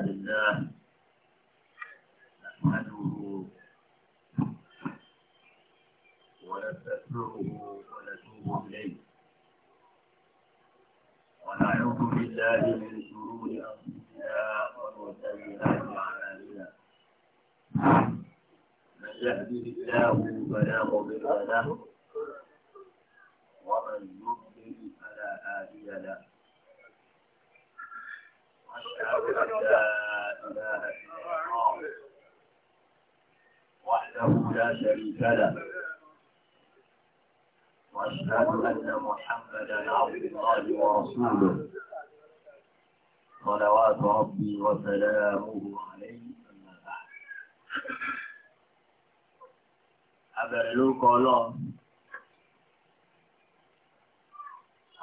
لله نحمده ونستغفره ونتوب إليه ونعوذ بالله من شرور أنفسنا ومن سيئات أعمالنا من يهده الله فلا مضل له ومن يضلل فلا هادي له وأشهد أن لا إله إلا الله وحده لا شريك له وأشهد أن محمدا عبد الله ورسوله صلوات ربي وسلامه عليه أما بعد أبلوك الله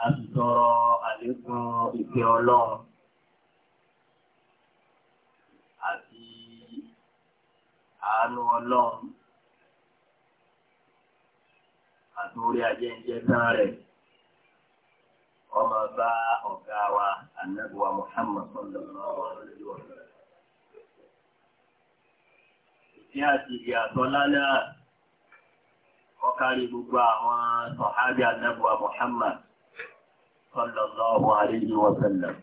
أن ترى إتي الله àánú ọlọ́run àtúrí ajẹ́njẹ́ tán rẹ̀ ọmọ bá ọ̀gá wa anábùwà Muhammad sallallahu alaihi wa sallam. ìdí àti ìdí àtọ́lá náà ọkàrí gbogbo àwọn sọ̀hábì anábùwà Muhammad sallallahu alaihi wa sallam.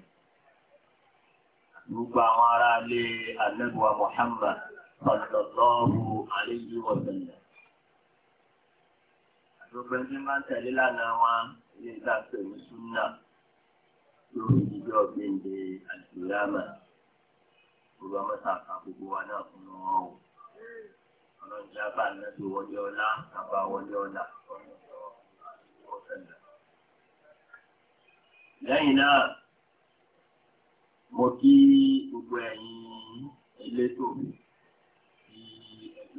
gbogbo àwọn aráalé anábùwà Muhammad sallallahu alayhi wa sallam. àdúgbò ẹni máa ń tẹ̀lé lánàá wọn ilé ìdáṣọ ìlú súnà lórí ìdíjọ́ gbẹ̀ǹde àtìlámà gbogbo amọ́ta kan gbogbo wa náà fún wọn o. ọlọ́run jábà náà ti wọlé ọlá àbá wọlé ọlá lẹ́yìn náà mo kí gbogbo ẹ̀yin elétò mi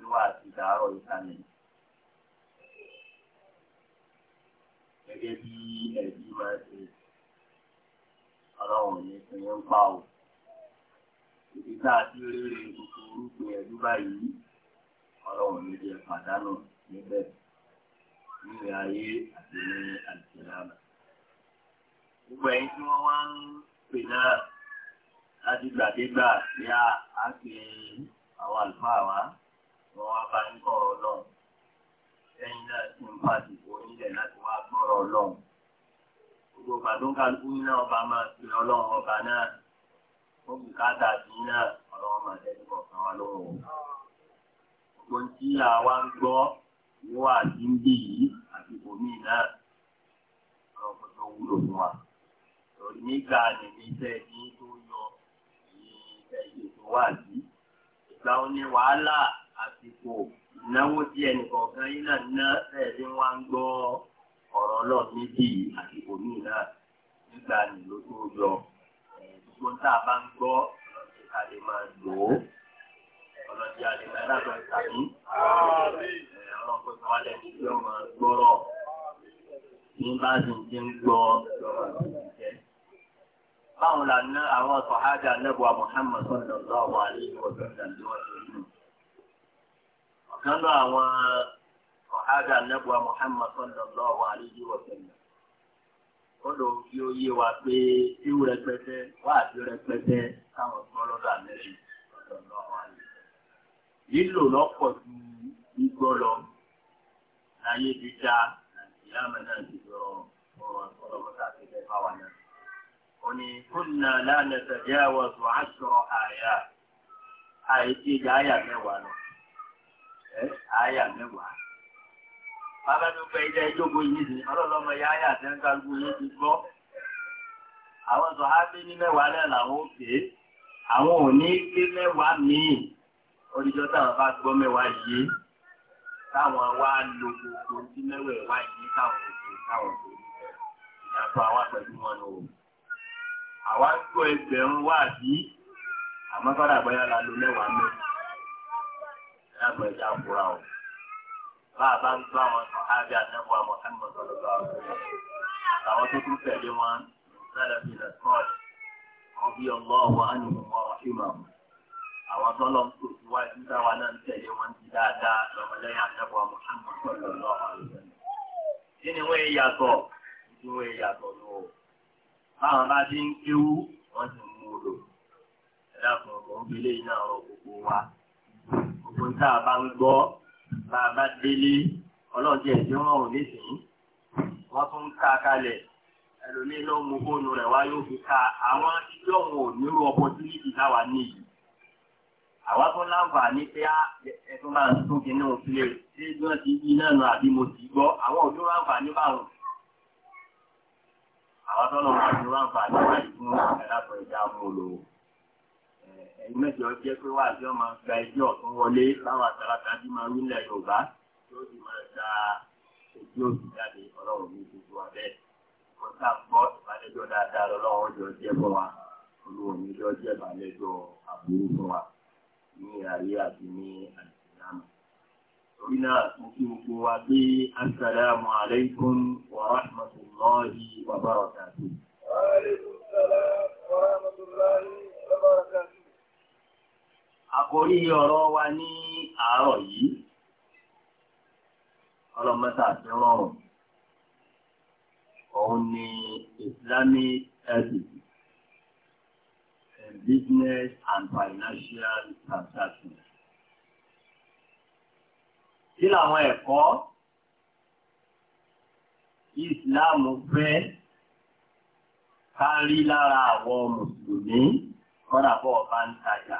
sí wá àti dàárọ̀ ìsàlẹ̀. Gẹ́gẹ́ bí ẹ̀bí máa ṣe ọlọ́run ní ìpínlẹ̀ ń pa ò. Ibi tá a ti rere gbogbo orúkọ ẹ̀dú báyìí ọlọ́run ní jẹ́ pàdánù níbẹ̀ nílé ayé àti ní àìsílámà. Gbogbo ẹ̀yin tí wọ́n wá ń pè náà láti gbàdégbà ní àáké àwọn àlùfáà wa wọn bá ní kọ̀rọ̀ ọlọ́run lẹ́yìn náà sì ń bá àsìkò onílẹ̀ láti wá gbọ́rọ̀ ọlọ́run gbogbo gbàdúgbàdú náà ọba máa fi ọlọ́run ọba náà ó bù káàtà sí náà ọlọ́run máa tẹ́lẹ̀ kọ̀ọ̀kan wa lóhùn o gbogbo tí àwa ń gbọ́ wíwá àti ń bì yìí àsìkò míì náà ọlọ́run kò tó wúlò fún wa nígbà nìmi tẹ́ ní tó yọ ìyẹn ìṣètò wáàdí ìgbà ó ní wàhálà àsìkò náwó tí ẹnìkọ̀ọ̀kan yín náà ná ẹ̀ẹ́dín wá ń gbọ́ ọ̀rọ̀ náà méjì àsìkò míì náà nígbà nílò tó yọ gbogbo tá a bá ń gbọ́ ká lè máa lò ó ọlọ́dí àlejò aláàbọ̀ ìtàbí ọlọ́pẹ́ kan alẹ́ ní kí ọmọ gbọ́rọ̀ ní bá ti ti ń gbọ́ ọmọ ìjẹ́. báwo la ná àwọn sọ̀hájà nẹ́bùà Muhammad sọ̀dọ̀ lọ́wọ́ àlejò ọ̀dọ̀ ìdàgbàsókè ọ̀kan náà àwọn ọ̀hádà nẹ́bùà Muhammad sallallahu alaihi wa sallam kọ́dọ̀ kí ó yé wa pé tíwú rẹpẹtẹ wá àti rẹpẹtẹ táwọn gbọ́ lọ́dọ̀ àmẹ́rin sallallahu alaihi wa sallam. lílò lọ́pọ̀ ju gbígbọ́ lọ láyé dídá ìyá mẹ́ta ti lọ ọ̀rọ̀ ọ̀rọ̀ àtẹ̀tẹ̀ fáwọn náà. òní kúnnà lánàá tẹ̀lé àwọn àṣọ àyà àìsí ìjà àyà mẹ́wàá lọ àyà mẹ́wàá. Bàbá tó pẹ́ ilé ìjókòó yìí ni ọlọ́lọ́mọ ya àyà tẹ́ ń kálukú yìí ti gbọ́. Àwọn sọ̀hábí ní mẹ́wàá náà làwọn ò pè é. Àwọn ò ní pé mẹ́wàá míì. Oríjọ́ táwọn bá gbọ́ mẹ́wàá yìí. Táwọn wá lo gbogbo tí mẹ́wàá wá yìí táwọn ò pè táwọn ò pè. Ìyàtọ̀ àwa pẹ̀lú wọn ni o. Àwa gbọ́ ẹgbẹ̀rún wá sí. Àmọ́ kọ́dà bọ́yá la lo mẹ́wàá mẹ́wàá. dáàbò ẹ̀já àkúrà o. bá a bá ń gbọ́ àwọn sọ̀hábì àtẹ́kọ̀ọ́ àmọ̀ ẹ̀mọ̀ sọ̀rọ̀ lọ àwọn tó wọn sẹ́lẹ̀ fi lẹ̀ sọ́ọ̀tì ọbí anyị ánìmọ̀ ọ̀ṣìmọ̀ àwọn tó lọ sí iwájú táwa náà ń tẹ̀lé wọn ti dáadáa lọ́mọlẹ́yìn àtẹ́kọ̀ọ́ sọ̀rọ̀ kí ni wọ́n yàtọ̀ kí wọ́n yàtọ̀ báwọn bá ti ń gbogbo tá a bá ń gbọ́ bá a bá délé ọlọ́ọ̀dì ẹ̀jẹ̀ wọn ò ní sìn wọ́n tún ń ká kalẹ̀ ẹlòmíín ló mú fóònù rẹ̀ wá yóò fi ka àwọn ìjọ wọn ò nírú opportunity táwa níyì àwa tún láǹfààní pé ẹtún máa ń tún kinní òfìlè ṣé bí wọ́n ti yí náà nù àbí mo sì gbọ́ àwọn òdúró láǹfààní báwọn àwọn tọ́lọ̀ wọn ti láǹfààní wáyé fún ẹ̀dá pẹ̀lú ìjà mú lòó ẹ̀yin mẹ́jọ jẹ́ pé wà bí ọmọ gba ẹjọ́ ọ̀tún wọlé báwọn àtàlàkà bí máa wílẹ̀ Yorùbá tí ó sì máa da ojú òsì jáde ọlọ́run ní gbogbo abẹ́ kọ́tà gbọ́ ìbálẹ́jọ́ dáadáa lọ́wọ́ jọ jẹ́ fún wa olúwo mi jọ jẹ́ ìbálẹ́jọ́ àbúrú fún wa ní ayé àti ní àìsílámù. torí náà mo kí n fún wa pé asalaamu alaykum wa rahmatulahi wa barakatuh. wa alaykum salaam wa rahmatulahi wa barakatuh àkórí ọ̀rọ̀ wa ní àárọ̀ yìí ọlọ́mọta àtẹ́rọ̀rùn òun ni Islamic ethics eh, business and financial transactions. Kí làwọn ẹ̀kọ́ Ìsìláàmù fẹ́ kárí lára àwọn Mùsùlùmí kọ́dà bọ́ọ̀ bá ń tajà?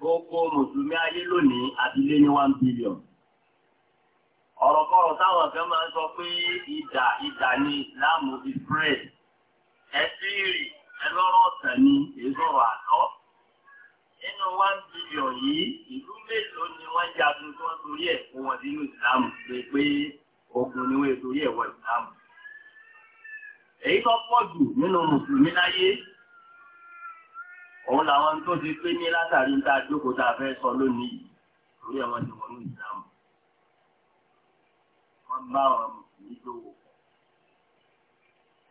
gbogbo mùsùlùmí ayé lónìí abilé ní one billion. ọ̀rọ̀kọ̀rọ̀ táwọn kan máa ń sọ pé ìdà ìdà ni láàmú ti spread ẹ sí rì ẹ lọ́rọ̀ ọ̀sán ni èso ọ̀rọ̀ àtọ́. nínú one billion yìí ìlú mélòó ni wọ́n jagun tí wọ́n torí ẹ̀ kó wọn sínú ìsìlámù pé pé ogun ni wọ́n torí ẹ̀ wọ ìsìlámù. èyí tó pọ̀ jù nínú mùsùlùmí láyé òun làwọn tó ti pé ní látàrí ń ta jókòó tá a fẹ́ sọ lónìí torí àwọn ti wọnú ìsìlámù wọ́n bá àwọn mùsùlùmí lówó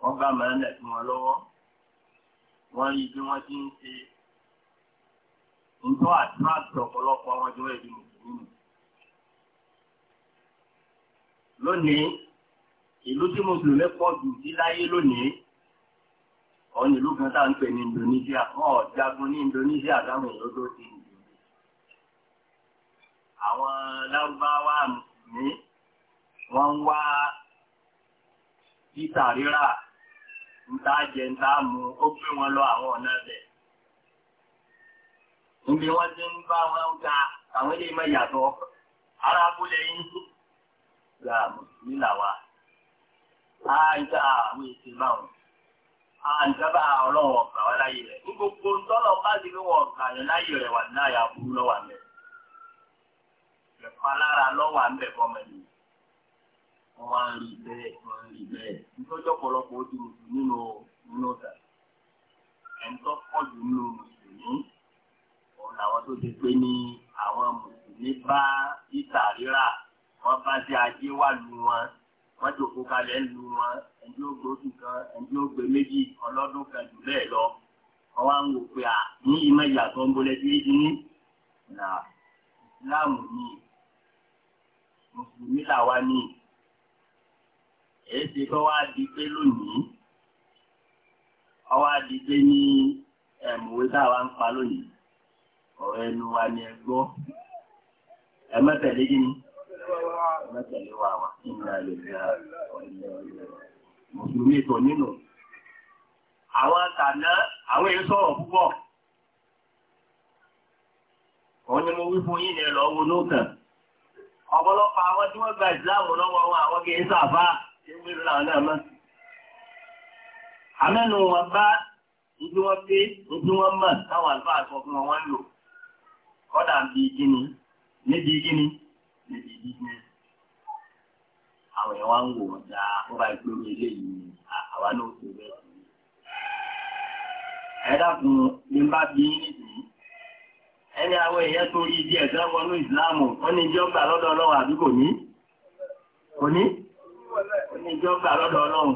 wọ́n bá màálẹ̀ fún wọn lọ́wọ́ wọ́n rí bí wọ́n ti ń ṣe ntọ́ attract ọ̀pọ̀lọpọ̀ àwọn ọjọ́ ẹ̀dí mùsùlùmí. lónìí ìlú tí mùsùlùmí pọ̀ jù sí láyé lónìí ọ̀hún ìlú kan tá à ń pè ní Indonesia wọn ò jagun ní Indonesia dáhùn ìlú tó ti nìyí. àwọn lárúbáwá mi wọ́n ń wá títà rírà ńta jẹ ńta mu ó gbé wọn lọ àwọn ọ̀nà bẹ̀. níbi wọ́n ti ń bá wọn ga àwọn ilé ìmọ̀ ìyàtọ̀ ara abúlé yín gbà mùsùlùmí làwà. a àwọn èsì báwọn àǹdábà ọlọ́wọ̀n ọ̀gbà wá láyé rẹ̀ ní gbogbo tọ́lọ̀ bá ti fi wọ̀n ọ̀gbà yẹn láyé rẹ̀ wà ní àyà burú lọ́wọ́ àmẹ́ ẹ̀fọ́ alára lọ́wọ́ àmẹ́ fọmọ ẹ̀mí wọ́n á rí bẹ́ẹ̀ wọ́n á rí bẹ́ẹ̀ nítorí ọ̀pọ̀lọpọ̀ ojú nínú nínú ọ̀dà ẹ̀ńtọ́ pọ̀ jù nínú mùsùlùmí òun làwọn tó ti pé ní àwọn mùsùlùmí bá ìtà wọ́n bá ti ajé wà lù wọn wọ́n jòkó kalẹ̀ ń lu wọn ẹni ó gbé oṣù kan ẹni ó gbé méjì ọlọ́dún kan jù bẹ́ẹ̀ lọ wọ́n wá ń wò pé à ní ìmọ̀ ìyàtọ̀ ń bolẹ̀ tí ìdí ní nà láàmù ní mùsùlùmí làwa ní èsì kọ́ wá di pé lónìí ọwọ́ di pé ní ẹ̀mùwé táwa ń pa lónìí ọ̀rọ̀ ẹnu wa ni ẹ gbọ́ ẹ mẹ́tẹ̀lé kí ni ẹ mẹ́tẹ̀lé wa wa ìgbà ìgbà mùsùlùmí ètò àwọn tàná àwọn èyí púpọ̀ òun ni mo wí fún yín ní ẹ̀lọ́ owó lókàn ọ̀pọ̀lọpọ̀ àwọn tí wọ́n gba ìsìláàmù lọ́wọ́ wọn àwọn kì í sàfá ewé làwọn náà mọ́ àmẹ́nu wọn bá ibi wọn pé ibi wọn mọ̀ táwọn àlùfáà sọ fún wọn wọn lò kọ́dà bíi gíní níbi gíní níbi àwọn èèyàn wá ń wò wọ́n dáa wọ́n bá gbé omi eléyìí àwa náà tó bẹ́ẹ̀ sí. ẹ dákun ní bá bí nìyí ẹni àwọn èèyàn tó rí ibi ẹ̀sẹ̀ wọnú ìsìláàmù wọ́n ní ìjọ gbà lọ́dọ̀ ọlọ́run àbí kò ní kò ní kò ní ìjọ gbà lọ́dọ̀ ọlọ́run.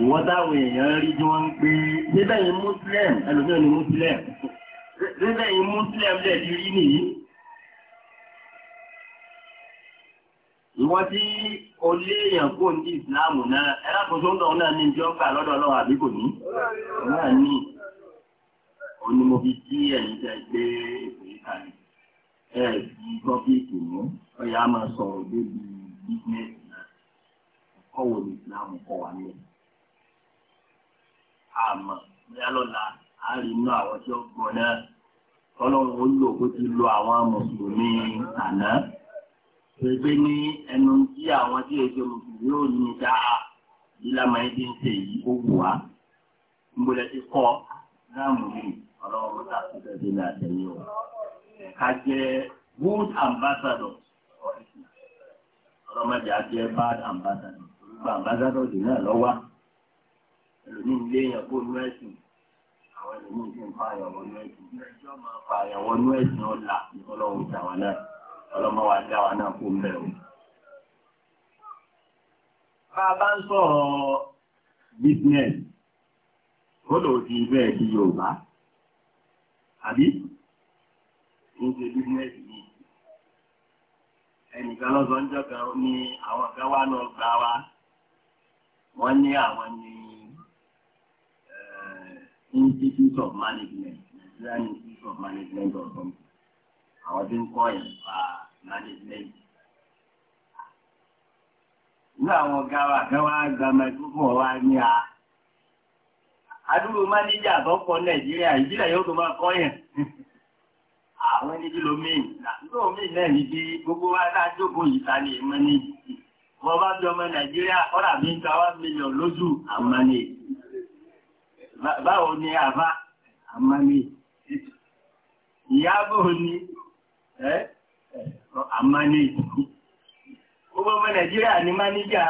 ìwọ́n táwọn èèyàn rí tí wọ́n ń pè é níbẹ̀ muslim ẹlòmíràn ni muslim níbẹ̀ yìí muslim lẹ̀ ti rí nìyí. ìwọ́n tí o lé èèyàn kó ní ìsìláàmù náà ẹlákòóso ń dọ̀ọ́ náà ní ìjọ ń gbà lọ́dọ̀ ọlọ́run àbí kò ní náà ní òun ni mo fi tí ẹ̀yìn tẹ́ gbé ìpè kalẹ̀ ẹ̀ fi tọ́pìkì mú ọ̀yà máa sọ̀rọ̀ débi bísínẹ́sì náà ẹ̀kọ́ wo ní ìsìláàmù kọ́ wa ní ẹ̀ àmọ́ bóyá lọ́la a rí inú àwọn tí ó gbọ́ náà ọlọ́run ó lò ó ti lo àwọn mùsùlùmí àná pèpè ní ẹnu tí àwọn tí èso mùsùlùmí yóò ní dáa ìlànà ẹbí ń ṣe yìí ó wù wá nbọlẹ ti kọ dáàmú mi ọlọ́wọ́ mọ́tà tó tẹ̀lé ní àtẹ̀yìn o ká jẹ́ good ambassador ọlọ́mọdé á jẹ́ bad ambassador gba ambassador dè náà lọ́wọ́ ẹlòmíín léèyàn kó nú ẹ̀sìn àwọn ẹlòmíín ti ń fa àyàwó nú ẹ̀sìn ìjọba fa àyàwó nú ẹ̀sìn ọ̀la ìfọlọ́wọ́ ìtàwọn náà ọlọ́mọ wa dá wa náà kó mẹ́ o. bá a bá ń sọ̀rọ̀ business ó lò ti bẹ́ẹ̀ di Yorùbá àbí ń ṣe business yìí ẹnìkan lọ́sọ̀ ń jọ́ka ní àwọn kan wá lọ gbà wá wọ́n ní àwọn ní eh, Institute of Management Nigerian Institute of Management or something àwọn tí ń kọ́ yẹn nípa management. Irú àwọn ọ̀gá wa kan wá gba microphone wa ní a. Adúrú mánéjà tó kọ Nàìjíríà, Nàìjíríà yóò tó máa kọ́ yẹn. Àwọn ẹni kí ló mìín. Lóò mìín náà ní bí gbogbo wa dá jókòó yìí ta ni èèmọ́ ní ìdí. Wọ́n bá bí ọmọ Nàìjíríà kọ́dà bí ń gba one million lójú àmàlè. Báwo ni àbá àmàlè? Ìyábò ni àmánéjì eh? eh, gbogbo ọmọ nàìjíríà ní mánéjà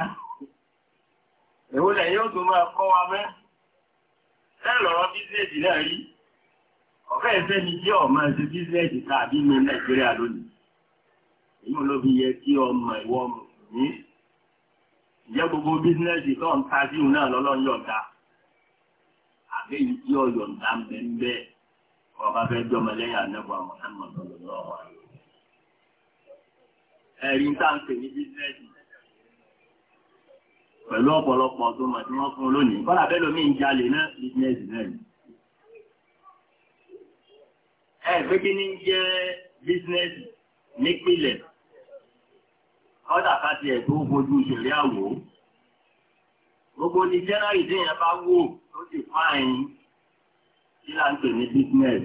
lẹ yóò tó máa kọ́ wa mẹ́ lẹ́lọ́rọ̀ bísíẹ̀sì náà rí ọ̀fẹ́ ìfẹ́ ni tí ọ̀ máa ṣe ní nàìjíríà lónìí èyí ló fi yẹ kí ọmọ ìwọ gbogbo tó ń ta sí náà tí ń ọba jọmọ àwọn ọmọ ẹ̀rí ń ní bísíǹsì pẹ̀lú ọ̀pọ̀lọpọ̀ tó mọ̀ tí wọ́n fún lónìí kọ́lá bẹ́ẹ̀ lómi ń jalè náà bísíǹsì náà ni. pé kí ni jẹ́ bísíǹsì nípìnlẹ̀ kọ́dà ká tiẹ̀ tó fojú ìṣẹ̀lẹ̀ àwò gbogbo ní jẹ́nàrì tí yẹn bá wò tó sì fáìn kí là ní bísíǹsì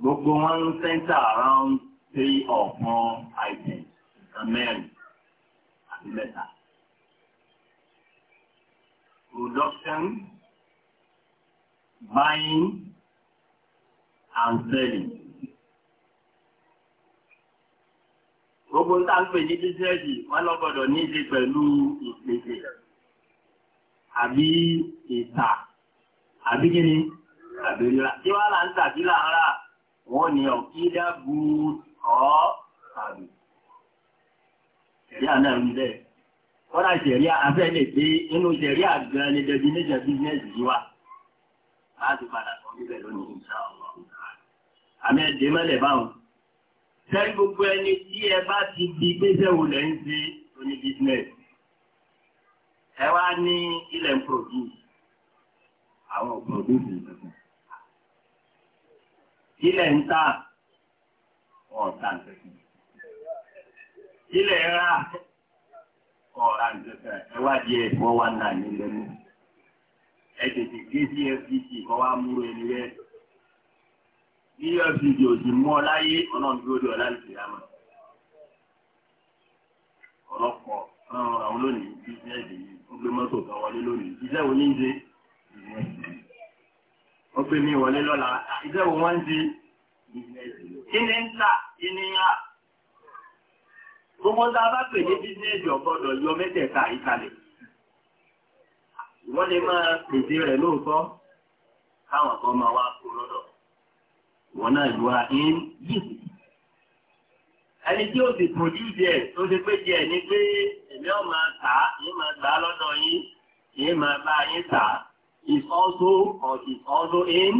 gbogbo wọn ń sẹ́ńtà around three or more items nǹkan mẹ́rin àti mẹ́ta. Production, buying and selling. Gbogbo ń tàn pè ní bísíẹ̀sì wọ́n lọ gbọ́dọ̀ ní ṣe pẹ̀lú ìpèsè àbí ìta àbí kíni àbí ńlá. Tí wọ́n là ń tàbí là ń rà wọ́n ní ọ̀kídà good ọ́ àbí. Ṣẹ̀ríà náà ń bẹ̀. Kọ́dà ṣẹ̀ríà afẹ́ lè pé inú ṣẹ̀ríà gan ni definition business yìí wà. Láti padà sọ níbẹ̀ lónìí ìṣá ọ̀rọ̀ àmì ẹ̀dẹ́ mẹ́lẹ̀ báwọn. Sẹ́yìn gbogbo ẹni tí ẹ bá ti di gbèsè wò lẹ́ ń ṣe oní business. Ẹ wá ní ilẹ̀ ń produce. Àwọn produce ìgbàgbọ́. Ilẹ̀ ń ta ọ̀tá nǹkan ilẹ̀ ra ọ̀rá nǹkan ẹwádìí ẹ̀ wọ́n wá náà nílẹ̀ mú ẹ tètè gbé sí FCC kọ́ wá mú ẹni rẹ̀ bí FCC ò sì mú ọ láyé ọlọ́run dúró de ọ̀la ìṣèlú àmọ́ ọlọ́pọ̀ àwọn lónìí bísíẹ̀sì yìí ó gbé mọ́tò kan wọlé lónìí iṣẹ́ wo ní í ṣe ó gbé mi wọlé lọ́la iṣẹ́ wo wọ́n ń ṣe kíní ń tà kíní ń rà gbogbo tá a bá pè ní bísíǹsì ọ̀gbọ́dọ̀ yọ mẹ́tẹ̀ẹ̀ta ìkàlẹ̀ wọ́n lè máa pèsè rẹ̀ lóòótọ́ káwọn kan máa wá kó lọ́dọ̀ wọn náà lu àhín yìí ẹni tí ó sì pòdúùsì ẹ̀ tó ṣe pé díẹ̀ ni pé èmi ọ̀ máa tà á èmi máa gbà á lọ́dọ̀ yín èmi máa bá yín tà á is also or is also in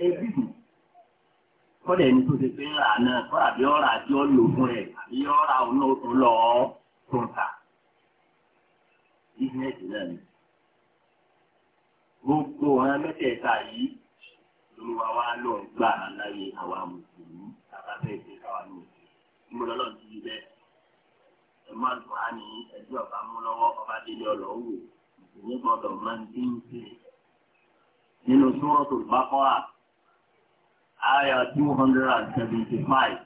a business kọ́dà ẹni tó ti fi ń rà náà kọ́dà bí ọ̀rà àti ọ̀lò fún rẹ̀ àbí ọ̀rà òun náà tún lọ tó ń tà bísíǹnẹ̀sì náà ni. gbogbo ọ̀ràn mẹ́tẹ̀ẹ̀ta yìí olúwa wa lọ gbà láyé àwa mùsùlùmí bàbá bẹ́ẹ̀ ṣe káwa ní òsì mo lọ́lọ́ ti di bẹ́ẹ̀ ẹ má dùn á ní ẹjọ́ ọba mú lọ́wọ́ ọba délé ọ̀lọ́ wò mùsùlùmí àyà 275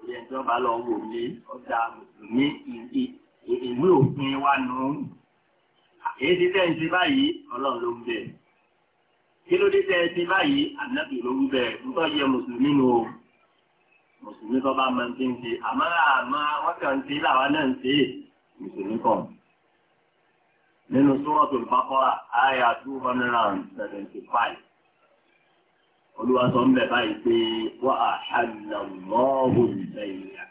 ilé ẹjọ́ bá lọ wò lé ọjà mùsùlùmí ìwé òfin wa nù ún èyí ti tẹ́ ń ṣe báyìí ọlọ́run ló ń bẹ̀ kí ló dé tẹ́ ń ṣe báyìí ànábì ló ń bẹ̀ nítorí yẹ mùsùlùmí nù o mùsùlùmí kan bá máa ń ti ń ṣe àmọ́ àmọ́ wọ́n kàn ń ṣe làwọn náà ń ṣe mùsùlùmí kan nínú Suratul Baqara àyà 275 olúwa sọ ń bẹ báyìí pé wà á hàlà lọ́hùn ìbẹ̀yà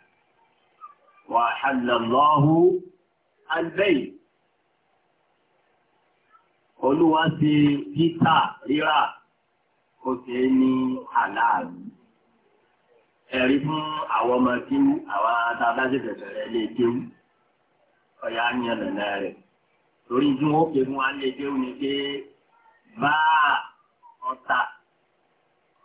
wà á hàlà lọ́hùn àgbẹ̀yì olúwa ti títà rírà ó ti ní àláàlú ẹ̀rí fún àwọn ọmọ tí àwọn adájọ́sẹ̀ bẹ̀rẹ̀ lè kéwú ọ̀yá ní ọ̀nà rẹ̀ torí tí wọ́n ké fún wa lè kéwú ni pé bá ọ̀tà.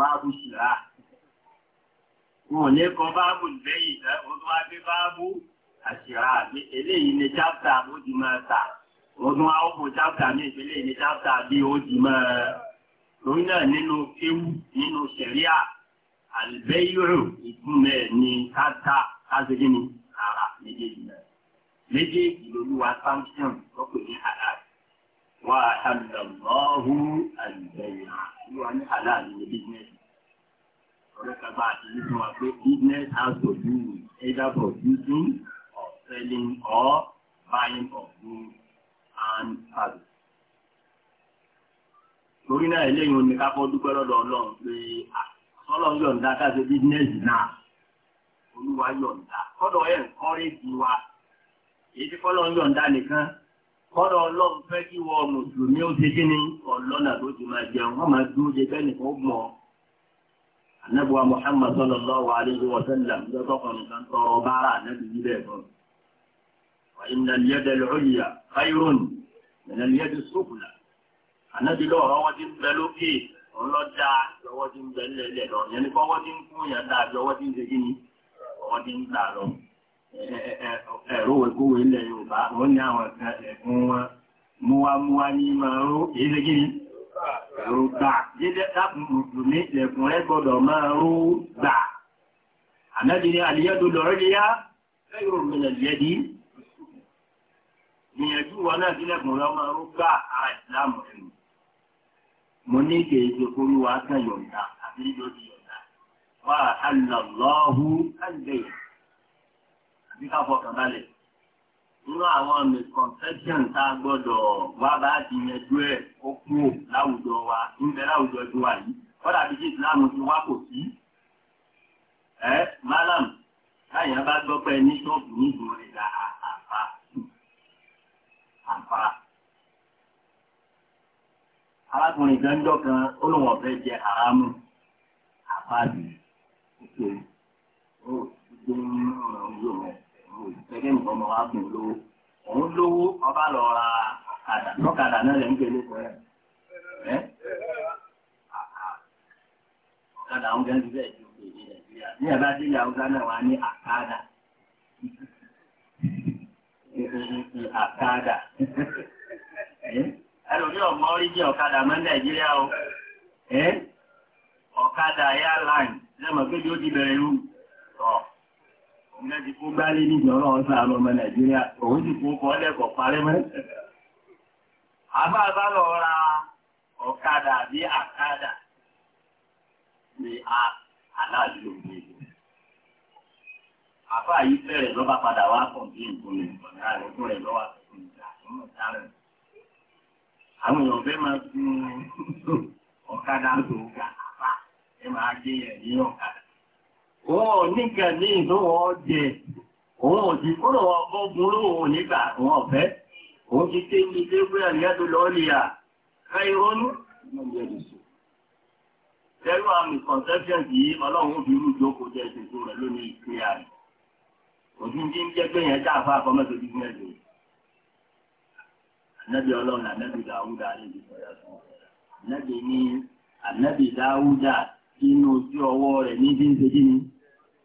báàbù ṣìlá wọn ò ní kọ báàbù lẹ́yìn ìfẹ́ wọn tún wá gbé báàbù àṣìrà àgbé eléyìí ni chápítà ó di máa tà wọn tún wá ó kó chápítà ní ìpínlẹ̀ yìí ni chápítà bí ó di máa lórí náà nínú kéwù nínú sẹ̀ríà àlùbẹ́yìrò ìtumẹ̀ ní káta kásìkí ni ara méjèèjì náà méjèèjì lolúwa samson lọ́pẹ̀ ní àlàyé wà á ṣàlùmọ́hù àlùbẹ̀yà tí wọ́n ní aláàbí ní bísíǹnẹ̀sì. ọ̀rẹ́ kaba àti yíṣu wa pé business has to do with either using or selling or buying of goods and services. torí náà eléyìí ni ká fọ́ dúpẹ́ lọ́dọ̀ ọlọ́run pé ọlọ́run yọ̀ǹda ká ṣe bísíǹnẹ̀sì náà olúwa yọ̀ǹda kọ́dọ̀ ẹ̀ ń kọ́rẹ́jì wa èyí tí kọ́lọ́run yọ̀ǹda nìkan. kọ́dọ̀ ọlọ́run fẹ́ kí wọ mùsùlùmí ó ṣe kí ni ọlọ́nà tó ti máa jẹun wọ́n máa dúró de bẹ́ẹ̀ nìkan ó mọ̀ anabuwa muhammad sallallahu alayhi wa sallam lọ́tọ̀ kan kan tọrọ bára anabi yìí wa inna al-yada al-ulya khayrun min al-yadi as-sufla anabi ọwọ́ ti ń bẹ lókè ọlọ́dà lọ́wọ́ ti ẹ̀rọ ìkówé ilẹ̀ Yorùbá wọ́n ní àwọn ẹ̀kan ẹ̀kún wọn múwámúwá ní ní ẹ̀kùn rẹ̀ gbọ́dọ̀ máa ró gbà àmẹ́bìnrin àlìyẹ́dò lọ́rẹ́lẹ́yà bí ká fọkàn balẹ̀ nínú àwọn misconception tá a gbọ́dọ̀ wá bá ti yanjú ẹ̀ ó kú láwùjọ wa ń láwùjọ ju wa yìí kọ́dà bí ìsìláàmù ti wá kò sí. ẹ malam káyọ̀ bá gbọ́ pé ní ṣọ́ọ̀bù nídùú rẹ̀ la àfa àfa. arákùnrin kan kan ó lóun ọ̀fẹ́ jẹ haramu àfa bì í. ó ti ń ràn án yóò rẹ̀ ìfẹ́kẹ́ nìkan ọmọ wa kùn lówó òun lówó ọba lọ ra ọ̀kadà lọ́kadà náà lè ń gbé lóko rẹ̀ ẹ́ ọ̀kadà àwọn gẹ́gẹ́ bí bẹ́ẹ̀ ju èdè nàìjíríà ní ẹ̀bá dé ìyàwó gánà wa ní àkádà àkádà ẹlòmí ọmọ oríjì ọ̀kadà mọ́ nàìjíríà o ọ̀kadà airline lẹ́mọ̀ pé yóò ti bẹ̀rẹ̀ lù Ìrẹ́jì fún Bálé ní ìjọ ọlọ́run sáàrùn ọmọ Nàìjíríà, òun sì fún kọ́ lẹ́kọ̀ọ́ parí mẹ́. Àbá bá lọ ra ọ̀kadà àbí àkadà ni a aláàlú òní. Àbá yìí bẹ̀rẹ̀ lọ́ba padà wá kàn bí nǹkan lè ọ̀dà rẹ̀ fún rẹ̀ lọ́wọ́ àtúntò ìjà fún ọ̀dà rẹ̀. Àwọn èèyàn fẹ́ máa gun ọ̀kadà tó ga àbá ẹ máa gbé yẹn ní ọ̀kadà wọn ò níkà ní ìlú wọn jẹ òun ò sí kúrò wọn bọ́ burú òun nígbà wọn ọ̀fẹ́ òun ti ké ní ilé pé àríyájú lọ lè à káìrónú Tẹ́rù àmì conception yìí ọlọ́run fi rú ìjókòó jẹ́ ìṣètò rẹ̀ lónìí ìpínlẹ̀ àrùn. Òjú ní jẹ́ pé yẹn dáàfà àkọ́mọ́tò business rẹ̀. Ànábì ọlọ́run ànábì Dàúdà lè di sọ̀rọ̀ Ànábì ní ànábì Dàúdà inú ojú ọwọ́ rẹ̀ ní bí ń ṣe kí ni.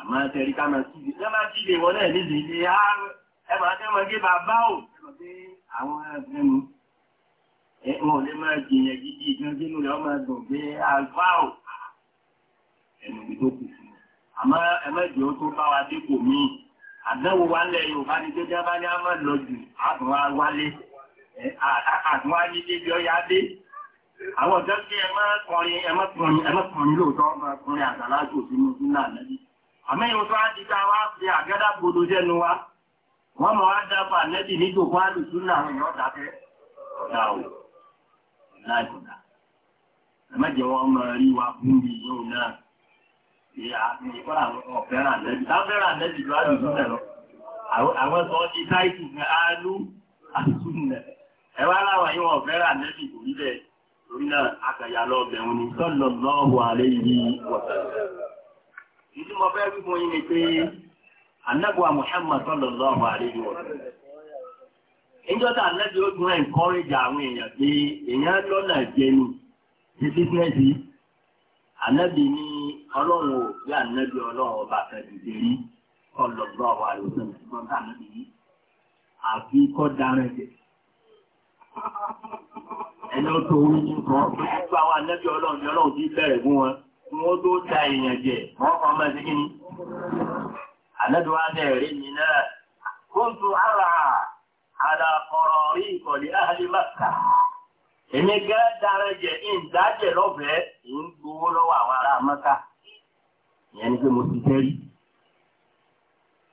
àmọ́ tẹ̀rí ká máa kíbi tẹ́ máa kíbi wọn náà níbi ní ẹmà tẹ́ máa gé bàbá ò ẹmà pé àwọn ẹgbẹ́nu ẹ̀hùn ò lè máa jìyàn gidi ìgbẹ́gbẹ́nu rẹ̀ ọmọ ẹgbọ̀n pé àgbà ò ẹnu ibi tó kù fún àmọ́ ẹmẹ́jì ó tó bá wa dípò míì àdánwò wa lẹ̀ Yorùbá ni tó jábá ní àmọ́ lọ jù àtún wa wálé ọ̀dọ́ sí ẹmọ́ kọrin ẹmọ́ kọrin lóòótọ́ ọmọ ọkùnrin àgbàlá àmì ìwòsàn á ti ká wá fi àgádà gbòdò jẹ́nu wa wọ́n mọ̀ wá dábàá nẹ́bì nígbò fún àlùsùn làwọn èèyàn dákẹ́ ọ̀dà ò láìkọ̀dà ẹ̀mẹ́jẹ̀ wọn mọ̀ rí wa fún mi yóò náà ṣe àmì ìfọ́nà ọ̀fẹ́ràn nẹ́bì láfẹ́ràn nẹ́bì lọ àlùsùn nẹ̀ lọ àwọn sọ ọ́ ti táìtì ní àlù àlùsùn nẹ̀ ẹ wá láwọn yìí wọn ọ̀fẹ́ràn nẹ́bì kò rí bẹ́ẹ̀ torí náà àkàyà lọ bẹ̀rù ni sọ́lọ́ lọ́hùn àlẹ́ yìí wọ̀tẹ̀lẹ̀ ìdí mo fẹ́ wí fún yín ni pé anagba Muhammad sallallahu alayhi wa sallam ìjọ tá ànábì ó dún ẹ̀ńkọ́rẹ́jì àwọn èèyàn pé èèyàn lọ́nà jẹnu ti bísínẹ́sì ànábì ní ọlọ́run ò bí ànábì ọlọ́run ọba kẹ̀dìdì rí ọlọ́gbọ́n àwọn àlùfẹ́ ṣùgbọ́n tá ànábì yìí àfi kọ́ darẹ̀ jẹ. ẹni ó tó orí nǹkan gbogbo àwọn ànábì ọlọ́run ni ọlọ́run ti bẹ̀rẹ̀ fún wọn. wọ́n tó ta èèyàn jẹ wọ́n kàn máa ṣe kíni. àlejò alẹ́ ara àdàkọ̀rọ̀ rí ìkọ̀lẹ́ ahli èmi gẹ́ dára jẹ ìdájẹ lọ́fẹ̀ẹ́ ń gbowó lọ́wọ́ àwọn ará Mákà. ìyẹn ni pé mo ti tẹ́rí.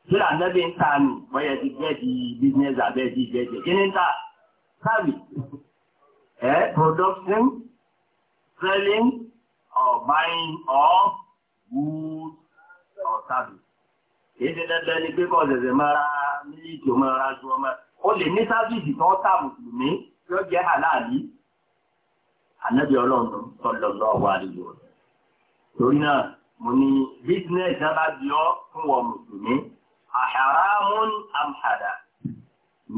Sílà nẹ́bí ń ta nù, ti di business abẹ́ di jẹ́jẹ́. Kí ni ń ta? Sáàbì. Ẹ́ production, or buying of goods or service. Kì ṣe ni pé kọ́ ṣẹ̀ṣẹ̀ o máa ra ju ọmọ. Ó lè ní sábìsì tó ń mùsùlùmí tí jẹ́ àláàlí. Ànábì ọlọ́run sọ̀lọ̀ lọ́wọ́ àlejò rẹ̀. Torí náà, mo ní bísínẹ́sì náà bá ọ́ fún wọn mùsùlùmí.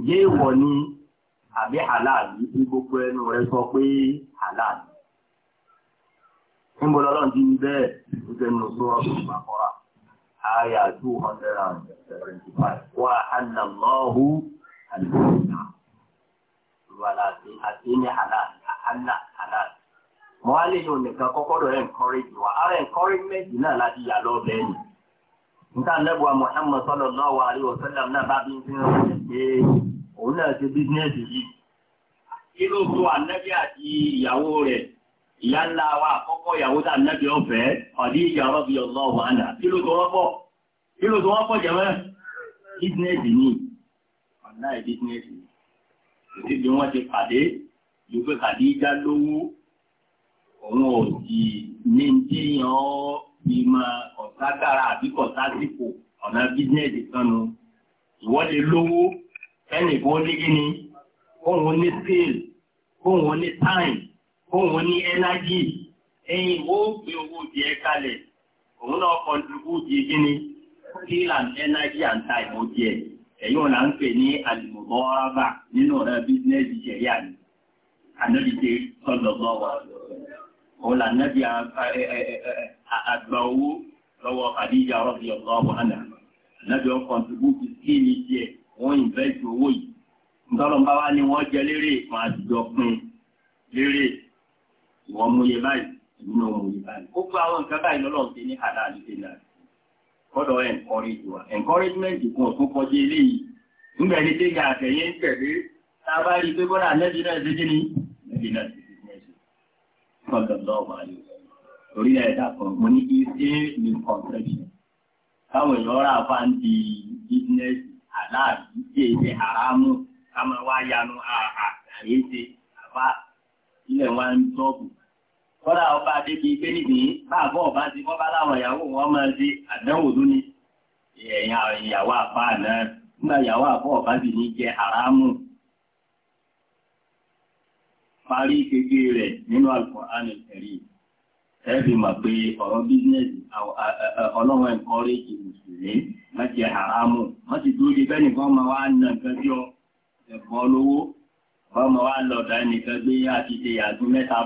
ni àbí ń bọ̀ lọ́rọ̀ ti ń bẹ́ẹ̀ ó tẹnu sọ́ọ̀rọ̀ ìgbàkọ́ra àyà two hundred and seventy five wà àti ní àlà àlà. á lè yọ nìkan kọ́kọ́ lọ encourage ara encouragement náà láti yà lọ bẹ́ẹ̀ ni. níta náà bá bí ń pé òun náà ṣe yìí. tó ànẹ́bí àti ìyàwó ìyá ńlá wa àkọ́kọ́ ìyàwó tá nẹ́bí ọ̀fẹ́ ọ̀dí ìjà ọ̀rọ̀bí ọlọ́wọ̀ àná kí ló tó wọ́pọ̀ kí ló tó wọ́pọ̀ jẹ́mẹ́ bísínẹ́sì ni ọ̀nà ìbísínẹ́sì títí bí wọ́n ti pàdé ju pé kàdí ìjà lówó òun ò sì ní tí yàn ọ́ fi máa kọ̀ságbára àbí kọ̀sásìkò ọ̀nà bísínẹ́sì kanu ìwọ́de lówó ẹnì kan ó ní kíni kóhun ó ní scale kóhun ní time òun ní ẹnájì ẹ̀yìn ó gbé owó di ẹ kalẹ̀ òun náà kọ̀ǹtìrìbù di gíní steel and energy and time ó di ẹ̀ ẹ̀yìn ọ̀la ń pè ní àlùmọ̀bọ̀ rábà nínú ọ̀rẹ́ bísínẹ́sì ṣẹ̀yà ni ànábìtẹ́ sọ̀lọ̀bọ̀ wà òun là nábì àgbà owó lọ́wọ́ Khadija rọ́bì ọ̀gá ọ̀bọ̀ àná ànábì ó kọ̀ǹtìrìbù di steel di ẹ̀ wọ́n invest owó yìí ntọ́lọ́mbáwá ni wọ́n jẹ lérè ìpàdé jọ pin lérè ìwọ̀n mú yẹ báyìí ìlú náà mú yẹ báyìí ó gbọ́ àwọn nǹkan báyìí lọ́lọ́run ti ní àdá àdúgbò náà kọ́dọ̀ encourage wa encouragement kan tó kọjá eléyìí nígbà tí tẹ́gà àtẹ̀yẹ ń tẹ̀lé tábà rí pé bọ́lá lẹ́bí náà ti dín ní lẹ́bí náà ti dín ní ẹ̀sìn kọ́dọ̀ lọ́wọ́ máa lò èèyàn rà fà ń di business aláàbí ṣe àrámù ká máa wá yanu àhà àyè ṣe àbá ilẹ̀ wa ń tọ́bù kọ́dà ọba adébí pé níbi báàbọ̀ ọba ti wọ́n bá láwọn ìyàwó wọn máa ṣe àdánwò lónìí ìyàwó àpá náà nígbà ìyàwó àpá ọba sì ní jẹ àrámù parí kéke rẹ̀ nínú Al-Qur'an Al-Karim ẹ̀bí mà pé ọ̀rọ̀ bísínẹ́sì ọlọ́wọ́ ẹ̀kọ́rẹ́jì mùsùlùmí láti haramu wọ́n ti dúró di bẹ́ẹ̀ nìkan máa wá nà nǹkan bí ọ ẹ̀kọ́ lówó wọ́n máa wá lọ̀dà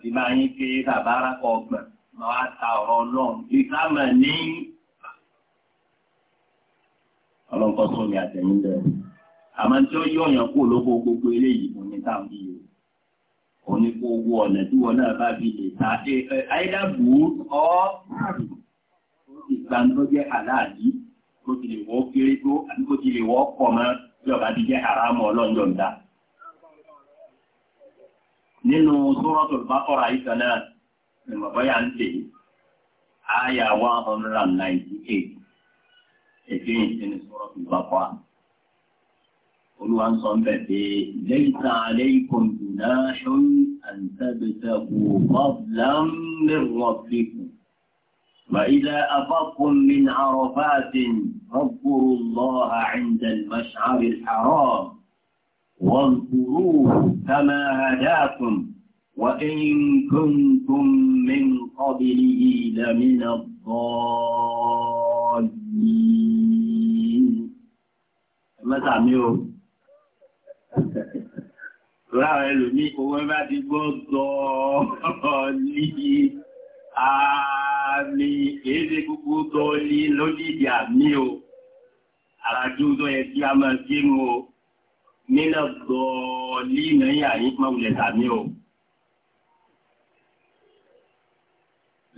àbí máa yín pé bàbá arákọ ọgbà máa wá ta ọ̀rọ̀ náà bí ká mà ní. ọlọ́nkọ́ sún mi àtẹ̀yìn lẹ̀ àmọ́ tí ó yọ ọ̀yàn kó lóko gbogbo eléyìí kò ní táwọn yìí o òní kó owó ọ̀nà tí wọn náà bá fi lè ta ẹ ẹ àyíká bù ú ọ́ ìgbà tó jẹ́ àláàdí kó ti lè wọ́ kéré tó àbí kó ti lè wọ́ pọ̀ mọ́ bí ọba ti jẹ́ àrámọ́ ọlọ́njọ́ nínú Suratul Baqara ìtàn náà ni bàbá yà àyà wa amra and ninety eight again nínú Suratul Baqara olúwa ń sọ bẹ́ẹ̀ pé laysa alaykum junahun an tabtagu fadlan min rabbikum. وإذا أفضتم من عرفات فاذكروا الله عند المشعر الحرام واذكروه كما هداكم وإن كنتم من قبله لمن الضالين mẹ́ta mi o láwọn ẹlòmí owó bá ti gbọ́ dọ́ọ̀lì àmì èédé gbogbo dọ́ọ̀lì lórí ìdí àmì o àràjú tó yẹ kí a máa gbé mú o nínà gbọ́ọ̀lì náà yìí máwùlẹ̀ tàbí o.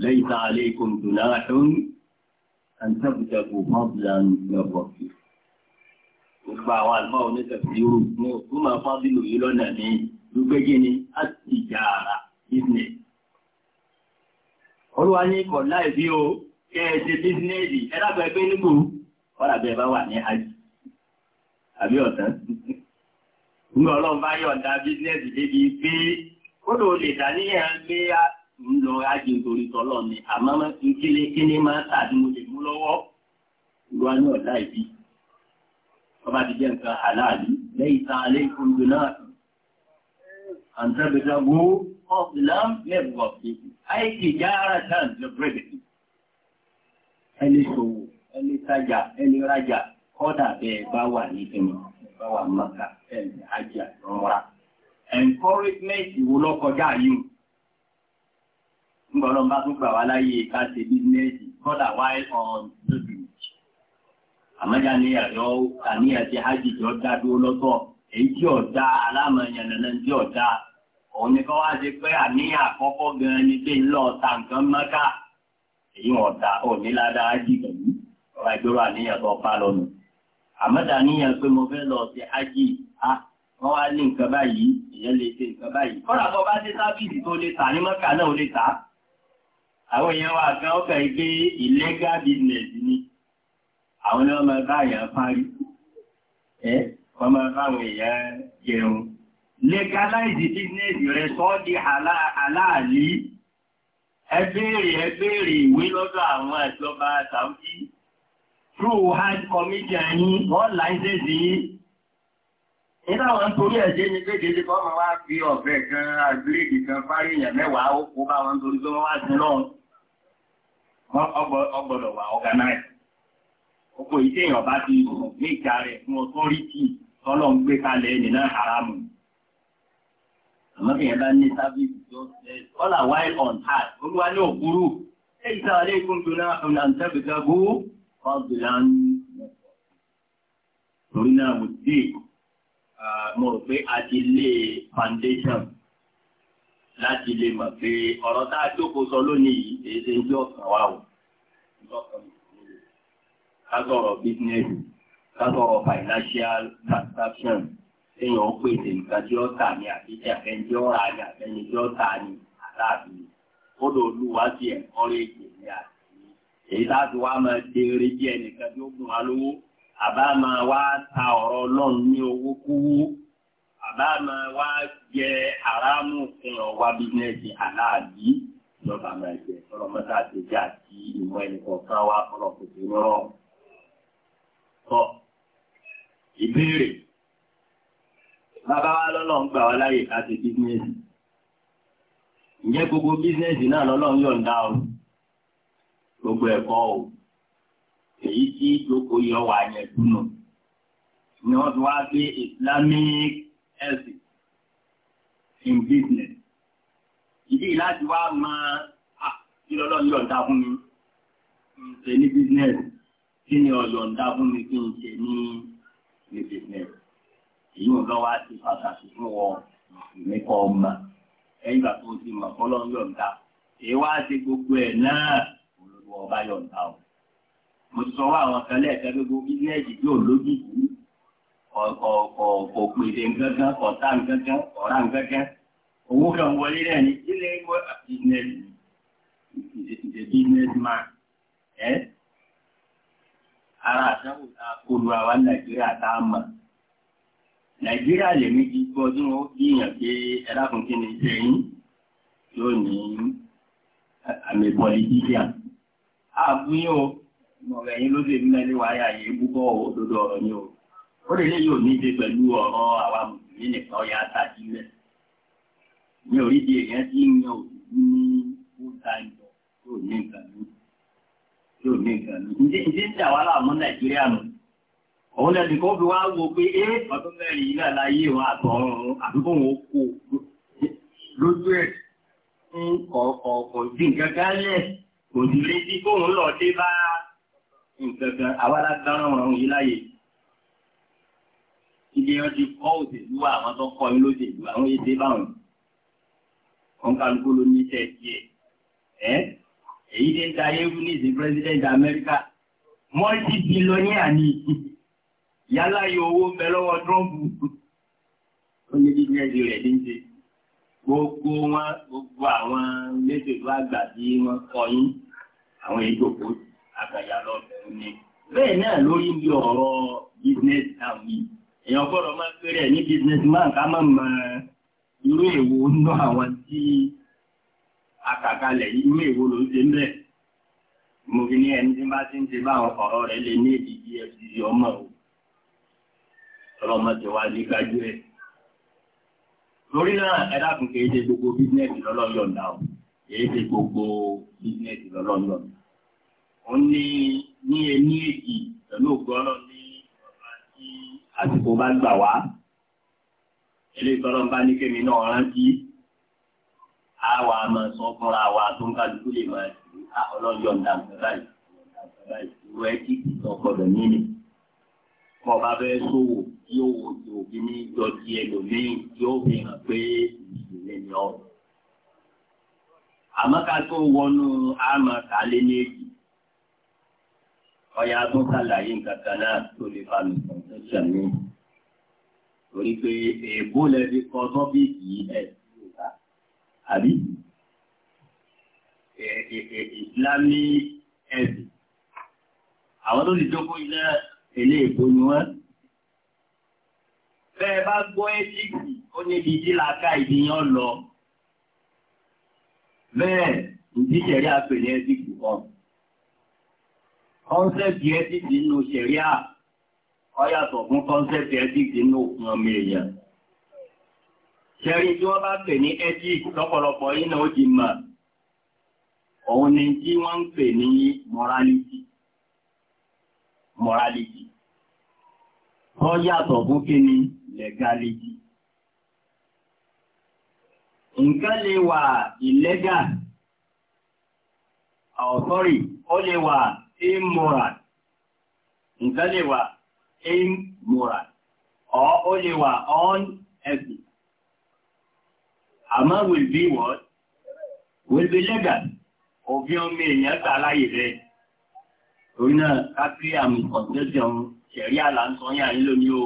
Laysa alaykum junahun an tabtaghu fadlan min rabbikum. Gbogbo àwọn àlùfáà onítẹ̀síwò ní òkú máa fábílò yìí lọ́nà ní gbígbégé ni á sì jà ara ìsìnẹ̀. Olúwa ní kọ̀ láì bí o, kẹ́ ẹ ṣe bísínẹ́ẹ̀dì, ẹ dábàá ẹgbẹ́ nígbò, wọ́n àbẹ̀ bá wà ní àjì. Àbí ọ̀tán ní ọlọ́run bá yọ̀ǹda bísínẹ́sì débi pé ó lò lè dàníyàn gbé ń lọ ajé torí tọ́lọ̀ ni àmọ́ nkílé kíní máa ń tàbí mo lè mú lọ́wọ́ ìwà ní ọ̀dà ìbí ọba ti jẹ́ nǹkan àláàlú lẹ́yìn tá a lé ìkúndùn náà àǹtẹ̀bẹ̀dàgbò ẹni ṣòwò ẹni tajà ẹni rajà kọ́dà bẹ́ẹ̀ bá wà ní ìfẹ́mi bá wà mọ́ta. ẹ̀mí ajé àtọ́ra encouragement wo ló kọjá yìí ń gbọ́dọ̀ bá tún gbà wá láyé ká ṣe bísínẹ́sì kọ́dà ní àníyàn ti hajj jọ dúró lọ́tọ̀ èyí tí ọ̀dá alámọ̀yàn nàná tí ọ̀dá òun ni wá ṣe pé àníyàn àkọ́kọ́ gan ni pé ta nǹkan mọ́ká èyí òní ládàá pẹ̀lú ọ̀rọ̀ ìgbéró àníyàn àmọ́dà níyàn pé mo fẹ́ lọ sí ájì á wọ́n wá ní nǹkan báyìí ìyẹn lè ṣe nǹkan báyìí kọ́lá bọ́ bá dé sábìsì tó lè tà ní mọ́kà náà ó lè tà á àwọn èèyàn wà kan ó fẹ́ gbé illegal business ni àwọn ni wọ́n máa bá èèyàn parí ẹ́ wọ́n máa bá àwọn èèyàn jẹun legalize business rẹ̀ sọ di aláàlí ẹ béèrè ẹ béèrè ìwé lọ́dọ̀ àwọn ìjọba Saudi through hard committee anyị kọ́ máa wá fi kan kan fárí èèyàn mẹ́wàá ó kó bá wọn torí tó wá sí bá ti rò ní ìjà rẹ̀ fún tọ́lọ̀ ń gbé kalẹ̀ ẹni náà haramu. Àmọ́ kìí bá ní sábìsì tó ṣe all our Olúwa ní òkúrú. fọ́dùlá ń torí náà wò dé mo pé a ti lé foundation láti lè mọ̀ pé ọ̀rọ̀ tá a jókòó sọ lónìí yìí ń jẹ́ ọ̀sán wa o ká business ká sọ̀rọ̀ financial transaction èèyàn ó pèsè nǹkan tí ó tà ní àbíkí àfẹnjẹ́ ọ̀rà ní àfẹnjẹ́ ọ̀tà ní àtàbí ó lò lù wá sí ẹ̀kọ́rẹ́ ìgbèlè èyí láti wá máa ṣe eré jí ẹnìkan tí ó fún wa lówó àbá máa wá ta ọ̀rọ̀ ọlọ́run ní owó kúwú àbá máa wá jẹ aráàmù fún ọwá bísíǹnẹ́sì aláàbí lọ́ba máa jẹ ọlọ́mọta àtẹ̀jẹ́ àti ìmọ̀ ẹnìkọ̀ọ̀kan wa ọlọ́kùnrin rọrùn. tọ́ ìbéèrè bàbá wa lọ́nà ń gbà wá láyè ká ṣe bísíǹnẹ́sì ǹjẹ́ gbogbo bísíǹnẹ́sì náà lọ́nà yọ̀ǹda ọ̀run gbogbo ẹ̀kọ́ o èyí tí ìjókòó yọ wà yẹn dúnú ni wọ́n ti wá gbé islamic health in business ìdí láti wá máa ìrọ̀lọ́ yọ̀ǹda fún mi ń ṣe ní business kí ni ọ̀yọ̀ǹda fún mi kí n ṣe ní ní business èyí wọn lọ wá ti pàtàkì fún wọn ìmí kọ ọmọ ẹ̀yìn ìgbà tó ti mọ fọlọ ń yọ̀ǹda èyí wá ṣe gbogbo ẹ̀ náà ìwọ ọba yọ̀ǹda o. mo sọ wá àwọn kan lẹ́ẹ̀kan gbogbo bísíǹnẹ́sì yóò lójijì kò pèsè nǹkankan ọ̀tá nǹkankan ọ̀rá nǹkankan owó kan wọlé náà ní ilé ìwọ bísíǹnẹ́sì ìṣe bísíǹnẹ́sì máa ẹ́ ara àtàwọn akólú àwa nàìjíríà tá a mọ̀ nàìjíríà lè méjì gbọ́ tí wọ́n yíyàn pé ẹlákùnkí ni sẹ́yìn yóò ní àmì pọlitíṣíà àbúyín o ọ̀rọ̀ ẹ̀yìn ló e nílẹ̀ ní wáyà yìí búkọ́ òdodo ọ̀rọ̀ ni o ó lè léyìí pẹ̀lú ọ̀rọ̀ àwa mùsùlùmí nìkan ọ̀yà àtàjì ní èèyàn tí ń yan ní ìjọ ní nǹkan ní kò sí létí kóun lọ dé bá nǹkankan àwa lágbára ọ̀run yìí láàyè. Ibi wọn ti kọ́ òṣèlú àwọn tó kọ́ yín lóṣèlú àwọn èdè báwọn. Wọ́n kálukú ló ní tẹ̀sí ẹ̀. Ẹ́ èyí ti ń ta ewu ní ìsìn pírẹ́sidẹ́ntì Amẹ́ríkà. Mọ́ọ̀tì ti lọ ní àní. Yálà yóò owó bẹ lọ́wọ́ Trump. Ó ní bí bíẹ́sì rẹ̀ ní ń gbogbo wọn gbogbo àwọn méjèèjì àgbà tí wọn kọ yín àwọn ìjókòó àgbàyà lọ́bẹ̀rún ni. bẹ́ẹ̀ náà lórí bí ọ̀rọ̀ business town yìí èèyàn gbọ́dọ̀ máa péré ní business man ká má mọ irú èwo ná àwọn tí akàkalẹ̀ irú èwo ló ń ṣe ń bẹ̀. mo fi ní ẹni tí bá ti ń ṣe báwọn ọ̀rọ̀ rẹ̀ lè ní èdè efcc ọmọ o ọlọ́mọ ti wá ní kájú ẹ̀ lórí náà ẹ̀dá kùn kì í ṣe gbogbo bísínẹ́sì lọ́lọ́yọ̀ǹda o kì í ṣe gbogbo bísínẹ́sì lọ́lọ́yọ̀ǹda. ó ní ní ẹni èjì pẹ̀lú ògbó ọlọ́run ní ọba tí àsìkò bá gbà wá eléyìí tọ́lọ́ bá ní kémi náà rántí àwa máa sọ fúnra wa tó ń kájú lè máa ṣe ah, ọlọ́yọ̀ǹda nǹkan báyìí nǹkan báyìí ìwé kíkì tó gbọdọ̀ nílẹ̀ kọ́ ọba bẹ́ẹ̀ sòwò yóò wò tó bí ní ìjọsí ẹlòmíì yóò fi hàn pé ìṣẹ̀lẹ̀ ni ọ. àmọ́ ká tó wọnú àmọ́ kálẹ̀ ní èjì ọ̀yà tó sàlàyé nǹkan kan náà tó lè fa mi sàn tó sàmì. torí pé èèbó lẹ́bi kọ́ tọ́pìkì yìí ìta àbí ìsìlámì ẹ̀sìn àwọn tó lè jókòó yìí náà èlé èbó ni wọ́n. Bẹ́ẹ̀ bá gbọ́ ẹ́tíìkì ó níbi tí làákà ìdíyàn lọ. Bẹ́ẹ̀ ìdí ṣẹ̀rí àpè ní ẹ́tíìkì kan. Kọ́nsẹ́pì ẹ́tíìkì nínú ṣẹ̀rí à ọ yàtọ̀ fún kọ́nsẹ́pì ẹ́tíìkì nínú òkun ọmọ èèyàn. Ṣẹ̀rí tí wọ́n bá pè ní ẹ́tíìkì lọ́pọ̀lọpọ̀ yìí náà ó ti mọ̀. Òun ni tí wọ́n ń pè ní morality. Morality. ọ yàtọ̀ fún kí ni legality. Nǹkan lè wà illegal, oh ó lè wà immoral. Nǹkan lè wà immoral, ó lè wà unethical. Àmọ́ will be what? Will be legal. Òfin ọmọ èèyàn tààláyè torí náà ká pé àmì kọ̀ǹtẹ́sọ̀n ṣẹ̀rí àlàǹsọ̀yà yín lónìí o.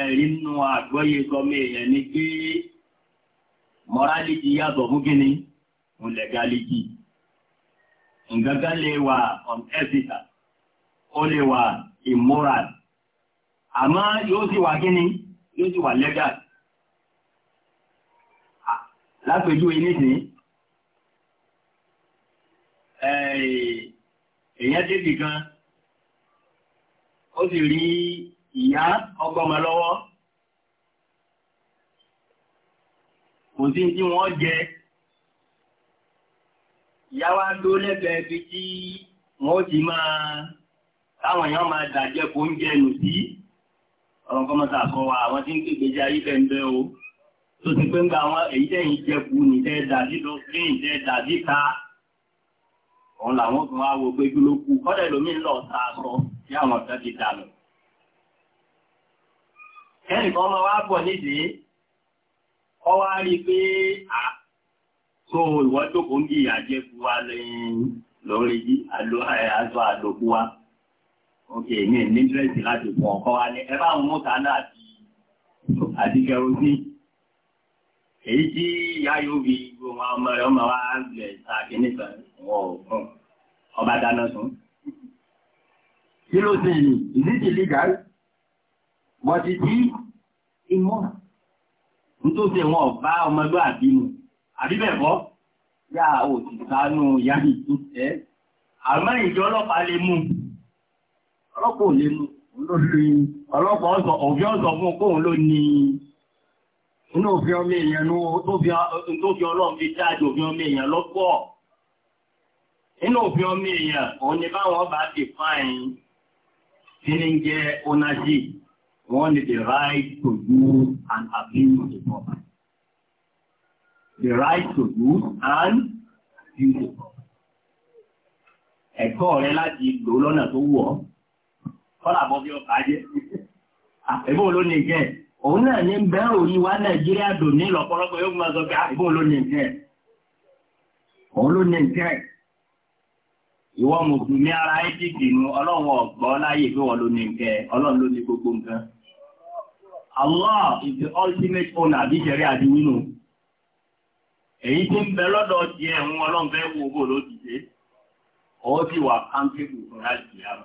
ẹ̀rí nínú àgbọ́yé sọmọ èèyàn ni pé mọ́rálìtì yàtọ̀ fún kínní mo lẹ̀gálìtì. nǹkan wà unethical ó lè wà immoral àmọ́ yóò sì wà kínní yóò sì wà legal. lápèjúwe nísìnyí. èèyàn eh, débì kan ó sì rí ìyá ọgbọ́mọ lọ́wọ́ kò sí tí wọ́n jẹ ìyá wa dó lẹ́gbẹ̀ẹ́ tí wọ́n ti máa táwọn èèyàn máa dàjẹ́ kó ń jẹ nù sí ọ̀rọ̀ àwọn tí ń ayé fẹ́ ń bẹ́ o tó ti pé ń gba àwọn èyí jẹ kú dàbí lọ dàbí ta. òun làwọn tún wá wo pé gúlókù kọ́dẹ̀ lómi ń lọ ta aṣọ tí àwọn ọ̀dọ́ ti dànù. kẹ́nì kan máa wá bọ̀ nídìí ọ wá rí pé à tó ìwọ́ jókòó ń bí ìyàjẹ́ fún wa lórí aṣọ àlòkù wa. ok mi ní dírẹ́sì láti fún ọkọ wa ní ẹ bá wọn mú tánà àti kẹrosíì èyí tí ìyá yóò fi gbogbo ọmọ rẹ̀ ọmọ wa gbẹ̀ ta kìnnìkan wọn ò fún ọba dáná sun. kí ló ṣe yìí ìdíje legal wọ́n ti di ìmọ̀ nítòsí wọn ọba ọmọlúwàbí mu àbí bẹ́ẹ̀ bọ́ yá ò sì sánú ìyá ìdí ẹ́ àmọ́ ìjọ ọlọ́pàá lè mú ọlọ́pàá ò lè mú ọlọ́pàá ọ̀sọ̀ òfin ọ̀sọ̀ fún kóhun ló ní inú òfin ọmọ èèyàn tó fi ọlọ́run fi dáàdì òfin ọmọ èèyàn lọ́pọ̀ inú òfin ọmọ èèyàn òun ni báwọn ọba ti fáìn tí ní jẹ́ ownership wọ́n ní the right to use and abuse the property the right to use and abuse the property ẹ̀kọ́ rẹ láti lò lọ́nà tó wù ọ́ kọ́lá bọ́ bí ọba jẹ́ àpẹ̀bọ́ ló ní jẹ́ òun náà ní bẹ́ẹ̀ òní wá Nàìjíríà dò ní lọ́pọ̀lọpọ̀ yóò máa sọ pé àpẹ̀bọ́ ah, ló ní jẹ́ òun ló ní jẹ́ ìwọ mùsùlùmí ara ẹ́dìkì nu ọlọ́run ọ̀gbọ́ láyè pé wọ́n ló ní nǹkẹ́ ọlọ́run ló ní gbogbo nǹkan. Allah is the ultimate owner bí jẹ́rí àdíwínú. Èyí tí ń bẹ lọ́dọ̀ ti ẹ̀hún ọlọ́run fẹ́ wo owó ló ti dé. Ó sì wà káńtébù fún láti yàrá.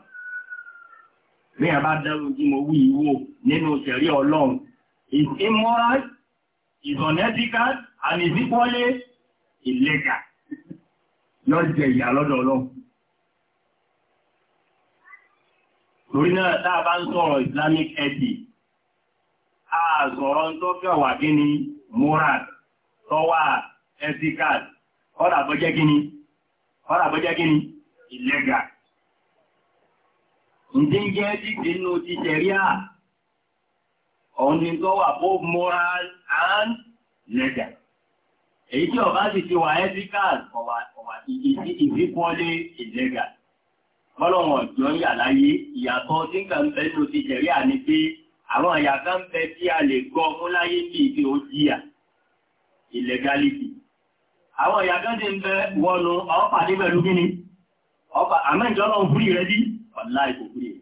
Bí a bá dẹ́rù tí mo wí ìwò nínú jẹ́rí ọlọ́run, is immoral, is unethical, and is equally illegal. Yọ jẹ ìyá lọ́dọ̀ ọlọ́run. torí náà táà bá ń islamic ethic a sọ̀rọ̀ ń tó gíní moral tọ́wà ethical ọ̀rà bọ́jẹ́ gíní illegal jẹ́ dìdì nínú ti tẹ̀ríà ọ̀nì tọ́wà moral and legal èyí tí ọ̀bá sì ti wà ethical ọ̀wà ìfíkọ́lé illegal kọ́lọ̀wọ̀n jọ yà láyé ìyàtọ̀ nígbà ń bẹ ló ti jẹ̀rí àní pé àwọn àyà kan ń bẹ tí a lè gbọ́ mú láyé bí ibi ó jìyà illegality àwọn àyà kan ti ń bẹ wọnú ọ̀pá ní pẹ̀lú kíni ọ̀pá àmọ́ ìjọba ń fúri rẹ bí ọ̀la ìkò fúri rẹ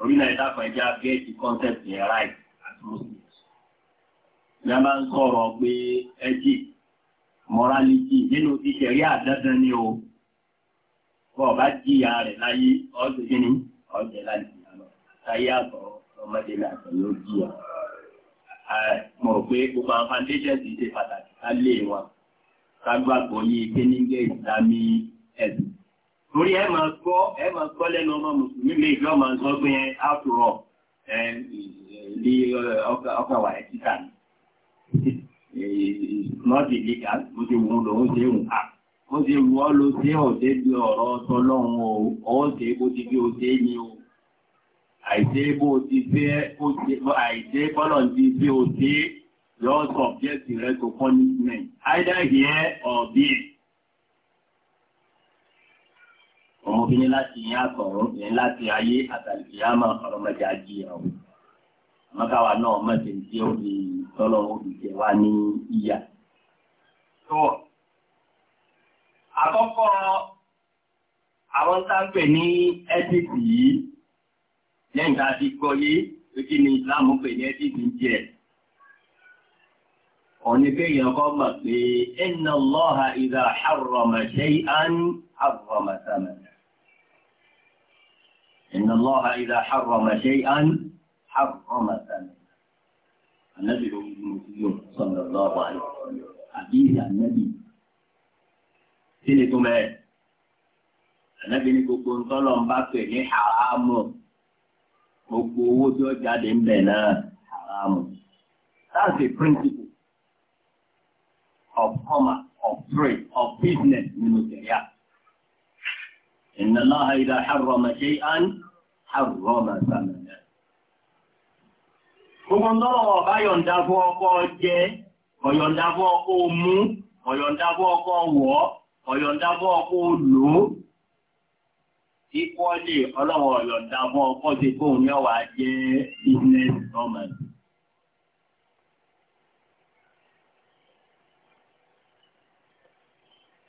orílẹ̀ èdè àpẹjá gẹ́ẹ̀tì concept yẹn right àti muslims ní a máa ń sọ̀rọ̀ pé ethics morality nínú ti jẹ̀rí àdádan ni o bọ́ ọba jìyà rẹ̀ láyé ọ̀dọ̀ gíní ọ̀jẹ̀ láti jìyà lọ láyé àtọ̀ ọmọdé làtọ̀ ló jìyà. mo rò pé gbogbo àwọn foundation ti ṣe pàtàkì ká lé wọn ká gbàgbọ́ yí kéníngé ìsàmì ẹ̀sìn. torí ẹ máa gbọ́ ẹ máa gbọ́ lẹ́nu ọmọ mùsùlùmí mi ìjọ máa sọ pé after all ní ọkà wà ẹ̀ títà ní. not illegal mo ti wù ú lòún ṣe é wù á ó ti wù ọ́ ló sí ọ̀dẹ́ bí ọ̀rọ̀ tọlọ́run o ọ́ ṣe bó ti bí o ṣe ni o àìṣe bó ti fẹ́ àìṣe bọ́lọ̀ ti fi o ṣe your subject rẹ to punishment either here or there. ọmọbìnrin láti yẹn àtọ̀rọ̀ yẹn láti ayé àtàlìyàmà ọ̀rọ̀mọdé ajé ọ̀ mọ́káwá náà mọ̀tẹ̀ tí ó di tọ́lọ́ òbí jẹ wá ní ìyá àkọ́kọ́ àwọn tágbẹ̀ ní ẹ́tìtì yìí lẹ́yìn tá a ti gbọ́ yé lókè ní ìsìláàmù pè ní ẹ́tìtì jẹ́ òní pé èèyàn kọ́ mọ̀ pé inna Allaha idha harrama shay'an harrama thamana inna Allaha idha harrama shay'an harrama mú sí yóò sọ̀rọ̀ lọ́wọ́ kí ni tó mẹ́rin ànábi ní gbogbo ntọ́lọ̀ ń bá pè ní haramu gbogbo owó tí ó jáde ń bẹ̀ náà haramu that's the principle of commerce of trade of business nínú sẹ̀ríà ìnáná àìdá harama ṣe án harama sàmìnà. gbogbo ntọ́lọ̀ ọ̀bá yọ̀ǹda fún ọkọ̀ jẹ́ ọ̀yọ̀ǹda fún ọkọ̀ mú ọ̀yọ̀ǹda fún ọkọ̀ wọ̀ ọ́ ọ̀yọ̀ǹdàbọ̀ ọkọ̀ lò ó tí kọ́ lè ọlọ́wọ́ ọ̀yọ̀ǹdàbọ̀ ọkọ̀ ti kóun ní ọ̀wà jẹ́ business government.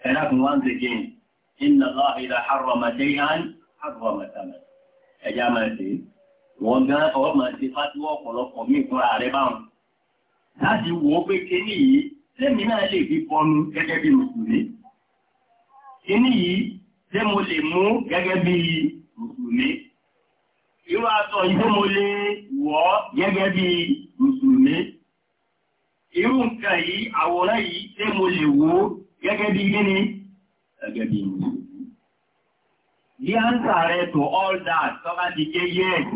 ẹ̀lákùn wá ń ṣe jẹ́ iná láàrídà harramate yán harramata mẹ́ ẹjá máa ṣe wọ́n gán ọwọ́ máa ṣe fátíwọ́ ọ̀pọ̀lọpọ̀ mí fúnra rẹ̀ báwọn láti wò pé kéní yìí lẹ́mìí náà lè fi bọnu gẹ́gẹ́ bí mùsùlùmí kíní yìí tí mo lè mú gẹ́gẹ́ bí mùsùlùmí irú aṣọ yìí mo lè wọ̀ gẹ́gẹ́ bí mùsùlùmí irú nǹkan yìí àwòrán yìí tí mo lè wò gẹ́gẹ́ bí kíní gẹ́gẹ́ bí mùsùlùmí the answer rẹ to all that tọ́ba ti jẹ́ yes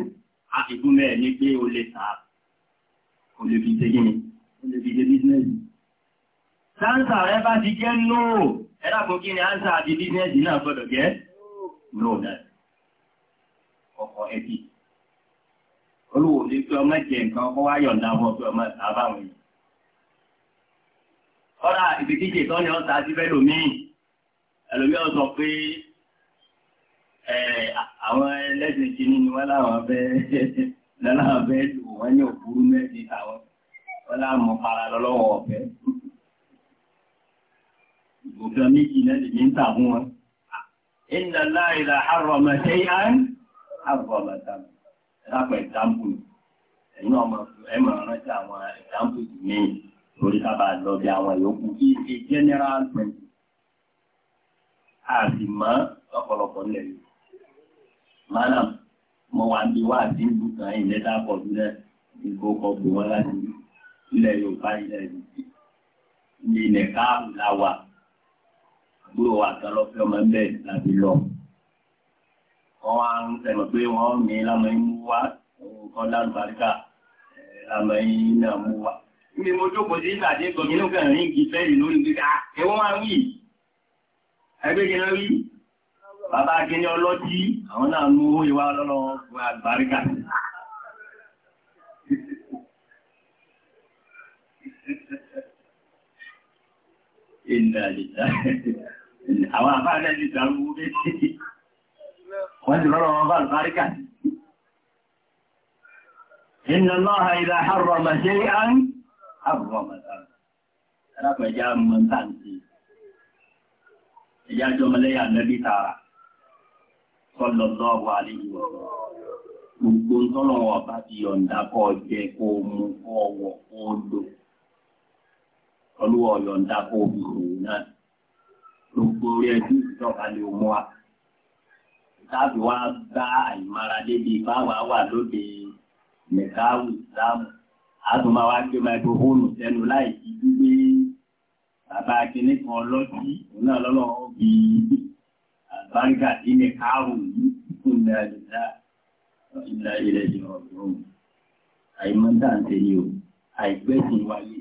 àtìgúnmẹ́ ní pé o lè ta o lè fi ṣe kíní o lè fi ṣe business. Sáńsà rẹ bá ti jẹ́ no ẹ̀rọ àkókò kí ni ánsà àti bísínẹ́sì náà gbọ́dọ̀ jẹ́ no that ọkọ̀ ẹbí olówó lè fi ọmọ jẹ nǹkan kó wá yọ̀ǹda ọmọ fi ọmọ ìta báwọn yìí kọ́ra ìbíkíjì tó ní ọ̀sà sí fẹ́ lómi ẹlòmí ọ̀ sọ pé àwọn ẹlẹ́sìn ti ní wọ́n láwọn fẹ́ lọ́láwọn fẹ́ lò wọ́n ní òkúrú mẹ́sì àwọn wọ́n láwọn mọ̀ para lọ́lọ́wọ́ ọ̀fẹ́ nǹkan méjì lẹ́lẹ̀ ní tà fún wọn inna Allaha idha harrama shay'an harrama lápẹ̀ ìdámbù ẹ̀yìn ọmọ ẹmọ rántí àwọn ìdámbù jù ní lórí sábà lọ bí àwọn yòókù kí ṣe general print àti mọ́ ọ̀pọ̀lọpọ̀ nílẹ̀ yìí madam mo wà níbi wá àti ìlú kan ilẹ̀ dápọ̀ sílẹ̀ ìgbó kọ̀ọ̀bù wọn láti ilẹ̀ Yorùbá ilẹ̀ ìlú ilẹ̀ káàbù la wà àbúrò wa kan lọ fẹ́ ọmọ ẹgbẹ́ láti lọ. wọ́n wá ń sẹ̀mọ̀ pé wọ́n mi lámọ̀ ń mú wá kọ́ lálùbáríkà lámọ̀ ń náà mú wá. Ibi mo jókòó sí ìpàdé gbọ̀ngàn ló kàn rìn kí fẹ́ẹ̀lì lórí gbígbà ẹ̀wọ́n máa wí. Ẹgbẹ́ kí wọ́n wí. Bàbá akíní ọlọ́tí àwọn náà mú owó ìwà lọ́lọ́ àgbáríkà. Ìlàlìlà. àwọn àbáàrẹ́ ní ìdàrúwú méjì wọ́n ti rọ́rọ̀ wọn bá àbáríkà inna Allaha idha harrama shay'an harrama ẹ̀rápẹ̀ ẹjá mọ̀ntáǹtì ẹjá jọmọlẹ́yà nẹ́bí tààrà sallallahu alaihi wa gbogbo tọ́lọ̀ ọba ti yọ̀ǹda kọ́ jẹ kó mú kọ́ wọ̀ kó lò ọlúwọ̀ yọ̀ǹda kó bìrò náà gbogbo orí ẹbí ìjọba lè mú wa. Táàbì wa bá àìmára débi báwa wà lóde mẹ̀káwù ìsìlámù. Àtùmá wa gbé máikrófóònù sẹ́nu láì sí gbígbé bàbá akíní kan lọ́sí òun náà lọ́lọ́ bí àbáńgà sí mẹ̀káwù yìí fún mi àdìsá ìlà ilẹ̀ ìjọba ọ̀hún. Àìmọ́ta ń tẹ̀lé o, àìgbẹ́sìn wáyé.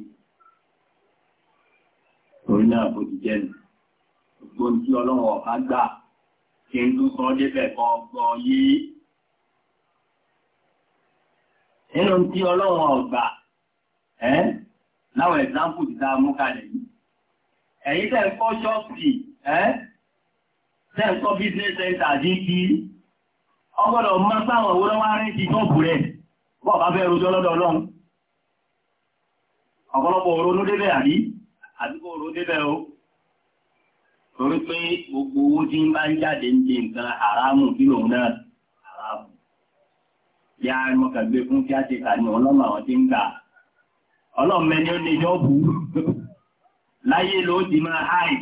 Torí náà bó ti jẹ́ nù. gbogbo ní ọlọ́run ọ̀ká gbà kí n tó sọ débẹ̀ kan gbọ́ yìí nínú tí ọlọ́run ọ̀gbà ẹ́ láwọn ẹ̀sáǹpù ti dáa mú kalẹ̀ yìí ẹ̀yí tẹ́ ń kọ́ ṣọ́ọ̀sì ẹ́ tẹ́ ń kọ́ business center jí kí ọgbọ́dọ̀ sáwọn owó lọ́wọ́ rẹ̀ ti tọ́pù rẹ̀ bọ́ bá fẹ́ rojọ́ lọ́dọ̀ ọlọ́run ọ̀pọ̀lọpọ̀ òrónú débẹ̀ àdúgbò òrónú débẹ̀ o torí pé gbogbo owó tí ń bá ń jáde ń di nǹkan haramu kí lòun náà haramu bí a fún kí a ti kà ọlọ́mọ àwọn tí ń gbà ọlọ́mọẹni ó lè jọ́ láyé ló ti máa háì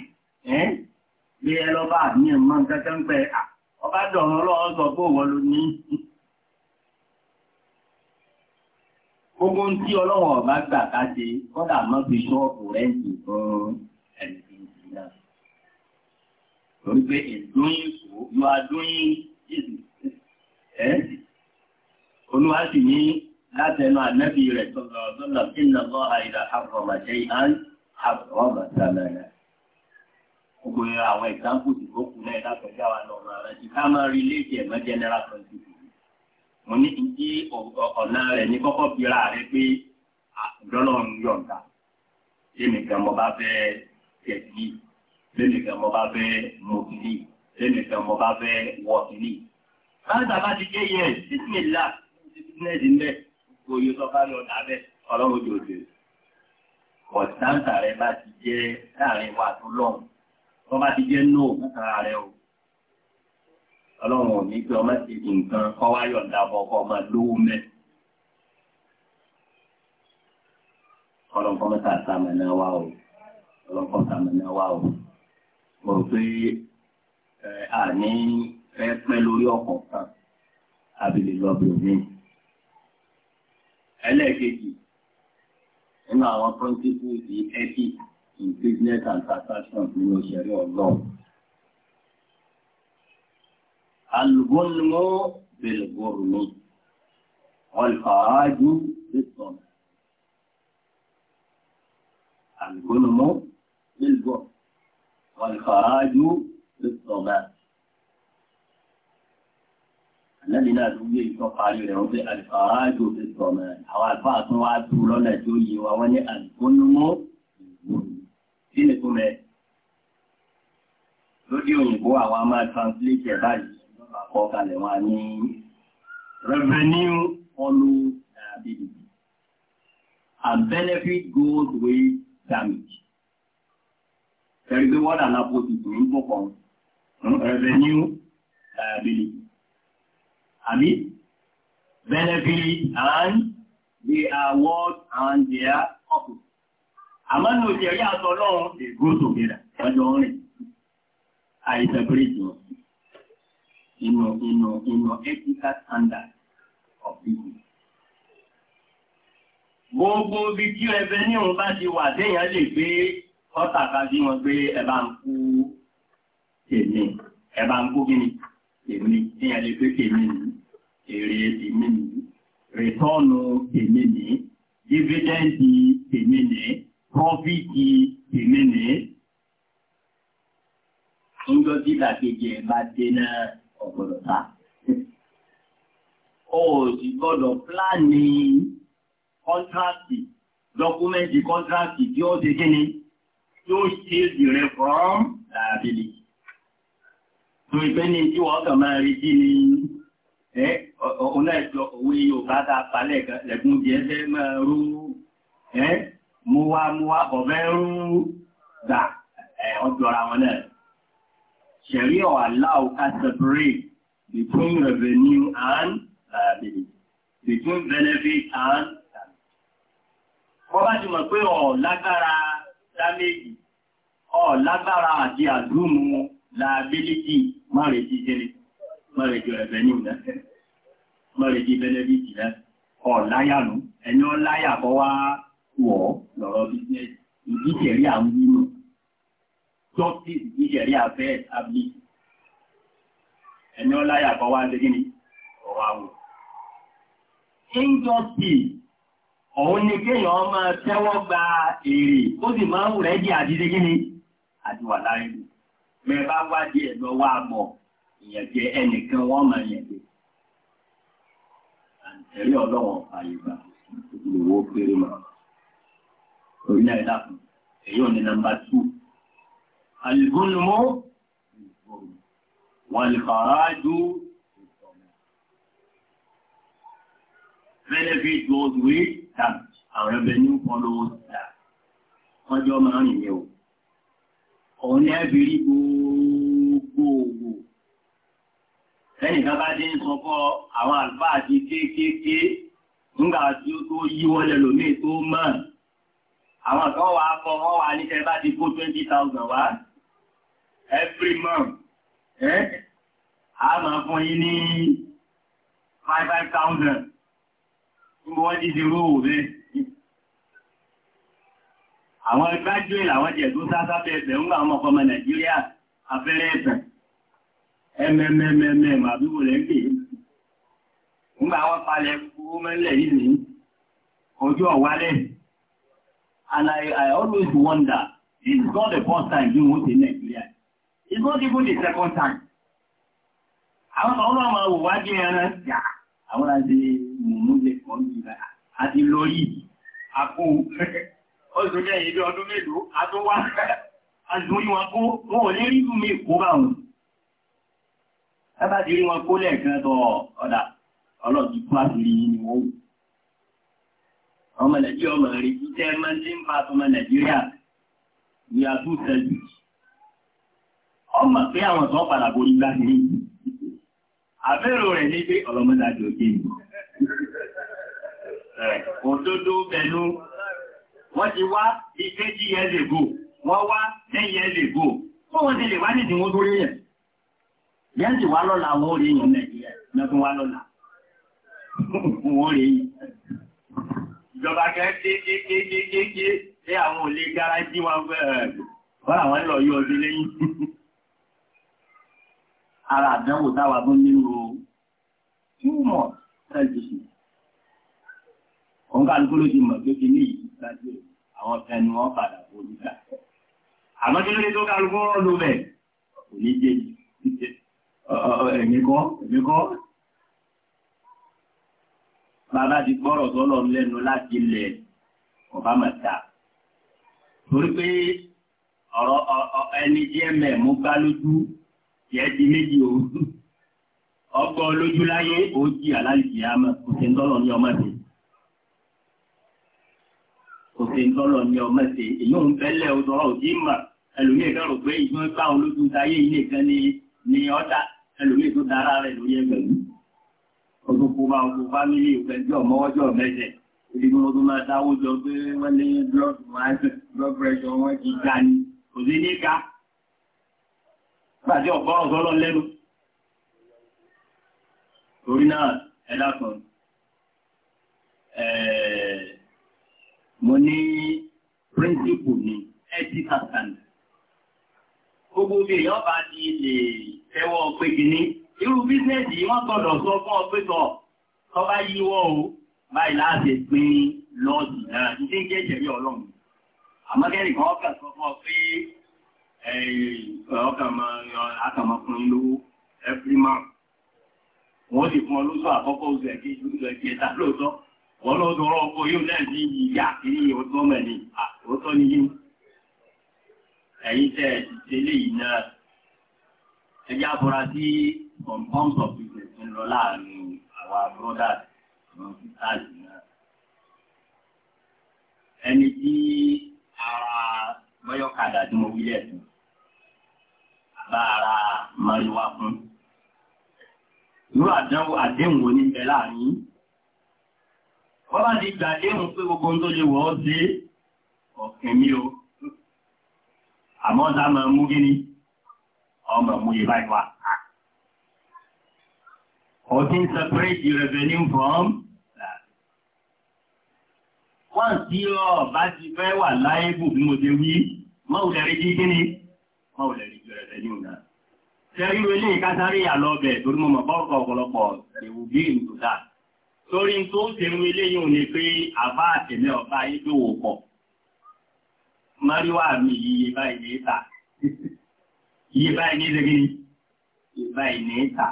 bí ẹ lọ bá ní kankan pẹ ọba dọ̀rọ̀ ọlọ́run sọ pé òwò ló ní gbogbo ń tí ọlọ́run ọba gbà ká kọ́dà mọ́ fi ṣọ́ọ̀bù rẹ́ǹtì fún ẹ̀ẹ́dì Torí pé ìdóyìn kò yọ adóyìn ìlú. Olúwa sì ní láti ẹnu ànábì rẹ̀ tọ́lọ̀ tọ́lọ̀ kí ní lọ́ àìdá àbọ̀mà ṣe ìhán àbọ̀mà sàlàyé. Gbogbo àwọn ìdánkù tí ó kù náà lápẹjá wa lọ máa rántí ká máa rí ilé ìjẹ̀ mọ́ general principle. Mo ní ìdí ọ̀nà rẹ̀ ní kọ́kọ́ fi ra rẹ̀ pé àdọ́lọ́run ah, yọ̀ǹda. Ṣé nìkan mo bá fẹ́ tẹ̀sí yìí? lẹ́nìkan mo bá fẹ́ mọ kìíní lẹ́nìkan mo bá fẹ́ wọ kìíní. báńkà bá ti jẹ́ yẹ bísímìlá bísínẹ́sì mẹ́ gbogbo iye tó bá lọ dábẹ́ ọlọ́run ojú òde. kọ̀ǹtáǹtà rẹ bá ti jẹ́ láàrin wa tó lọ́hùn tó bá ti jẹ́ nóò mẹ́tara rẹ o. ọlọ́run ò ní pé ọmọ ti di nǹkan kọ́ wáyọ̀ ńdàbọ̀ kọ́ ọmọ lówó mẹ́. ọlọ́run kọ́ mẹ́ta sàmì náà wá o ọlọ́run kọ́ sàmì náà wá o mo rò pé àní fẹ́ pẹ́ lórí ọ̀kọ̀ọ̀kan abilé lọ́bìrì mi. ẹlẹ́ẹ̀kejì nínú àwọn principles di ethics in business and transactions nínú ìṣẹ̀rí ọlọ́run. alùgbónúmọ́ bẹ̀lẹ̀gbọ́rù mi ọ̀lùfàájú bẹ̀tọ̀nù alùgbónúmọ́ bẹ̀lẹ̀gbọ́rù. والفراج للصلاة الذي لا تبيه فقال له الفراج للصلاة أو الفاظ وعدت لنا جوي ووني الظلم سين كما lórí òyìnbó àwọn a máa translate ẹ̀ revenue follow liability and benefit goes with damage ẹ̀rí pé wọ́n dàlá po ti tòun pọ̀ pọ̀ revenue liability àbí benefit and they are what and they are opposite. àmọ́ ní òṣèré rí àtọ́ lọ́rùn lè gbó sókè rà lọ́jọ́ rìn àìsàn péréjì wọn inú inú inú ethical standard of business gbogbo bí tí revenue bá ti wà téèyàn lè gbé kọ́tà ká bí wọn gbé ẹ̀bá ń kú èmi ẹ̀bá ń kú kíni èmi ìyẹn lè pé kèmi nì èrè èmi nì rìtọ́ọ̀nù èmi nì dífídẹ́ǹdì èmi nì prọ́fíìtì èmi nì. Ńjọ́ tí ìdàkejì ẹ̀ bá dé náà ọ̀gbọ̀dọ̀ ta. O ò sì gbọ́dọ̀ pílánì kọ́ńtráàtì dọ́kúmẹ́ǹtì kọ́ńtráàtì tí ó ṣe kí ni yóò ṣe ìrìn from liability tó ìfẹ́ ní tí wọ́n kàn máa rí jí ni ẹ́ ọ̀nà ìjọ òwe Yorùbá ta palẹ̀ lẹ́gùn jẹ́ fẹ́ máa rú ẹ́ mú wá mú wá ọ̀fẹ́ rú gbà ọjọ́ra wọn náà ṣẹ̀rí ọ̀ allow ká separate between revenue and liability between benefit and wọ́n bá ti mọ̀ pé ọ̀ lágbára dáméjì ọ̀lágbára àti àdúmù làbílítì márèjì jẹ́lẹ̀ márèjì ẹ̀bẹ̀ ní ìdá márèjì bẹ́lẹ́bìtì rẹ̀ ọ̀láyànú ẹni ọláyà kọ́ wá wọ̀ lọ́rọ̀ bísínẹ́sì ìdíjẹ̀rí àwọn nínú tọ́tí ìdíjẹ̀rí afẹ́ abí ẹni ọláyà kọ́ wá ń segin ní ọwọ́ àwọ̀ injustice òun ni kéèyàn máa tẹ́wọ́ gba èrè ó sì máa ń rẹ̀ jẹ́ àdídé gíní àti wà láyé mi mẹ bá wádìí ẹ lọ wá bọ ìyànjẹ ẹnìkan wọn máa yànjẹ àǹtẹ̀rí ọlọ́wọ̀n àyè gbà ìlúwo péré mọ́ orí náà dàpọ̀ èyí ò ní nọ́mbà tù alìbónúmọ́ wọn lè fara ju benefit goes with that and revenue follows that wọ́n máa ń rìn o òun ní ẹbí rí gbogbo òwò lẹ́nìkan bá dé ń sọ fọ́ àwọn àlùfáà àti kéékèèké nígbà tí ó tó yí wọn lẹ́lòmíì tó mọ̀ àwọn kan wà á kọ́ wà ní bá ti kó twenty thousand wá every month ẹ́ a máa fún yín ní five five thousand níbo wọ́n ti di rú òwe àwọn graduate àwọn jẹ̀dún sáásá bẹ̀ẹ̀bẹ̀ ń àwọn ọkọ̀ ọmọ Nàìjíríà abẹ́rẹ́ ẹ̀sẹ̀ mmmmm àbíwò rẹ̀ ń gbè ń gbà wọ́n palẹ̀ owó mẹ́lẹ̀ yìí ní ojú ọ̀wálẹ̀ and I, I always wonder this is not the first time you won't in Nigeria it's not even the second time àwọn ọmọ ọmọ wò wá jẹ́ ẹran jà àwọn àti mùmú lè kọ́ àti lórí àpò ọdún jẹ́ ìdí ọdún mélòó àtúnwá àdúrí wọn kó wọn ò ní rí mú mi kó bá wọn ẹbàdì rí wọn kó lẹ́ẹ̀kan tọ ọ̀dà ọlọ́dì kú àfìrí ni wọ́n ọmọ nàìjíríà ọmọ rẹ̀ jíjẹ́ máa ń fa ọmọ nàìjíríà ní àtúntẹ̀lù ọmọ pé àwọn tó padà borí gbá sí àbẹ́rò rẹ̀ ní pé ọlọ́mọdé àjọ jẹ́ òdodo bẹnu wọ́n ti wá bí 20 years ago wọ́n wá 10 years ago fún wọn ti lè wá ní ìdínwó tó rí yẹn yẹn ti wá lọ́la wọn ó rí yẹn nàìjíríà mẹ́fún wá lọ́la wọn ó rí yẹn ìjọba kan kéékéékéékéé ṣé àwọn olè gáràjì wọn fẹ́ wọ́n àwọn lọ yọ ọdún lẹ́yìn ara àdánwò táwa fún nínú túmọ̀ tẹ́lifíṣìn òun ká lóko ló ti mọ̀ pé kíní yìí láti àwọn kan ni wọ́n padà forí gbà. àmọ́ kí ló dé tó ká lóko rọ́ ló bẹ̀ kò ní jẹ́ ẹ̀mí kọ́ ẹ̀mí kọ́. bàbá ti gbọ́rọ̀ sọ́lọ̀ lẹ́nu láti ilẹ̀ ọba mẹ́ta. torí pé ọ̀rọ̀ ẹni díẹ̀ mẹ́ mú gbá lójú tiẹ̀ di méjì òru. ọgbọ́n lójú láyé ó jìyà láì jìyà mọ́ kò sí ń tọ́lọ̀ ní ọmọdé kò sí tọ́lọ̀ ní ọmọ ṣe èyí òun bẹ́lẹ̀ ọ̀dọ́rọ̀ òjì mà ẹlòmíì kan rò pé ìgbọ́n gbá òun lójú táyé ilé kan ní ní ọ̀dà ẹlòmíì tó dára rẹ̀ lórí ẹgbẹ̀rún ọdúnkù máa ń kó fámìlì ìpẹ́jọ́ ọmọwọ́jọ́ mẹ́jẹ̀ ìdìbò ọdún máa dáwó jọ pé wọ́n ní blood pressure wọn ti ga ni kò sí ní ká pàdé ọ̀gbọ́n ọ̀sọ́lọ́ lẹ́nu torí náà ẹ dákun mo ní píríncípù ní ethics and standards. Gbogbo mi èèyàn bá ti lè tẹ́wọ́ pé kìíní. Irú bísíǹsì wọ́n gbọ́dọ̀ sọ fún ọ pé tọ̀ tọ́ bá yíwọ́ o báyìí láti pín lọ́ọ̀dì náà ní jẹ́ ìjẹ̀rí ọlọ́run. Àmọ́ kẹ́rì kan ọkà sọ fún ọ pé akàmọ̀kùnrin lówó every month. Wọ́n sì fún ọ lóṣù àkọ́kọ́ oṣù ẹ̀kẹ́ ìṣúlẹ̀ ẹ̀kẹ́ ta lóòótọ́ wọ́n ló dọ̀rọ̀ ọkọ̀ yóò náà ní ìyá kiri ọdún ọmọ ẹni àtọ́tọ́ ni yín ẹ̀yin tẹ́ ẹ ti tẹ́lẹ̀ yìí náà ẹjẹ́ afurasí some forms of business ń lọ láàrin àwa brothers àwọn sisters náà ẹni tí ara bọ́yọ̀kadà tí mo wí lẹ́sìn àbá ara máa fún irú àdéhùn oníbẹ̀ láàrin wọ́n bá ti gbà léhùn pé gbogbo tó lè wọ́ sí ọ̀kẹ́ mi o àmọ́ ta máa mú kí ni ọmọ mú yìí báyìí wá ọdún separate the revenue from wọ́n tí ọ bá ti fẹ́ wà láyé bù bí mo ṣe wí mọ́wùlẹ̀rí jí kí ni mọ́wùlẹ̀rí ju revenue náà tẹ́rí ilé ìkásáré àlọ́bẹ̀ torí mo mọ̀ bọ́ọ̀kọ̀ ọ̀pọ̀lọpọ̀ èrò bí ìlú dáa torí tó ń tẹ̀wé eléyìí ò ní pé àbá àtẹ̀mẹ́ ọba ìdòwò pọ̀ mariwa mi iye báyìí ní ta iye báyìí ní ìdíkì iye báyìí ní ta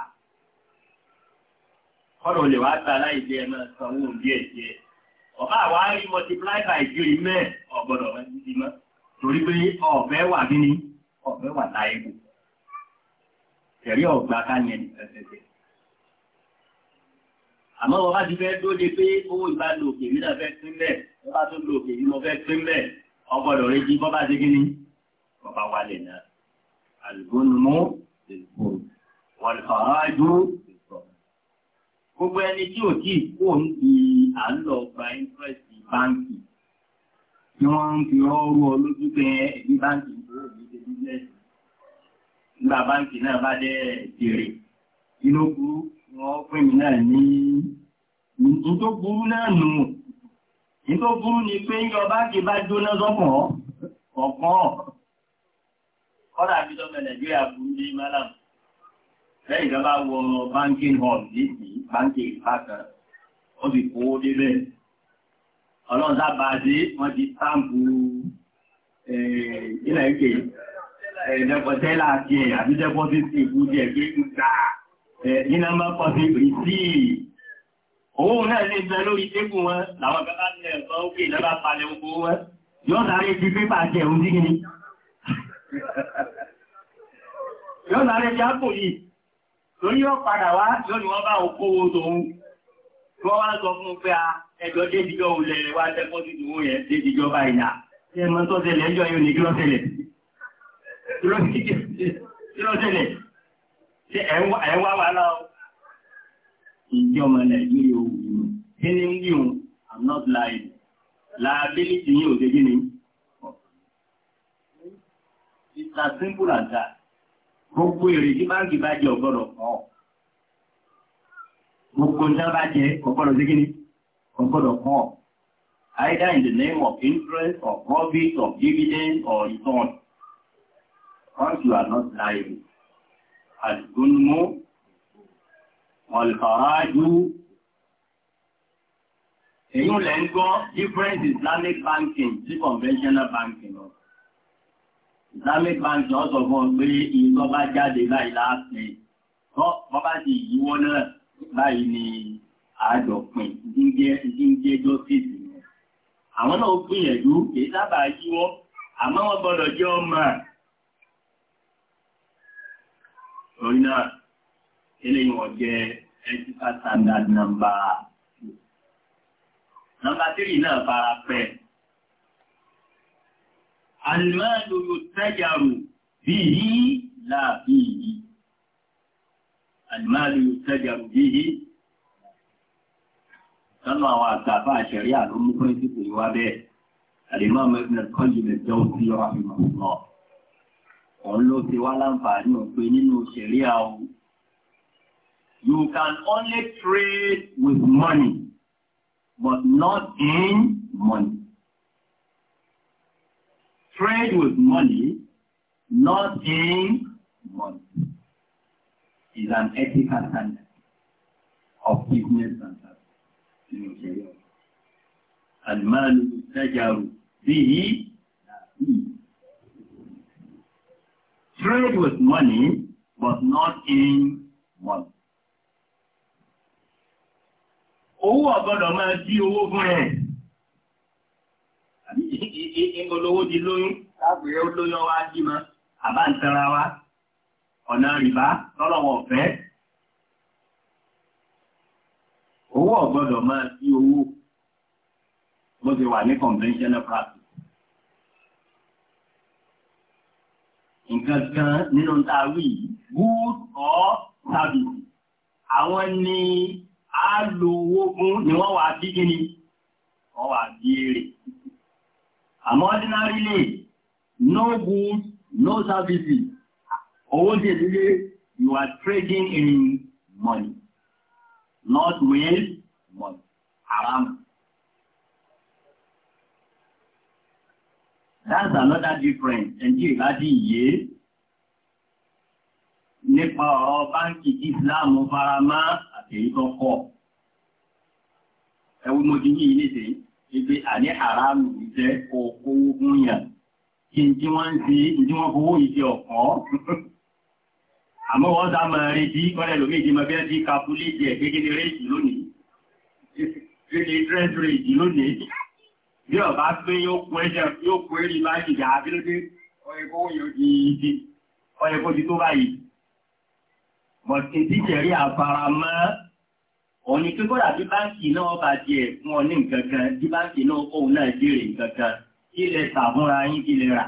kọ́dọ̀ lè wá ta láìsí ẹ̀ náà sanwó díẹ̀ díẹ̀ ọba àwa rí multiply by three mẹ́ ọ̀gbọ́dọ̀ ti mọ́ torí pé ọ̀fẹ́ wà bí ni ọ̀fẹ́ wà láyé kù tẹ̀rí ọ̀gbà ká ní ẹni àmọ́ wọ́n bá ti fẹ́ dóde pé owó ìbá lo òkè yìí náà fẹ́ pín bẹ́ẹ̀ wọ́n bá tún lo òkè yìí mo fẹ́ pín bẹ́ẹ̀ ọgbọ́dọ̀ rẹ jí bọ́ bá ṣe kíní wọ́n bá wálé náà àlùbọ́nùmọ́ wọ̀lùfàájú gbogbo ẹni tí ò tí kó ń fi àlọ́ gba interest báńkì tí wọ́n ń nígbà báńkì náà bá dẹ́ jèrè inú burú wọ́n pín mi náà ní ní tó burú náà nù ní tó burú ni pé yọ báàkì bá jóná sọ́kàn ọ̀kan kọ́dà bí sọ́kàn nàìjíríà burú ní málàmù lẹ́yìn ìjọba wọ ọmọ banking hall níbi ìpákan ó sì kó débẹ̀ ọlọ́run sábà dé wọ́n ti sáàmù ilẹ̀ ìpè ẹ̀ẹ́dẹ́kọ̀tẹ́lá àti nínà máa pọ̀ sí ìrìsí òun náà lè bẹ lórí tébù wọn làwọn gbẹ́gbẹ́ àtẹ̀ ẹ̀kọ́ òkè lọ́bàá palẹ̀ ogun wọn yóò sáré fi pépà jẹ òun sí gini yóò sáré fi ápò yìí lórí yóò padà wá yóò ní wọ́n bá òkú owó tòun wọ́n wá sọ fún pé a ẹjọ́ déjìjọ́ olè wá tẹ́kọ́ sí ìwò yẹn déjìjọ́ báyìí náà tí ẹ mọ́ tọ́sẹ̀lẹ̀ ẹjọ́ yóò ní kí lọ́sẹ̀lẹ̀ ṣe ẹ̀ wá wà láwọ́ ìjọ ọmọ nàìjíríà òwú kí ni ń wí i'm not lying liability yìí ò ṣe kí ni it's as simple as that gbogbo èrè tí báńkì bá jẹ ọgbọ́dọ̀ kọ́ gbogbo ń sábà jẹ ọgbọ́dọ̀ ṣe kí ni ọgbọ́dọ̀ kọ́ either in the name of interest or profit or dividend or return once you are not lying. الظلم والفراج èyí lẹ ń different islamic banking sí conventional banking lọ islamic banking ọ sọ fún ọ pé ìlọ bá jáde báyìí láàpin tọ́ wọ́n bá ti yíwọ́ náà báyìí ni àádọ́pin díjẹ́ justice àwọn náà gbìyànjú kì í sábà yíwọ́ àmọ́ wọ́n gbọ́dọ̀ jẹ́ ọmọ torí náà eléyìí wọ́n jẹ́ ethical standard number two. nọ́mbà tírì náà fara pẹ́. alimọ́ọ̀lù yóò tẹ́jàrù bíi láàbíi. alimọ́ọ̀lù yóò tẹ́jàrù bíi sọ́nà àwọn àgbàfà àṣẹ̀rí àlómú pẹ́ńtì kò ní bẹ́ẹ̀. alimọ́ọ̀lù yóò tẹ́jàrù bíi láàbíi òun ló fi wá láǹfààní òpin nínú ṣẹ̀ríà o. You can only trade with money, but not in money. Trade with money, not in money, is an ethical standard of business and service nínú ṣẹ̀ríà. Àlùmáàlù ìtajà rò bí Trade with money, but not in money. Owó ọ̀gbọ́dọ̀ máa dí owó fún ẹ̀. Ìgbòlówó di lóyún, láàpẹ̀rẹ̀ ó lóyún wá jí ma, àbá ń tẹ́ra wá, ọ̀nà rìbá lọ́lọ́wọ̀ ọ̀fẹ́. Owó ọ̀gbọ́dọ̀ máa dí owó, bó ti wà ní conventional practice. nǹkan kan nínú tàwí good or service àwọn ni a lo owó fún ni wọ́n wà bí kí ni wọ́n wà bí èrè àmọ́ ordinary lè no good no services owó tí èdè you are trading in money not with money haram That's another difference. Ẹnjí ìbádìí yìí nípa ọ̀rọ̀ báńkì Islam faramá àtèyí tó kọ̀. Ẹwú mo di yìí nìdè, ibi àní àrámù ìjẹ́ okòwò gúnyàn. Kí n tí wọ́n ń ṣe, n tí wọ́n fowó ìṣe ọ̀kọ́. Àmọ́ wọ́n dá mọ̀ retí, kọ́lẹ̀ lómi ìdí mọ̀ bí wọ́n ti kapuléjì ẹ̀ gẹ́gẹ́ lónìí. Gẹ́gẹ́ bí ọba gbé yóò kún ẹjẹ yóò kún eré láì ìjà abílódé ọ̀ẹ̀kọ́ yóò di ìdí ọ̀ẹ̀kọ́ ti tó báyìí bọ̀tí tíjẹ̀rí àfaramọ́ òní pé kódà bí báńkì náà bá tiẹ̀ fún ọ ní nǹkan kan bí báńkì náà kóun náà jèrè nǹkan kan kí lè tàbúra yín kí lè rà.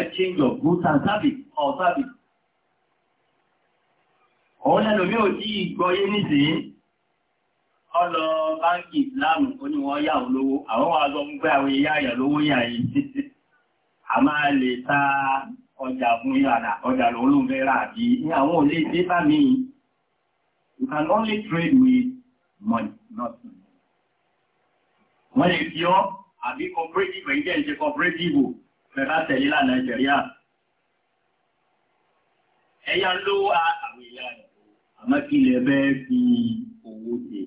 exchange of goods and service or service. òun lẹ́nu mi ò tí ì gbọ́yé nísìnyí ọlọ báńkì ìsìláàmù ó ní wọ́n yà ó lówó àwọn wà lọ ń gbé àwọn ìyá àyà lówó yà yìí a máa lè ta ọjà fún ìrànà ọjà lòun ló fẹ́ rà bí ní àwọn olè dé bá mi you can only trade with money not money wọ́n lè fi ọ́ àbí cooperative ẹ̀yìn tẹ́lẹ̀ ṣe cooperative fẹ́rá tẹ̀lé lànà ìjẹ̀ríà ẹ̀yà lówó àwọn ìyá rẹ̀ àmọ́ kí lè bẹ́ẹ̀ fi owó tẹ̀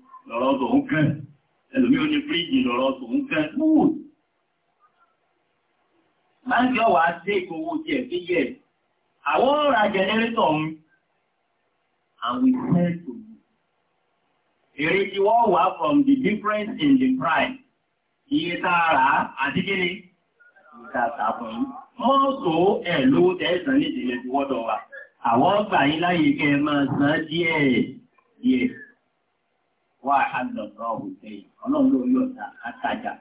lọ́rọ̀ tòun kẹ́ ẹlòmí ò ní fíríjì lọ́rọ̀ tòun kẹ́ kúù báńkì ọwà dé ìkòwò jẹ́ fi yẹ àwọn ọ̀rà jẹnẹrétọ̀ ń àwọn ìfẹ́ tòun èrè tí wọ́n wà from the difference in the price iye tààrà àti kíni ìtàtà fún wọ́n tó ẹ̀ lówó tẹ́ẹ̀sàn ní ìdílé tí wọ́n dọ̀ wà àwọn ọgbà yín láyé kẹ́ máa san díẹ̀ díẹ̀ wà á lọ̀tọ̀ òkè ọlọ́run ló yọ̀ ọ̀tà àtàjà.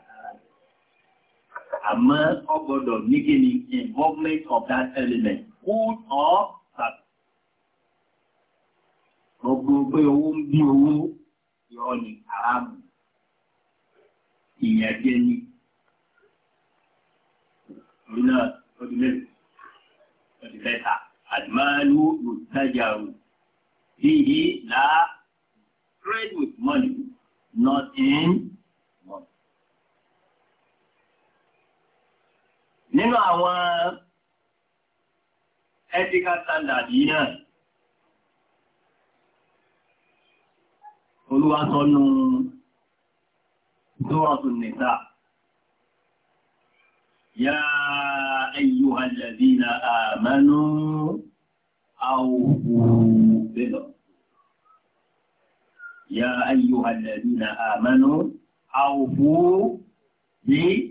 àmọ́ ọ gbọ́dọ̀ nígi ni involvement of that element good or bad. gbogbo pé owó ń bí owó yọ ní haramu ìyẹn jẹ́ ní. torí náà mẹ́rin lọ́dún mẹ́ta àdìmọ́lú yóò dájà rò. Fíhì láà trade with money, not in money. Nínú àwọn ethical standard yìí náà, Olúwa sọ nù Suratul Nisa. يا أيها الذين آمنوا أوفوا بالعقود يا أيها الذين آمنوا أوفوا بالعقد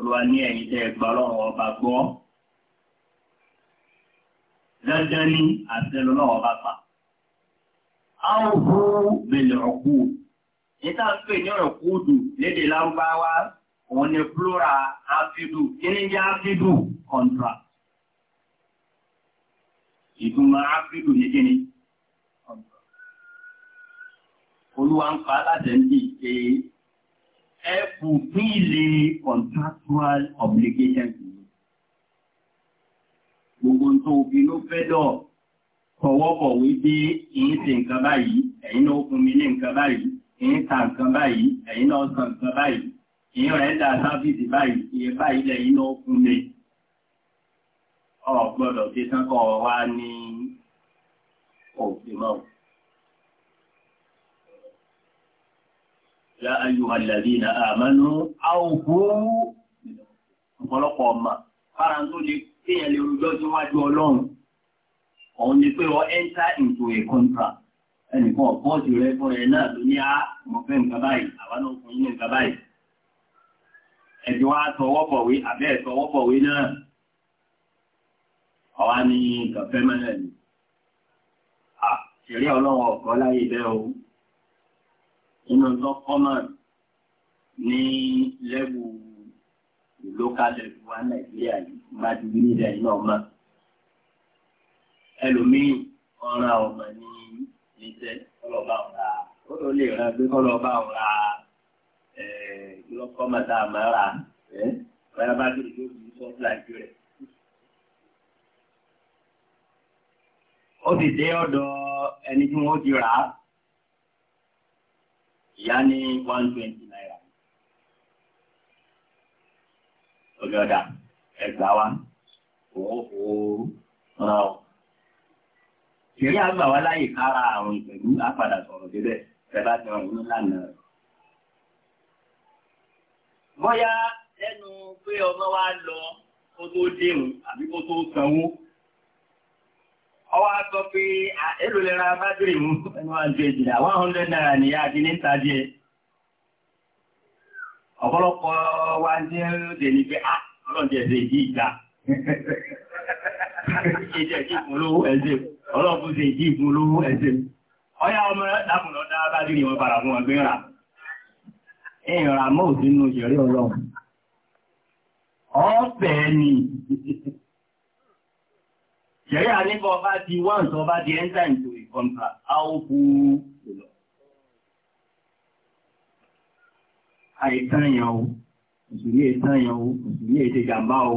Olúwa ní ẹ̀yin tẹ́ gbà lọ́wọ́ ọba gbọ́. Dandan ni àtẹ́lọ lọ́wọ́ ọba pa. A ó hú bèlè ọ̀kú. Níta ń pè ní ọ̀kú dù lédè lárúbáwá, òun ni plúra áfídù. Kí ni jẹ́ áfídù? Contract ìtumọ̀ áfíríkù ní kíni olúwa ń pa aládẹ́ndì pé ẹ kù pín ilé contractual obligations gbogbo tó fi ló fẹ́ dọ̀ kọwọ́kọ̀ wípé èyí ṣe nǹkan báyìí ẹ̀yin náà fún mi ní nǹkan báyìí èyí ta nǹkan báyìí ẹ̀yin náà san nǹkan báyìí èyí rẹ̀ dá sáfíìsì báyìí ìyẹn báyìí lẹ́yìn náà fún mi ọ̀gbọ́dọ̀ ṣe sánkọ̀ wá ní òfin mọ́. Ya ayyuha alladhina amanu awfu ọ̀pọ̀lọpọ̀ ọ̀ma. Fára tó lè kéèyàn lè rújọ́ síwájú ọlọ́run. Òun ni pé wọ́n enter into a contract. Ẹnìkan ọ̀pọ̀ọ̀tì rẹ̀ fún ẹ náà ló ní á mọ̀ fẹ́ nǹkan báyìí, àwa náà fún yín nǹkan báyìí. Ẹ̀dùn wa tọwọ́ bọ̀wé àbẹ́ tọwọ́ bọ̀wé náà ọ̀wá ní nǹkan fẹ́ mẹ́lẹ̀ ni ṣeré ọlọ́wọ́ ọ̀kọ́ láyé bẹ́ o inú lọ́kọ́mọ̀ ní lẹ́wù local level wa nàìjíríà yìí má ti rí nílẹ̀ iná ọmọ ẹlòmíì ọ̀ràn ọmọ ní iṣẹ́ kọlọ́ba ọ̀ra ó ló lè ràn pé kọlọ́ba ọ̀ra lọ́kọ́mọ̀ tá a máa ra ẹ́ báyọ̀ bá dé ìlú ìlú sọ́ọ́sì láìpẹ́ rẹ̀. ó sì dé ọ̀dọ̀ ẹni tí wọ́n ti rà á ìyá ní one twenty naira lórí ọ̀dà ẹgbà wa òun kò ràn ọ́. ìrírí àgbà wa láyè kára àwọn ìpẹ̀lú àpàdà sọ̀rọ̀ débẹ̀ ẹ ti ràn yín lánàá. bóyá lẹ́nu pé ọmọ wa lọ kó tó dé òun àbí kó tó sanwó. ọwọ́ sọ pé èlò bátìrì mú ẹnu àjò ìjìnà 100 naira ni a di ní ìtají ẹ ọ̀pọ̀lọpọ̀ wa ní ẹ̀rọ ní pé à ọlọ́jẹ̀ ẹ̀sẹ̀ ìdí ìgbà ọlọ́pùsẹ̀ ìdí ìgbòlówó ẹ̀sẹ̀ ọya ọmọ dákùnlọ́dá bátìrì wọn para Ṣẹ̀rí àníbọ̀ bá ti wá ń sọ bá di enter into a a ó kú lọ. Àìtàn yàn o, òṣèré ìtàn yàn o, òṣèré ètè jàmbá o.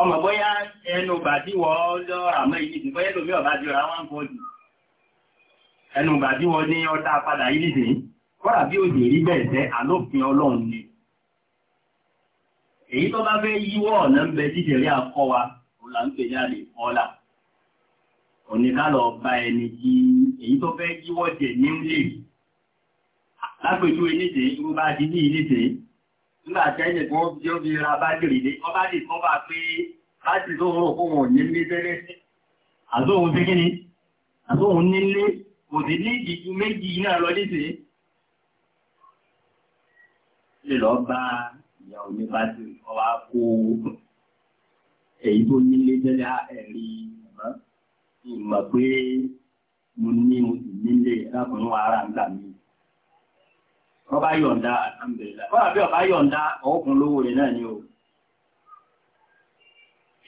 Ọmọ bóyá ẹnu bà tí wọ́n lọ àmọ́ èyí tó bá fẹ́ yíwọ́ ọ̀nà ń bẹ jíjẹ̀rí àkọ́ wa ọ̀là ń pè jáde ọ̀là oníkálọ̀ ọba ẹni tí èyí tó fẹ́ yíwọ́ jẹ̀ ní ilé lápẹjú eléte irú bá ti ní iléte nígbà tẹ́jẹ̀ tó jẹ́ ó fi ra bátìrì lé ọba lè kọ́ bá pé láti tó rọ̀ kó wọn ní ilé tẹ́lẹ̀ àtòhun fi kíni àtòhun nílé kò sí ní ìdíjú méjì náà lọ léte lè lọ bá ìyàwó ní bátìrì ọ̀wá kó èyí tó nílé tẹ́lẹ̀ ẹ̀rí ìmọ̀ pé mo ní mo sì nílé lákùnrin wa ara nígbà mi. Wọ́n bá yọ̀ǹda alhamdulillah. Wọ́n àbí ọ̀bá yọ̀ǹda ọkùnrin lówó rẹ̀ náà ni o.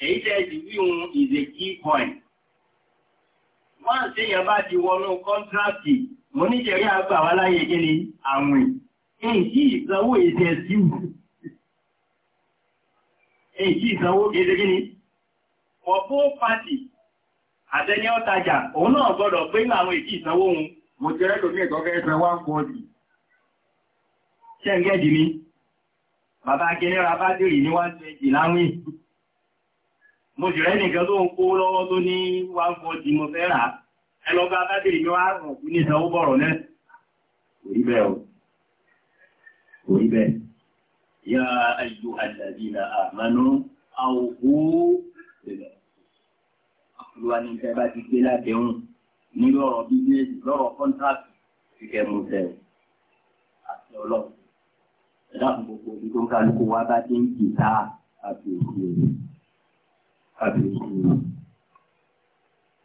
Èyí tẹ́ ti wíhun is a key point. Wọ́n àti èèyàn bá ti wọnú kọ́ńtrákì mo níjẹ̀rí àgbà wá láyé kí ni àwìn. Èyí ìsanwó èsì ẹ̀sìn èyí ìsanwó gẹ́gẹ́ ní for both àtẹni ọ̀tajà òun náà gbọ́dọ̀ pé ní àwọn èyí ìsanwó ohun. mo jẹ́ bàbá bá ní mo rẹ́ nìkan tó ń kó lọ́wọ́ tó ní 140 mo fẹ́ rà ẹlọ́gbà bá ní ní ìsanwó bọ̀rọ̀ náà orí bẹ́ẹ̀ يا أيها الذين آمنوا أوفوا Olúwa ní ìjọba ti gbé lábẹ́hùn ní lọ́rọ̀ bíbélì lọ́rọ̀ kọ́ńtàkì ti kẹ̀mú sẹ́wọ̀n àti ọlọ́run. Ẹ̀dá gbogbo ibi tó ń kálukú wa bá ti ń kì tá àti òkú rẹ̀. Àti òkú rẹ̀.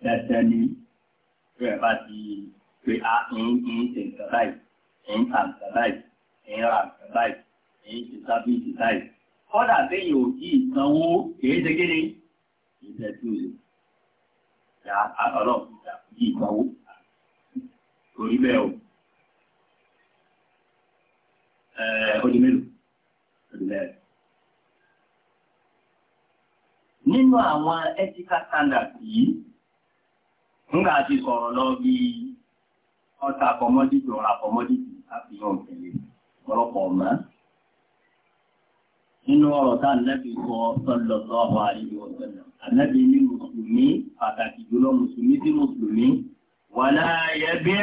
Dáadáa ni bẹ́ẹ̀ bá ti pé a ń ń ṣe nǹkan báyìí, ń ta nǹkan báyìí, ń ra nǹkan báyìí. ẹ̀yìn ti sá bí ti kọ́dà ò kí ìsanwó ṣe kéde ìṣẹ́ tí o lè ya àlọ́ ìsanwó bẹ́ẹ̀ o ọdún mélòó ọdún mélòó. nínú àwọn ethical nínú ọ̀rọ̀ tá ànábì sọ sallallahu alaihi wa sallam ànábì ní mùsùlùmí pàtàkì jùlọ mùsùlùmí sí mùsùlùmí wala yabi'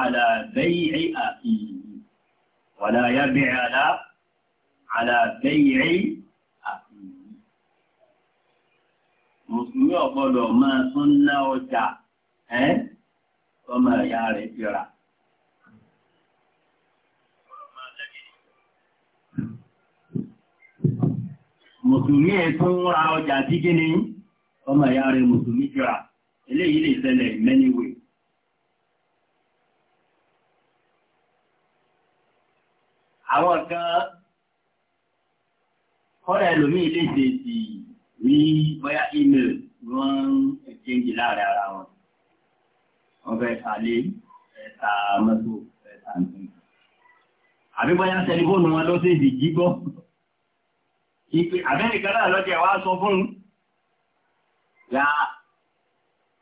ala bay'i akhihi wala yabi' ala ala bay'i akhihi. mùsùlùmí ò gbọ́dọ̀ máa tún ná ọjà ẹ́ ọmọ ìyá rẹ̀ ti rà. mùsùlùmí ẹ̀ tó ń ra ọjà tí kí ni ọmọ ìyá rẹ̀ mùsùlùmí jọra eléyìí lè ṣẹlẹ̀ many way àwọn kan kọ́rẹ̀ ẹlòmí ilé ìdèdì ní bóyá email wọ́n exchange láàrin ara wọn wọ́n fẹ́ sàlẹ̀ ẹ̀ta mọ́tò ẹ̀ta nǹkan àbí bóyá tẹlifóònù wọn ló sì di jígbọ́ ìpè àbẹ́nìkan náà lọ́jẹ́ wá sọ fún ya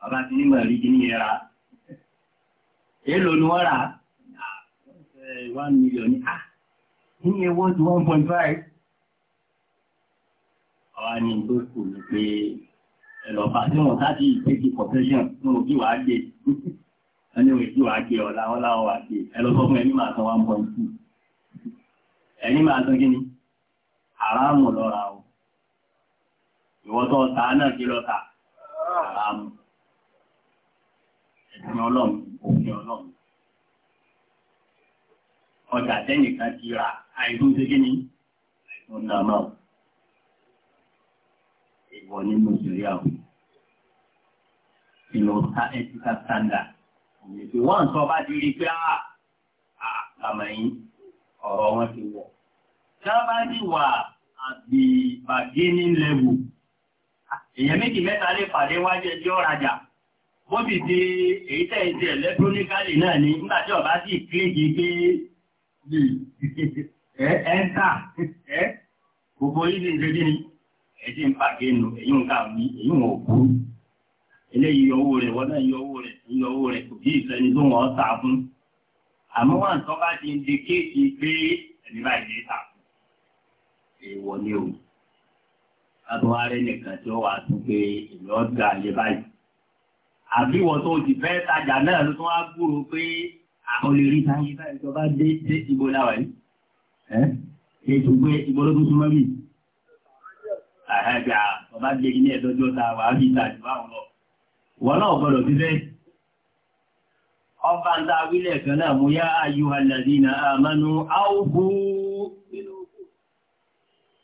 ọba ti ní mọ̀rí kí ní ẹra èlò ni wọ́n rà one million ní à ní ewó tí one point five ọwá ní tó kù ní pé ẹlọ́pá tí wọ́n sáti ìpéjì confession ní wọ́n wàá gbé ẹni wọ́n kí wàá gbé ọ̀la ọ̀la wàá gbé ẹlọ́pọ̀ fún ẹni máa san one point two ẹni máa san kí ni àràmù lọ́ra o ìwọ́n tó ta náà kí lọ ta àràmù ẹ̀sìn ọlọ́run òfin ọlọ́run ọjà tẹ́nìkan ti ra àìsùn ṣe kí ni àìsùn náà máa ìwọ nínú ìrírí àwọn ìlò ta ethical standard òun sọ bá ti rí pé àà ah, ah, àmàyín ọ̀rọ̀ wọn ti wọ̀. Germany wà at the bargaining level. Èèyàn méjì mẹ́ta lè pàdé wájú ẹjọ́ ọ̀rajà. Ó sì ti èyí tẹ̀ ìṣe electronically náà ni nígbà tí ọba sì kílíkì pé ẹ́ńtà gbogbo yìí ń ṣe ní ẹ̀dí ń pàgénu èyí ń kàwí èyí ń òkú eléyìí yọwó rẹ̀ wọ́n náà yọwó rẹ̀ yọwó rẹ̀ kò bí ìsẹ́ni tó wọ́n ta fún àmọ́ wọn bá ti ń di kéèkì pé ẹ̀mí báyìí lè èèwọ̀ ni o àtúwọ̀ arẹ nìkan tí ó wà tún pé èmi ọ̀gá ayé báyìí àbí wọ́n tó ti fẹ́ tajà náà ló tún wá gbúrò pé àwọn lè rí táyé báyìí tó bá dé dé ìbò láwà yìí ẹ́ ètò pé ìbò ló tún súnmọ́ bíi àhàgà ọba gbé ilé ẹ̀dọ́jọ́ ta wà á fi ìtajà báwọn lọ wọ́n náà gbọ́dọ̀ fi fẹ́ ọba ń ta wílẹ̀ kan náà mú yá ayuha alladhina amanu awfu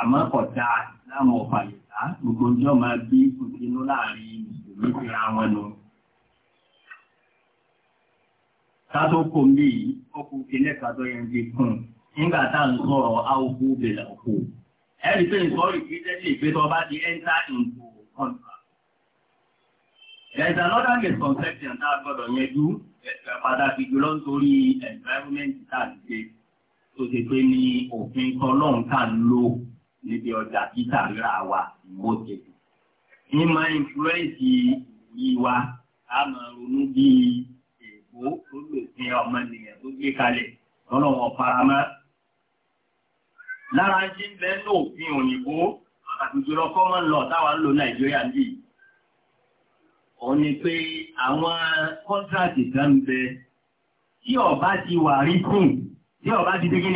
àmọ́ kọ̀dá láwọn ọ̀fà ìta gbogbo ọjọ́ máa bí kùsínú láàrin mùsùlùmí fi ra wọn nù. Tátó kò mí yìí, ó kú kílẹ̀ kátó yẹn ti kùn. Nígbà tá à ń sọ̀rọ̀ áwòkú bẹ̀rẹ̀ òkú. Ẹ̀rí pé ìsọ̀rí kí tẹ́lẹ̀ ìgbé tó bá ti ẹ́ńtà ìǹkù ọ̀nà. There is another misconception tá a gbọ́dọ̀ yẹjú pàtàkì jùlọ nítorí environment tá a ti ṣe tó ṣe pé ní òfin tọ́lọ́ǹkà ń lò níbi ọjà títà rírà wa ìwó tètè. ní máa ìnfúrẹ́ǹsì yìí wa a máa ronú bí èèbó tó lè fi ọmọnìyàn tó gbé kalẹ̀ lọ́nà wọn faramọ́. lára ṣe ń bẹ́ẹ̀ ní òfin òyìnbó àtùjọ́rọ̀ common law táwa ń lò nàìjíríà ń bì í. òun ni pé àwọn kọ́ńtráàtì kan ń bẹ tí ọba ti wà rí fún tí ọba ti dé kí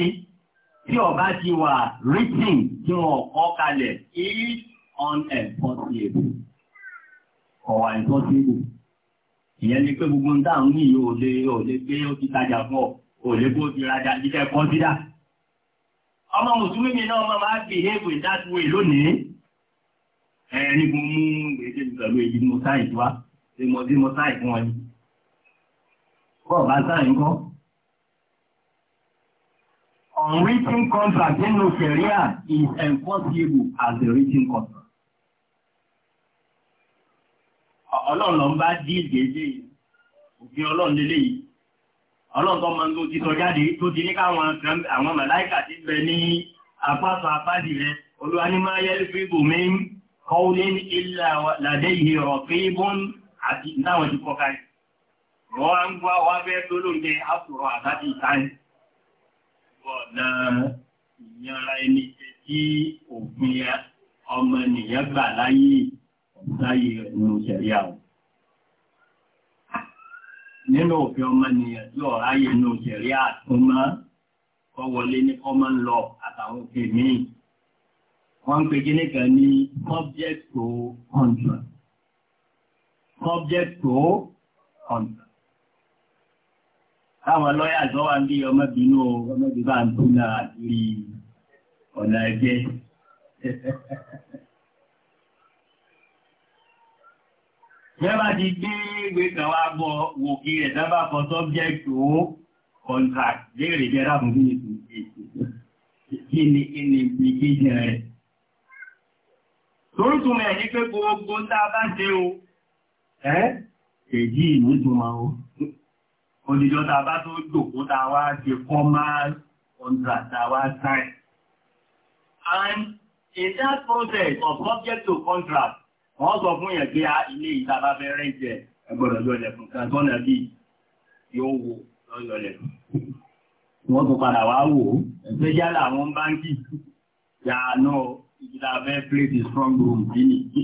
tí ọba ti wà written tí wọn kọ kalẹ̀ is unenforceable ọ̀wà enforceable ìyẹn ni pé gbogbo ń dáhùn ní yóò lè yóò lè gbé ó ti tajà fún ọ ò lè bó ti rajà jíjẹ kọ́sídà ọmọ mùsùlùmí náà ọmọ máa behave in that way lónìí ẹni mo mú gbèsè pẹ̀lú èyí mo sáyìn wá ṣe mo sí mo sáyìn fún ọ yìí bọ́ọ̀ bá sáyìn kọ́ unwritten contract in Nigeria is enforceable as a written contract. Ọlọ́run lọ ń bá díì gẹ́gẹ́ òfin ọlọ́run lélẹ̀ yìí. Ọlọ́run tó máa ń tó ti sọ jáde tó ti ní káwọn àwọn màláìkà ti bẹ ní apáṣọ apáàdì rẹ̀. Olúwa ní máa yẹ́ fíbù mi ń kọ́ ní ilẹ̀ làdé ìhè rọ̀ fíbùn àti náwọn ti kọ́ka. Wọ́n á ń gbọ́ wá fẹ́ tó lóúnjẹ àtùrọ̀ àtàkì ìtàn ọ̀nà ìyanra ẹni jẹ tí òfin ọmọ ènìyàn gbà láyé láyé ẹnu ṣẹ̀ríà o. Nínú òfin ọmọ ènìyàn tí ọ̀rá yẹ ẹnu ṣẹ̀ríà tún kọ́ wọlé ní common law àtàwọn òfin míì. Wọ́n ń pe kíní kan ní subject to contract. Subject to contract káwọn lọ́yà tó wà ń bí ọmọbìnú ọmọdé bá ń tó náà àti ọ̀nà ẹgbẹ́. Yẹ́bà ti gbé ìwé kan wá bọ̀ wò kí ẹ̀ dábà kọ subject ó contract léèrè jẹ́rà fún bí ètò kí ni kí ni implication rẹ̀. Torútùmẹ̀ ní pé gbogbo ń tá a bá ṣe o, ẹ́ èyí ìlú tó máa ó òdìjọ́ ta bá tó jòkó ta wá ṣe formal contract ta wá sign. and in that process of subject to contract wọ́n sọ fún yẹn pé ilé ìtaba fẹ́ rẹ́ǹtẹ̀ ẹgbọ́dọ̀ yọlẹ̀ fún kàtọ́nà bí yóò wò lọ́yọlẹ̀ wọ́n tó padà wá wò ẹgbẹ́ yálà àwọn báńkì yàánà ìjìlá fẹ́ play the strong room bí nìyí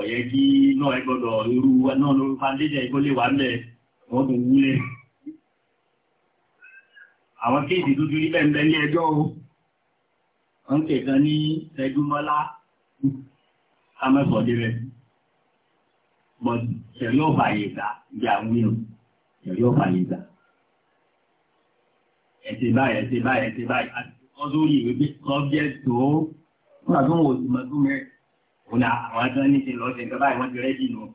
ọ̀yẹ́ kí náà ẹgbọ́dọ̀ irú náà lórí foundation ìkólé wà mẹ́rin wọ́n tó wúlẹ̀ àwọn kéèdì tó jùlí bẹ̀m̀bẹ̀ ní ẹjọ́ o wọ́n tẹ̀ kan ní ẹgbùmọ́lá amẹ́fọ̀dé rẹ̀ but ṣẹ̀lọ́ fàyègbà bí àwọn èèyàn ṣẹ̀lọ́ fàyègbà ẹ̀tẹ̀ báyìí ẹ̀tẹ̀ báyìí ẹ̀tẹ̀ báyìí ọdún yìí wípé subject tó fún àtúnwò ìmọ̀tún òun àwọn adán ti lọ́ọ́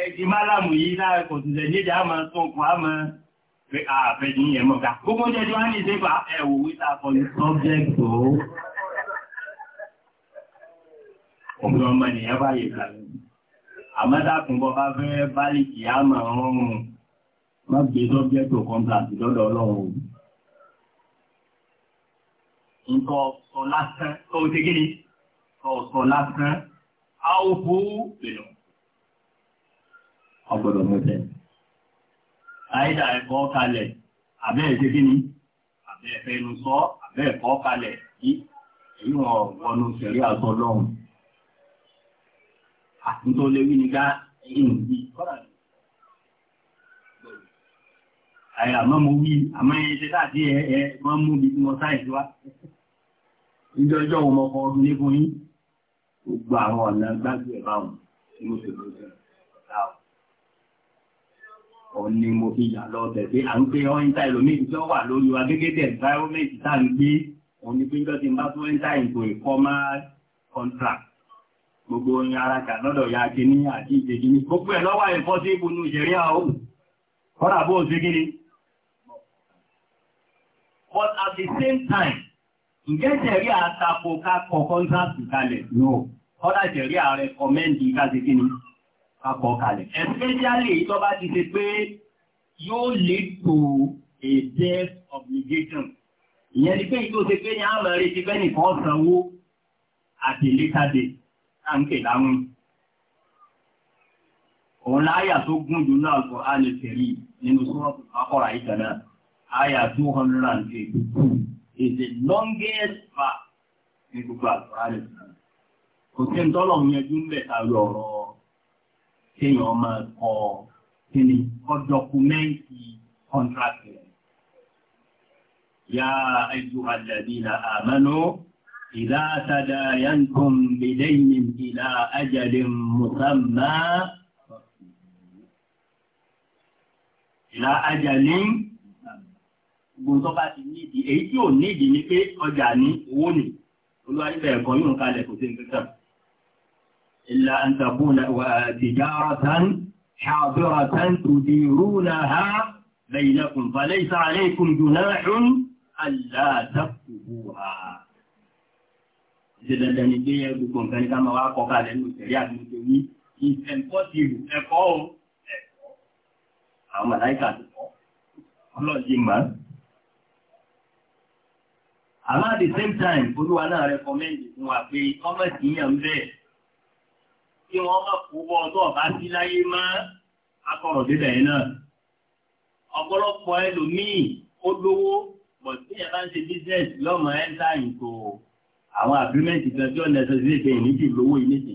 ẹ̀dì málàmù yìí láàrín kò tún tẹ̀lẹ́dẹ̀ àmà tó kùn àmà àfẹ́jì yẹn mọ́ta. Gbogbo jẹ́ jọ ní ìsẹ́gbà ẹ̀wò wíta for the subject tó. Ọmọ ọmọ nìyẹn bá yẹ kà. Àmọ́dàkùn bọ́ bá fẹ́ bálìkì àmà ọrùn. Má gbé subject tó kọ́ńtàkì lọ́dọ̀ ọlọ́run. Nǹkan sọ lásán, ó ti gíní, sọ lásán, á ó fún èèyàn ọgbọ̀dọ̀ mú tẹ̀. Àìdà ẹ̀kọ́ kalẹ̀, àbẹ́ ẹ̀ṣẹ́ kí ni? Àbẹ́ ẹ̀fẹ́ inú sọ, àbẹ́ ẹ̀kọ́ kalẹ̀ kí èyí wọn wọnú sẹ̀rí àtọ́ lọ́hùn. Àtúntò lè wí ni ká ìhùn bí kọ́ra ni. Àyà máa mú wí, àmọ́ ẹ̀yẹ ṣe láti ẹ̀ ẹ̀ máa mú bí mo sáìsì wá. Ìjọ ìjọ òun mọ̀kọ́ ọdún ní fún yín. Gbogbo àwọn ọ̀nà gbájú ẹ̀ báwọn ni mo ṣe lọ́jọ́ ọ̀ní mo fi yà lọ tẹ̀sí à ń pé ọ́ńtà ìlòmí tí ó wà lórí wa gẹ́gẹ́ bí environment tá ń gbé òun ni pé ń jọ́sìn bá tún ẹ́ńtà ìgò formal contract gbogbo orin ara kà lọ́dọ̀ ya ti àti ìdèjì ní gbogbo ẹ̀ lọ́wọ́ ẹ̀fọ́ sí ìbùnú ìṣẹ̀rí àwọn kọ́dà bó ṣe kí ni but at the same time ǹjẹ́ ìṣẹ̀rí àtakò ká kọ contract kalẹ̀ no kọ́dà ìṣẹ̀rí ààrẹ kọ́mẹ́ǹdì ká ṣe kí ni akọ̀kalẹ̀. Especially tó bá ti ṣe pé yóò lè tó a death obligation. Ìyẹn ni pé ìlú ṣe pé ní àwọn ọ̀rẹ́ ti fẹ́ nìkan sanwó àti létàdé táǹkè láwọn. Òun láyà tó gún jù náà kò á lè tẹ̀rí nínú sọ́ọ̀tù akọ̀rọ̀ àìsàn náà. Àyà 222 is the longest part ní gbogbo àkọ̀rọ̀ àìsàn. Kò sí ń tọ́lọ̀ yẹn jú ń bẹ̀ tàbí ọ̀rọ̀ kéèyàn máa kọ kíni kọ dọkumẹ́ǹtì kọ́ńtrákì rẹ̀. Yá ẹjú àjàdínà àmánú ìdá àtàdá yánkùn bìdẹ́yìn ìdá àjàdín mùsàmá ìlà àjàdín gbogbo tó bá ti nídìí èyí tí ò nídìí ni pé ọjà ní owó nì olúwa ibẹ̀ ẹ̀kọ́ yóò kalẹ̀ kò sí nǹkan kan. إلا أن تكون تجارة حاضرة تديرونها بينكم فليس عليكم جناح ألا تكتبوها Àwọn àdìsẹ́ńtàìm olúwa náà rẹ̀ kọ́mẹ́ǹdì fún wa pé ọmọ ìyàn bẹ́ẹ̀. kí wọ́n má kú bọ́ ọdún ọ̀bá sí láyé mọ́ akọ̀rọ̀ débẹ̀ yẹn náà. ọ̀pọ̀lọpọ̀ ẹlòmíì ó lówó bọ̀ tí ẹ bá ń ṣe business lọ́mọ ẹ́ńtà ìgò àwọn agreement kan tí ó necessary pé ìníjì lówó yìí nìjì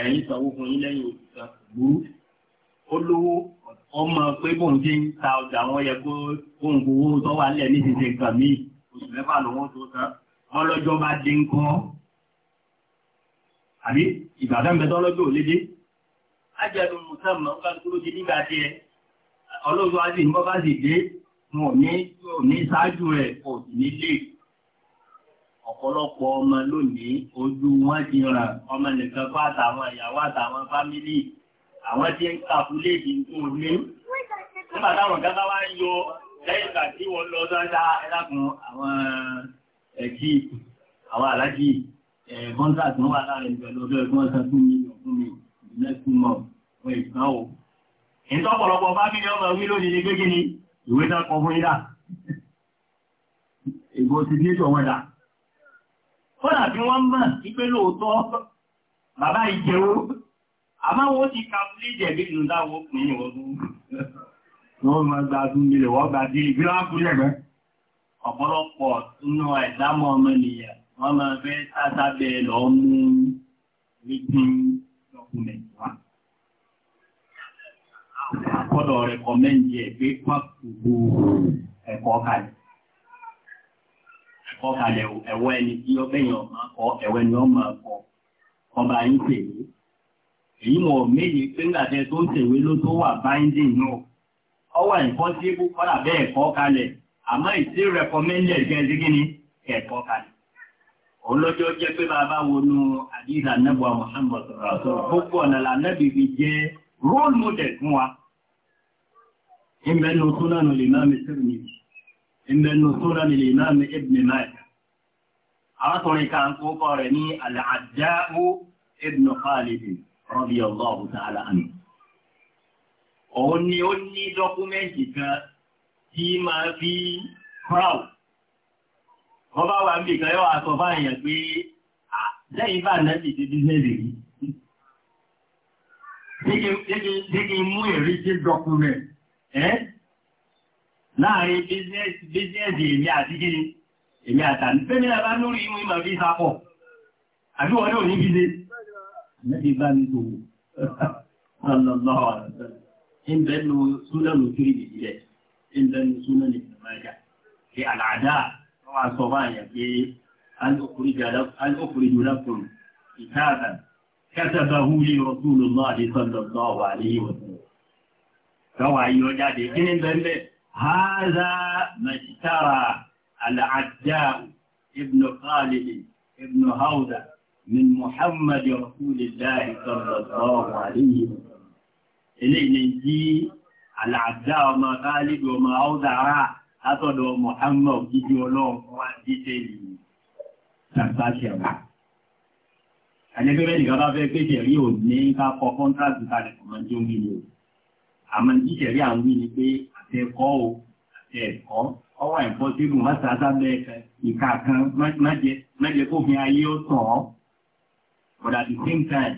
ẹ̀yìn sanwó fún yín lẹ́yìn oṣù kan gbúrú. ó lówó ọmọ pé bóun ti ń ta ọjà wọn yẹ kó ohun gbowó tó wà nílẹ̀ níṣìṣe nǹkan míì oṣù mẹ́fà lòun tó tán wọn lọ́jọ́ bá dín kán àbí ìbàdàn bẹ̀tọ́ lọ́jọ́ òlédé ájẹ́lú mùsàmà ó kàrù tó ti nígbà tí ẹ ọlọ́run wá sí ìbọ́ bá sì dé wọn ò ní ṣáájú rẹ̀ kò sì nílé ọ̀pọ̀lọpọ̀ ọmọ lónìí ojú wọn ti ràn ọmọ nìkan fún àtàwọn ìyàwó àtàwọn fámílì àwọn tí ń kàkúlé ìdí tó ní nígbà táwọn gábá wá ń yọ lẹ́yìn ìgbà tí wọ́n lọ sọ́jà ẹlákùn àwọn ẹ̀kí àwọn aláàjì Eh, contract wọn wà láàrin pẹ̀lú ọjọ́ ìgbọ́n san two million fún mi next two months wọ́n ìgbà o. ìtọ́pọ̀lọpọ̀ bá kí ni ọmọ wí lónìí ní pé kí ni ìwé náà kọ fún yíyà. ìbò ti dé tó wọ́n dà. kódà bí wọ́n mọ̀ sí pé lóòótọ́ bàbá ìjẹ́wó àmọ́ wọ́n ti ka fúlé jẹ̀bi nù dáwọ́ pín ìwọ̀n fún. wọ́n máa gba two million wọ́n gba dín ìgbéláwá kúlẹ̀ mẹ́ ọ̀pọ̀lọpọ̀ wọ́n máa fẹ́ sábẹ́ lọ mú written document wa. Àkọ́dọ̀ rẹ̀kọ́mẹ́ǹdì ẹ̀ pé pàkùkù ẹ̀kọ́ kalẹ̀. Ẹ̀kọ́ kalẹ̀ ẹ̀wọ́ ẹni tí ó bẹ̀yàn máa kọ́ ẹ̀wọ́ ẹni ó máa kọ́ ọba yín tèwé. Èyí mọ̀ méje pé ńgbà tẹ tó ń tèwé ló tó wà binding náà. Ọwọ́ ẹ̀kọ́ tí kọ́lá bẹ́ẹ̀ kọ́ kalẹ̀ àmọ́ ìtí rẹ̀kọ́mẹ́ǹdì ẹ̀ kẹ́ẹ̀dígínní ẹ̀kọ́ kalẹ̀ olójó jẹ́ pé bàbá wọnú àdíhà nẹ́bọ̀ Muhammad rasul gbogbo ọ̀nà lànẹ́bì fi jẹ́ role model fún wa ìmẹ́nu súnánù lè máa mi sírìnì ìmẹ́nu súnánù lè máa mi ibn Majah arákùnrin kan kó kọ́ rẹ̀ ní al-Ajja'u ibn Khalid radiyallahu ta'ala anhu òun ni ó ní dọ́kúmẹ́ntì kan tí máa fi proud wọ́n bá wà níbi kan yóò wá sọ fáyẹn pé lẹ́yìn bá nẹ́bì ti bíznẹ́sì rí ṣé kí n mú èrí sí dọ́kúmẹ̀ ẹ́ láàrin bíznẹ́sì èmi àti kí èmi àtàní pé ní ẹ̀bá lórí ìwé ìmọ̀ bí sápọ̀ àbí wọ́n yóò ní bíze lẹ́bì bá ní tó sọ́lọ́lọ́wọ́ ìbẹ̀lú súnlẹ̀ lójú ìdílẹ̀ ìbẹ̀lú súnlẹ̀ lè وعصبانية أن أخرج أن أخرج لكم كتابا كتبه لي رسول الله صلى الله عليه وسلم هذا ما اشترى العداء ابن خالد ابن هودة من محمد رسول الله صلى الله عليه وسلم إليه نجي العداء ما خالد وما هودة أودع látọ̀dọ̀ Muhammad gidi ọlọ́run wá dídé yìí transaction wa. Àjẹ́gbẹ́rẹ́ nìkan bá fẹ́ pèsè rí ò ní ká kọ contract kalẹ̀ kò máa ń jó wí ni o. Àmọ́ jíṣẹ́ rí àwọn wí ni pé àtẹ̀kọ́ o àtẹ̀kọ́ ọwọ́ ẹ̀kọ́ tí mo bá sáà sábẹ́ ìka kan mẹ́jẹ kó fi ayé ó tàn ọ́. But at the same time,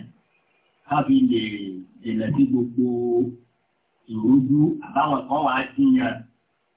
ká fi lè dènà sí gbogbo ìrújú àbáwọn kan wà á ti yàn.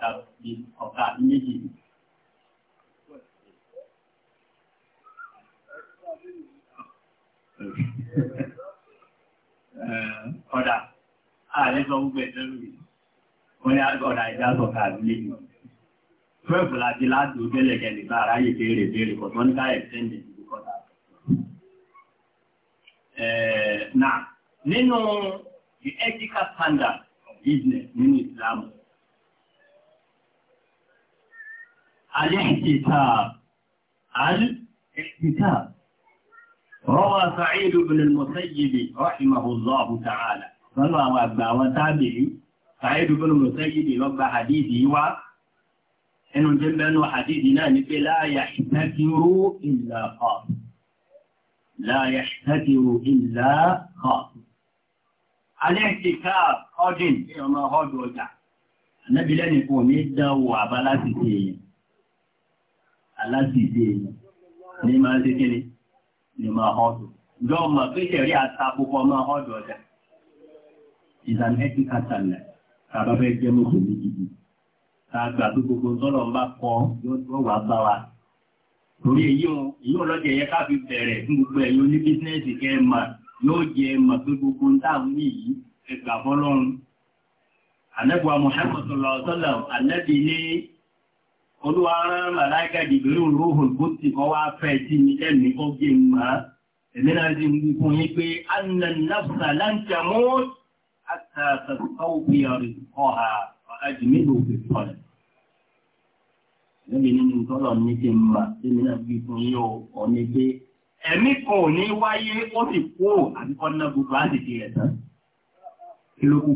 tàbí ọ̀ka méjì. ọ̀dà ààrẹ gbogbo ẹ̀jẹ̀ lórí wọ́n ní ọ̀dà ìjà sọ̀ka méjì. Fẹ́ẹ̀fù láti láti òjẹ́lẹ̀ kẹ́lẹ̀ aráyè béèrè béèrè kọ̀tọ́ ní káyẹ̀ tẹ́ndẹ̀ ìlú kọ́ta. nínú the ethical standard of business nínú Ìsìlámù, الانكتاب الانكتاب روى سعيد بن المسيب رحمه الله تعالى فما وابا وتابعي سعيد بن المسيب رب حديثي و إنه جمع أنه حديثنا نبي لا يحتكر إلا خاص لا يحتكر إلا خاص الاحتكار أجن كما هو دوجع النبي لن يكون يدى وعبالات aláṣìṣe èèyàn ní máa ń ṣe kí ni ní máa họ́dọ̀ jọ mọ̀ pé ṣẹ̀rí àtàkùkọ máa họ́dọ̀ ọjà ìlànà ẹ̀kí kàtàlẹ̀ tàbá fẹ́ jẹ́ mùsùlùmí gidi tàgbà tó gbogbo tọ́lọ̀ ń bá kọ yóò wá bá wa torí èyí wọn èyí wọn lọ́jọ́ yẹ ká fi bẹ̀rẹ̀ fún gbogbo ẹ̀yọ́ ní bísínẹ́sì kẹ́ ẹ̀ mà yóò jẹ́ ẹ̀ mà pé gbogbo ń tà ń yìí ẹgbà fọlọ́run àlẹ́gbà Muhammadu olúwa rán màláìka dìgbìrì rúhùn kó sì kọ́ wá fẹ́ tí mi lẹ́nu kọ́ gé mọ́ èmi náà ti ń wí fún yín pé anna nafsa láǹtẹ̀ mú àtà sàtúkọ́ fi ọ̀rẹ́ kọ́ ha ọ̀hájì mélòó fi kọ́ rẹ̀. lẹ́bi nínú tọ́lọ̀ ní ti mà èmi náà fi fún yín ọ̀ ní pé ẹ̀mí kan ní wáyé ó sì kú àbíkọ́ náà gbogbo á sì tán. kí ló kù?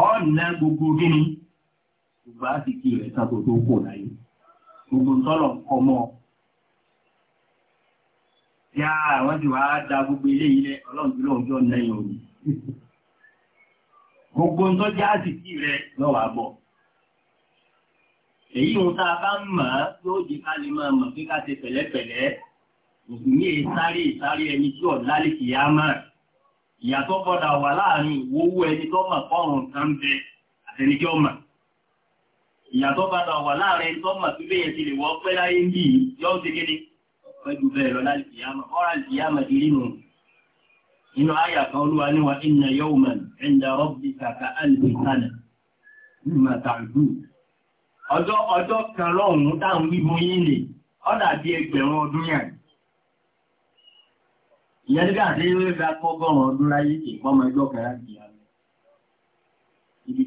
ọ̀ọ́nà gbogbo gíní gbáàsìkì rẹ̀ sábò tó kò láyé gbogbo tọ́lọ̀ ọmọ yá àwọn ti wá da gbogbo ilé ilẹ̀ ọlọ́njúlọ ọjọ́ lẹ́yìn òní gbogbo tó jáàsìkì rẹ̀ lọ́wà bọ̀ èyí ohun tá a bá ń mọ̀ yóò di ká lè máa mọ̀ pé ká ṣe pẹ̀lẹ́pẹ̀lẹ́ mùsùlùmí sáré ìsáré ẹni tí ọ̀dá lè kìí á mọ̀ ìyàtọ̀ gbọ́dọ̀ wà láàrin ìwówó ẹni tó mọ̀ fọ́rùn kan bẹ àtẹnikẹ́ ọmọ ìyàtọ̀ padà wà láàrin tọ́mà tó lè ti lè wọ́n pẹ́ láyé ń bí yọ́ ti kéde pẹ̀lú bẹ́ẹ̀ lọ láti ìyàmà ọ̀rà ìyàmà ti rí nù inú àyà kan olúwa ní wa inna yawman inda rabbika ka alfi sana mimma ta'du ọjọ́ ọjọ́ kan lọ́hùn táwọn wíbo yín lè ó dàbí ẹgbẹ̀rún ọdún yàn ìyẹn nígbà tí ó bá kọ́gọ́rùn ọdún láyé kì ẹjọ́ kan láti ìyàmà ibi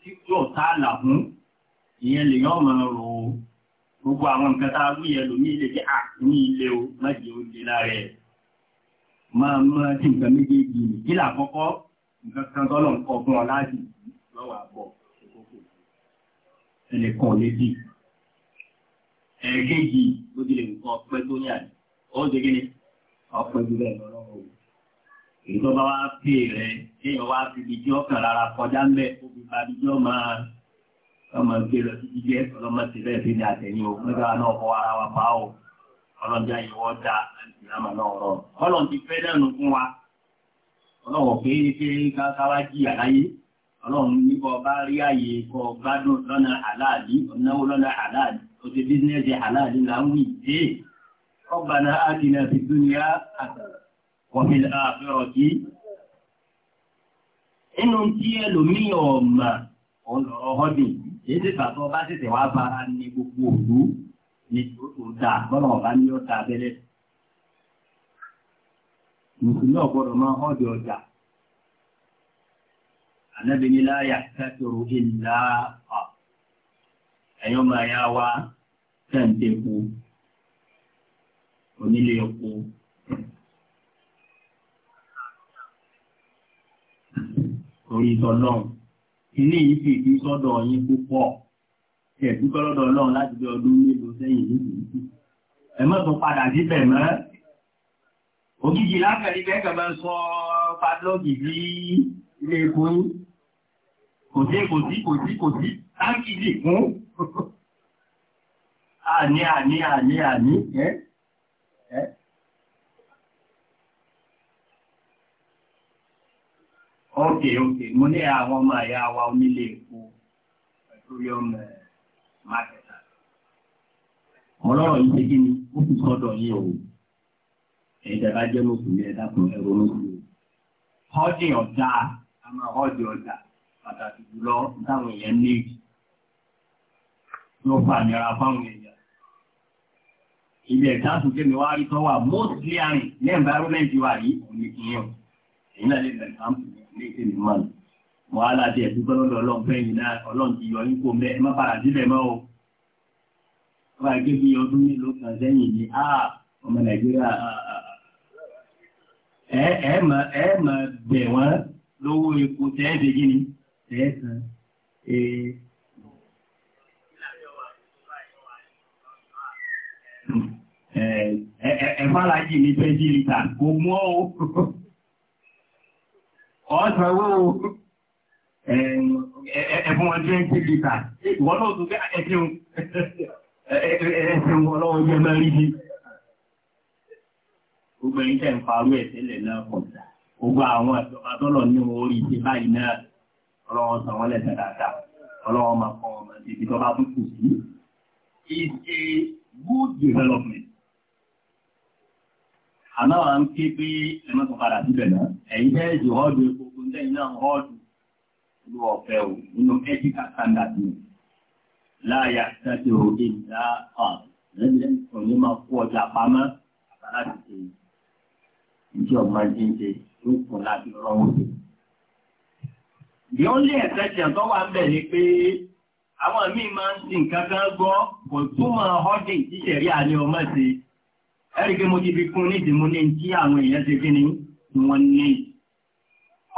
tí yóò tá àlà fún ìyẹn lè yọ́ mọ̀ rò ó gbogbo àwọn nǹkan tá a wúyẹ lómi ilé tí a ní ilé o májè ó lè lára ẹ̀ máa mọ́ tí nǹkan méjèèjì nì kí làkọ́kọ́ nǹkan kan tọ́lọ̀ ń kọ fún ọ láti lọ́wọ́ àbọ̀ ẹnìkan ò lè dì ẹ̀ẹ́kejì ló ti lè nǹkan ọpẹ́ tó ní àná ó ṣe kí ni ọpẹ́ jù bẹ́ẹ̀ lọ́wọ́ o èyí tó pè rẹ kéèyàn wá fi ibi tí ọkàn rárá kọjá ń bẹ́ẹ̀ ọmọ gbé lọ ọlọ́mọ ti bẹ́ẹ̀ fi ní àtẹ̀yìn o nígbà náà kọ́ ara wa pa o ọlọ́jà ìwọ́ da ìlànà náà rọ ọlọ́run ti fẹ́ dẹ́nu fún wa ọlọ́run pé pé káwá jí àláyé ọlọ́run ní kọ́ bá rí àyè kọ́ gbádùn lọ́nà àláàlì ọ̀náwó lọ́nà àláàlì ó ti bísínẹ́sì àláàlì là ń wí dé ọgbàna àdínà fi dúnìá wọ̀fìlà àfẹ́rọ̀ kí inú tí ẹlòmíì ọ̀mà ọ̀họ́dìn èyí tí bàtọ́ bá tètè wá bára ní gbogbo òlú ní tó dáa gbọ́nà ọ̀bá ní ọ̀tá abẹ́lẹ̀ mùsùlùmí ọ̀gbọ́dọ̀ máa ọ̀dọ̀ ọjà ànábi ní láyà kẹ́tọ̀rọ̀ ìlà ọ̀ ẹ̀yọ́ máa yá wa tẹ̀ǹtẹ̀ epo onílé epo. orí tọ́lọ́run ilé yìí sì fi sọ́dọ̀ yín púpọ̀ ẹ̀ dúpẹ́ lọ́dọ̀ ọlọ́run láti bí ọdún mélòó sẹ́yìn níbi ẹ̀ mọ́ tún padà síbẹ̀ mọ́ ògìgì láfẹ̀rí bẹ́ẹ̀ kẹfẹ́ sọ padlọ́gì bí ilé epo yín kò sí kò sí kò sí kò sí táǹkì sì kún àní àní àní àní ẹ́ ẹ́ Ok, ok. mo ní àwọn ọmọ ẹ̀yà wa onílé epo petroleum market ọlọ́rọ̀ yìí ṣe kí ni ó kù sọ́dọ̀ yìí o ẹ̀jẹ̀ bá jẹ́ mùsùlùmí ẹ̀dá kan ẹ̀rọ mùsùlùmí họ́dì ọ̀dà a máa họ́dì ọ̀dà pàtàkì jùlọ táwọn èèyàn ní ìdí ló fàmìlà fáwọn èèyàn ilé ẹ̀dá àtúnṣe mi wá rí tọ́wà mọ́sílẹ̀ àrìn ní environment wa yìí òní kìíyàn èyí náà lè bẹ̀rẹ̀ ilé ìtẹ̀lẹ̀ mọ́ ni mọ́ aládé ẹ̀dúgbẹ́ lọ́dọ̀ ọlọ́gbẹ́yìn náà ọlọ́run ti yọ ipò mẹ́ ẹ má padà sílẹ̀ mọ́ o wọ́n á gé bí ọdún mélòó kan sẹ́yìn ní a ọmọ nàìjíríà ẹ ẹ mọ̀ bẹ̀ wọ́n lówó epo tẹ́ẹ̀dẹ̀ yìí ni tẹ́ẹ̀sán ẹ̀ẹ́fàlàjì ní 20 litre kò mú ọ́ ọ̀ọ́sànwó tẹ́ ń parú ẹ̀tẹ́lẹ̀ náà kọ̀ọ̀dá gbogbo àwọn àtọ́lọ̀ ní orí ti báyìí náà ọlọ́wọ́ sàn wọ́n lẹ́sẹ̀ dáadáa ọlọ́wọ́ máa kọ́ ọmọ ibi tó bá tún sí is a good development àmọ́ àwọn ń ké pé ẹmọ́ tó padà síbẹ̀ lẹ́yìn náà ọ́ọ̀dù ló ọ̀fẹ́ o nínú ethical standard ni láàyà tẹ́tí o ìgbà ọ̀n lẹ́yìn òní máa kó ọjà pamọ́ àbára ti ṣe ìjọ máa ń ṣe tó kùn láti rọrùn ṣe. The only exception tó wà ń bẹ̀ ni pé àwọn míì máa ń sin nǹkan kan gbọ́ kò túmọ̀ ọ́dìn tíṣẹ̀rí àní ọmọ ṣe ẹ̀rí pé mo ti fi kún nídìí mo ní tí àwọn èèyàn ṣe kí ni wọ́n ní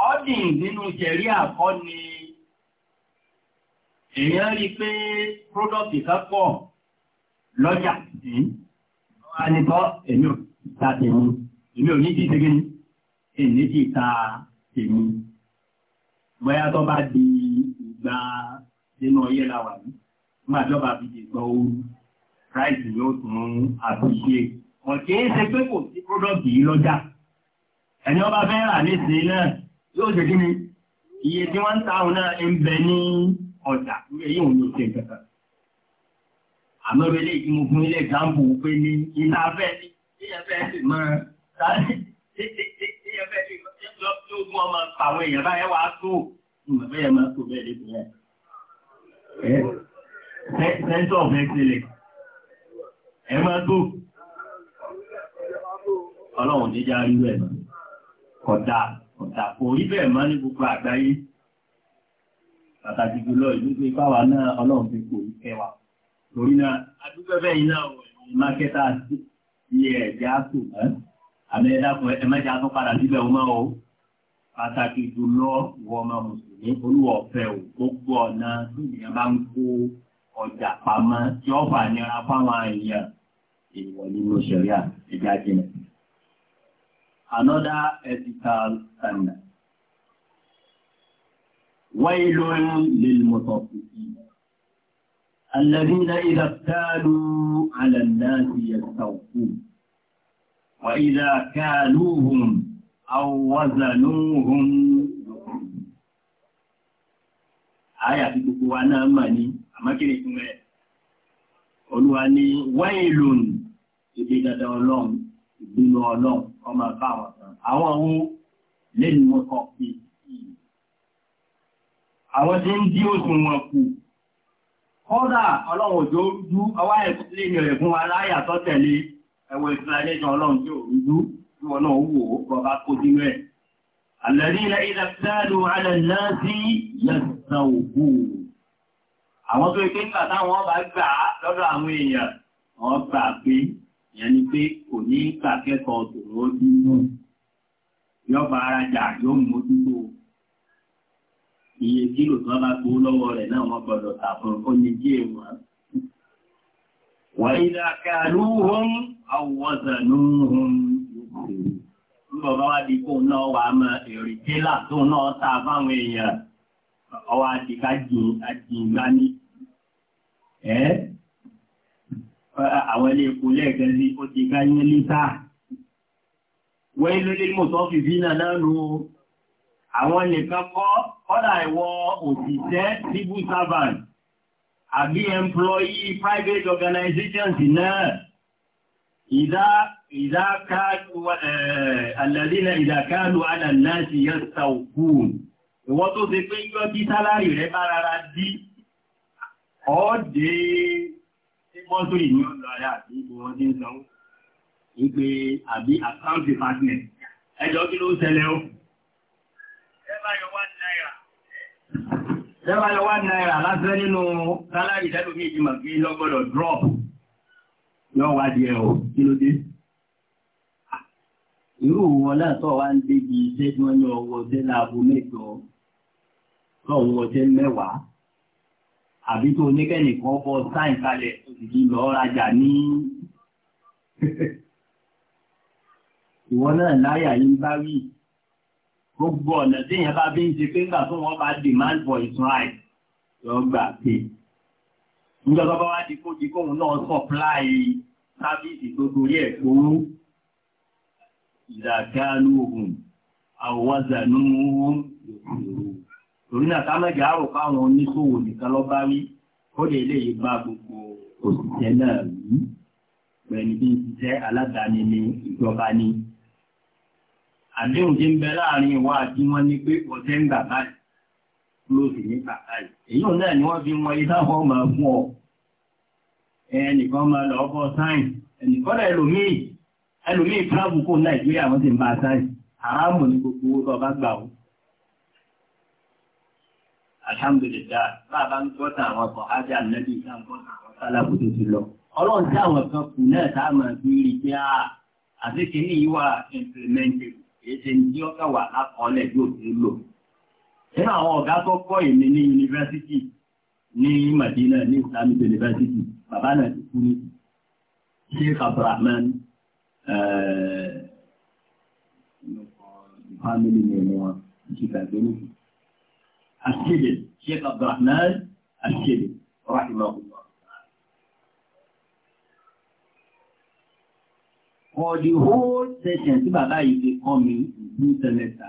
ọ́dìn nínú jẹ̀rí àkọ́ ni èèyàn rí pé pródọ́tì kan pọ̀ lọ́jà sí anìkọ́ èmi ò ta tèmi èmi ò ní ti ṣe gíní èmi ti ta tèmi bóyá tó bá di ìgbà nínú ọyẹ́ la wà ní gbàjọba fi di ìgbà ooru price yóò tún àbúṣe ọ̀kẹ́ ṣe pé kò sí pródọ́tì yìí lọ́jà ẹni ọba fẹ́ rà nísìnyí náà yóò jẹ́ kí ni iye tí wọ́n ń ta àwọn náà ní ọjà èyí òun ṣe kankan àmọ́ ilé tí mo fún ilé ìdáàbò pé ní iná abẹ́ ní ẹgbẹ́ sì máa sáré ní ẹgbẹ́ sì lọ́gbọ́n ọmọ àwọn èèyàn báyẹn wàá tó ìmọ̀fẹ́ yẹn máa tó bẹ́ẹ̀ lẹ́kùn yẹn center of excellence ẹ máa tó ọlọ́run jíjá rí rẹ̀ kódà ọ̀tà kò rí bẹ́ẹ̀ mọ́ ní gbogbo àgbáyé pàtàkì jùlọ ìlú pé fáwa náà ọlọ́run ti kò kẹwàá torí náà adúgbò bẹ́ẹ̀ iná mákẹ́tà ilé ẹ̀já kù mọ́ àmì ẹ̀dàkùn ẹ̀mẹ́jà tó padà síbẹ̀ ọmọ o pàtàkì jùlọ ìwọ ọmọ mùsùlùmí olúwa ọ̀fẹ́ o gbogbo ọ̀nà tó ìyẹn bá ń kó ọjà pamọ́ tí ó nira fáwọn èèyàn èèwọ̀ nínú ṣẹ̀ríà ẹ̀já jìnnà another ethical standard. ويل للمطففين الذين إذا اكتالوا على الناس يستوفون وإذا كالوهم أو وزنوهم آية تقوى أنا أماني أما كريكم Olúwa ni wáìlùn ìdí dandan ọlọ́run ọmọ bá wọn sàn àwọn ohun lẹ́nu wọn kọ pé àwọn tí ń dí òsùn wọn kù kọ́dà ọlọ́run òjò rújú ọwá ẹ̀kùnlẹ́yìn rẹ̀ fún aláyà tó tẹ̀lé ẹwọ ìfìlàlẹ́jọ ọlọ́run tí ò rújú tí wọn náà wò ó rọba kó dínú ẹ̀ àlẹ́rí ilẹ̀ ilẹ̀ pẹ́lú alẹ́ náà sí yẹ̀sán òkú àwọn tó ike ń gbà táwọn bá gbà lọ́dọ̀ àwọn èèyàn wọ́n gbà pé ìyẹn ni pé kò ní kàkẹ́kọ̀ọ́ tòun ó dín náà yọba ara jà yóò mójútó iye kílò tí wọ́n bá gbó lọ́wọ́ rẹ̀ náà wọ́n gbọ́dọ̀ tà fún oúnjẹ díẹ̀ wọn. wàyí làkàlù hom àwọ̀sànù hom nígbà bá wá di kóun náà wà á mọ èrè télà tó náà ta fáwọn èèyàn ọwọ́ àti ká jìn àjìn gbani. ẹ́ àwọn ilé epo lẹ́ẹ̀kẹ́ sí ó ti ká yẹ́ lítà wọ́n ló lè mọ̀ tó fi fínà lánú àwọn nìkan kọ́ kọ́dà ìwọ òṣìṣẹ́ civil servant àbí employee private organizations náà ìdákàlù ìdákàlù alàláàtì yẹ́sà òkúùn ìwọ́n tó ṣe pé yọ́ bí sálárì rẹ̀ bára dí ọ́dẹ̀ẹ́ pọ́ńtòrì ní ọ̀dọ̀ rẹ̀ àti ipò wọn ti ń sanwó ìpè àbí account department ẹjọ́ kí ló ṣẹlẹ̀ o. Lẹ́bàá yọ wá náírà lásán nínú sálárì tẹ́lómi ìjìmọ̀ kí lọ́gbọ́dọ̀ drop yọ wá díẹ̀ o kí ló dé irú wọn látọ̀ wá ń débi iṣẹ́ tí wọ́n ní ọwọ́ ọdẹ́ láàbò mẹ́jọ lọ́wọ́ ọdẹ́ mẹ́wàá àbí tó oníkẹ́nìkan ọkọ̀ sáìn kalẹ̀ òsìkí lọ rajà ní ìwọ náà láyà yìí bá wí gbogbo ọ̀nà tí èèyàn bá bí ń ṣe pé ńgbà tó wọ́n bá demand for his right lọ gbà pé nígbà tó bá wá di kó di kóhun náà supply sábìsì tó torí ẹ̀ kóró ìdàkálù ohun àwọ̀wázà nínú ohun yòókù torí náà kámẹ́jà àrò káwọn oníṣòwò nìkan lọ bá rí ó lè lè bá gbogbo òṣìṣẹ́ náà rí pẹ̀lú bí iṣẹ́ aládàáni ní ìjọba ní. àdéhùn tí ń bẹ láàrin ìwà àti wọn ní pé ọ̀sẹ̀ ń gbà báyìí lóòsì ní bàbáyìí èyí náà ni wọ́n fi wọn ilá wọn máa fún ọ ẹnìkan máa lọ ọkọ sáyìn ẹnìkan ẹlòmíì ẹlòmíì tíráàbù Nàìjíríà wọn sì ń bá sáyìn àrámù ní gbogbo owó tó ọba gbà wọn alhamdulillah bàbá ń gbọ́ta àwọn ọkọ̀ ájá nẹ́bí ìsáà ń gbọ́ta àwọn sálábù tó ti lọ. ọlọ́run tí àwọn kan kù náà tá a máa fi rí pé a àtẹ́kẹ́ ní ìwà implemented èsè ní ọkà wà lákọọ́lẹ̀ yóò ti lò. nínú àwọn ọ̀gá الشبل شيخ عبد الرحمن الشبل رحمه الله For the whole session tí bàbá yìí fi kọ́ mi ìlú sẹ́mẹ́ta.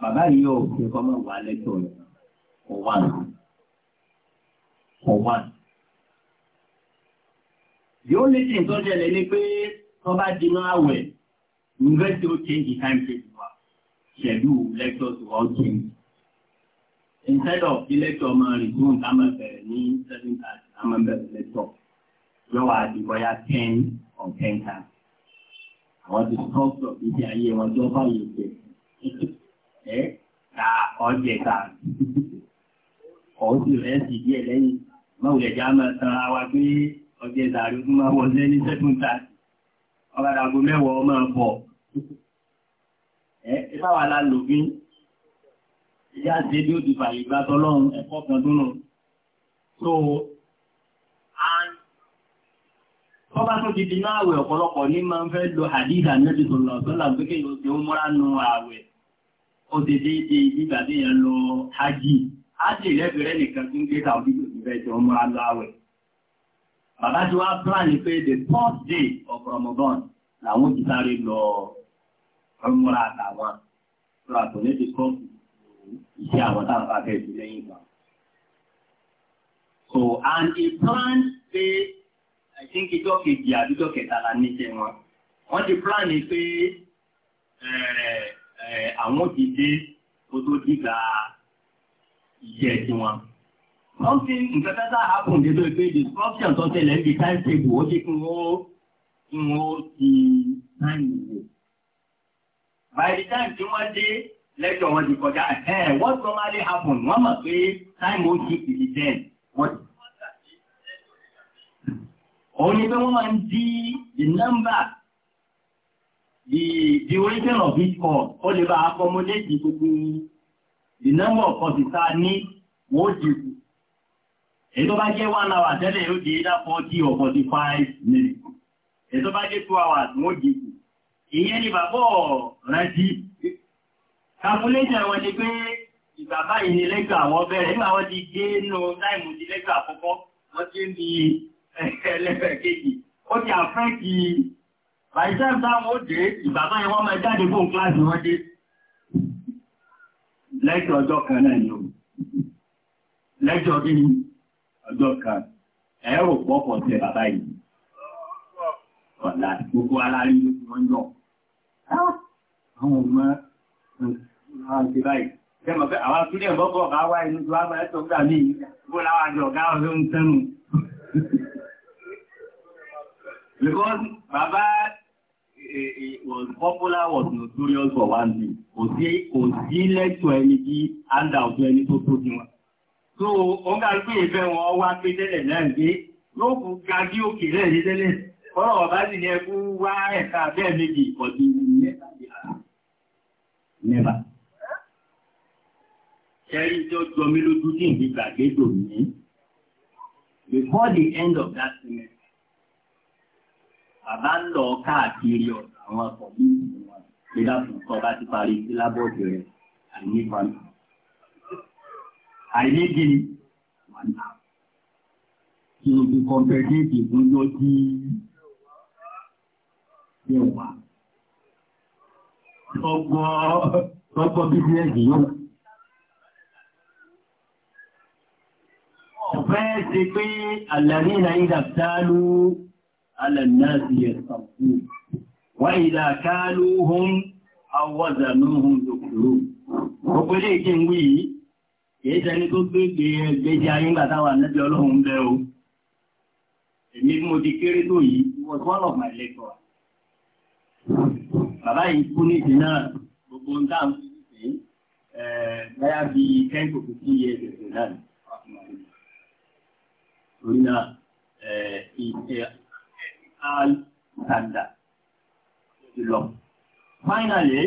Bàbá yìí yóò fi kọ́ mọ̀ wà lẹ́tọ̀ rẹ̀ for one. For one. Yóò lè ṣe ìtọ́jú ẹ̀lẹ́ ní pé tọ́ba di máa wẹ̀, ń gbé tí ó change the time table wa schedule lectures to all things. Instead of the lecture máa resume ká máa bẹ̀rẹ̀ ní seven thirty ká máa bẹ̀rẹ̀ lecture yóò wá di bóyá ten or ten thirty. Àwọn ti structure ìdí ayé wọn tí bá yẹ jẹ. Ẹ ta ọjẹ ta. Ọ̀hún rẹ̀ sì díẹ̀ lẹ́yìn. Báwo lè já máa tan àwa pé ọjẹ tààrí fún máa wọlé ní seven thirty? Ọ̀gá dàgbò mẹ́wàá bọ̀ ẹ̀ẹ́fà wà lálòfin ìyá ṣe bí ó ti fàyè gbá tọ́lọ́run ẹ̀kọ́ kan tó nù so ọba tó dìdì náà àwẹ̀ ọ̀pọ̀lọpọ̀ ní máa ń fẹ́ lo hadith Ànábì sallallahu alaihi wasallam o ti ń múra nu àwẹ̀ ó ti déédé ìgbà tí yẹn lọ hajj hajj lẹ́bẹ̀rẹ́ nìkan tí ń gbé tàbí tó ti fẹ́ jọ múra lọ àwẹ̀ bàbá tí wàá plan pé the first day of Ramadan làwọn ti sáré lọ wọ́n àtàwọn múra àtò ní ti kọ́ iṣẹ́ àwọn táwọn bá lẹ́yìn ìgbà. So and he plan pé I think ijọ́ kejì àdújọ́ kẹta la níṣẹ́ wọn. Wọ́n ti plan ni pé eh, eh, àwọn ti dé kó tó dìgbà iṣẹ́ tiwọn. Wọ́n something nǹkan tẹ́tà happen dé lórí pé disruption tó tẹ̀lé ń bi time table ó ti kún ó ti time ìwé by the time tí wọ́n dé lẹ́jọ́ wọn ti kọjá ẹ̀ what normally happen wọ́n mọ̀ pé time ó ti ìdí ten wọ́n ti. òun ni pé wọ́n máa ń di the number the the origin of each call ó lè bá accommodate gbogbo the number of calls ní wọ́n ti kù. èyí tó bá jẹ́ one hour tẹ́lẹ̀ ó di either forty or forty five minutes. èyí tó bá jẹ́ two hours wọ́n ti kù ìyẹn ni bàbá rántí calculation wọn ni pé ìbàbá yìí ni lẹ́gbà wọn bẹ̀rẹ̀ nígbà wọn ti gé nù táìmù ti lẹ́gbà àkọ́kọ́ wọ́n ti ń bi ẹlẹ́fẹ̀ kejì ó ti àfẹ́kì bàìsẹ́m táwọn ó dé ìbàbá yìí wọ́n máa jáde fún kíláàsì wọn dé lẹ́jọ́ ọjọ́ kan náà ni ó lẹ́jọ́ bí ọjọ́ kan ẹ̀rọ pọ̀pọ̀ tẹ bàbá yìí ọ̀la gbogbo alárí ló ti wọ́n yọ̀ àwọn ọmọ àti báyìí jẹ́mọ̀ pé àwọn akúlẹ̀ bọ́kọ̀ ọ̀gá wá inú tó wá mẹ́rẹ́ tó gbà ní bó láwájọ ọ̀gá because bàbá was popular was notorious for one thing kò sí lẹ́tọ̀ ẹni kí anda ọ̀tọ̀ ẹni tó tó so ó ń gbà pé ìfẹ́ wọn wá pé tẹ́lẹ̀ náà gbé ló kù ga bí òkè rẹ̀ ní tẹ́lẹ̀ Ọ̀rọ̀ ọ̀bá sì ní ẹkú wá ẹ̀ka bẹ́ẹ̀ méjì ìkọ̀dí mẹ́ta bí ara. Mẹ́ta. Ṣẹ́rí tí ó jọ mí lójú tí ìdí gbàgbé dò ní. Before the end of that semester, bàbá ń lọ káàkiri ọ̀dọ̀ àwọn ọkọ̀ bí ìwọ̀n pé dákun tó bá ti parí sílábọ̀sì rẹ̀ àìní kan. Àìní ni wọ́n náà. Kí o ti kọ̀ǹpẹ̀tì ìdìbò lójú mẹ́wàá ọgbọ́ bíbíẹ̀sì yóò ọ̀fẹ́ ti pé àlàrí ìlàídà tálú alànàáṣì ẹ̀sàkú wà ìdà kálú hún awọ́zànú hún lòkúrò gbogbo ilé ìkí wí yìí tẹni tó gbégbé ẹgbẹ́jẹ́ ayíngbàtàwà nẹ́bí ọlọ́run bẹ́ o èmi mo ti kéré tó yìí was one of Bàbá yìí kú ní ìdí náà gbogbo ń dáhùn sí ìdí báyà bí ten to fifteen years ago náà. Torí náà ìṣe àlùkàndà ti lọ. Finally,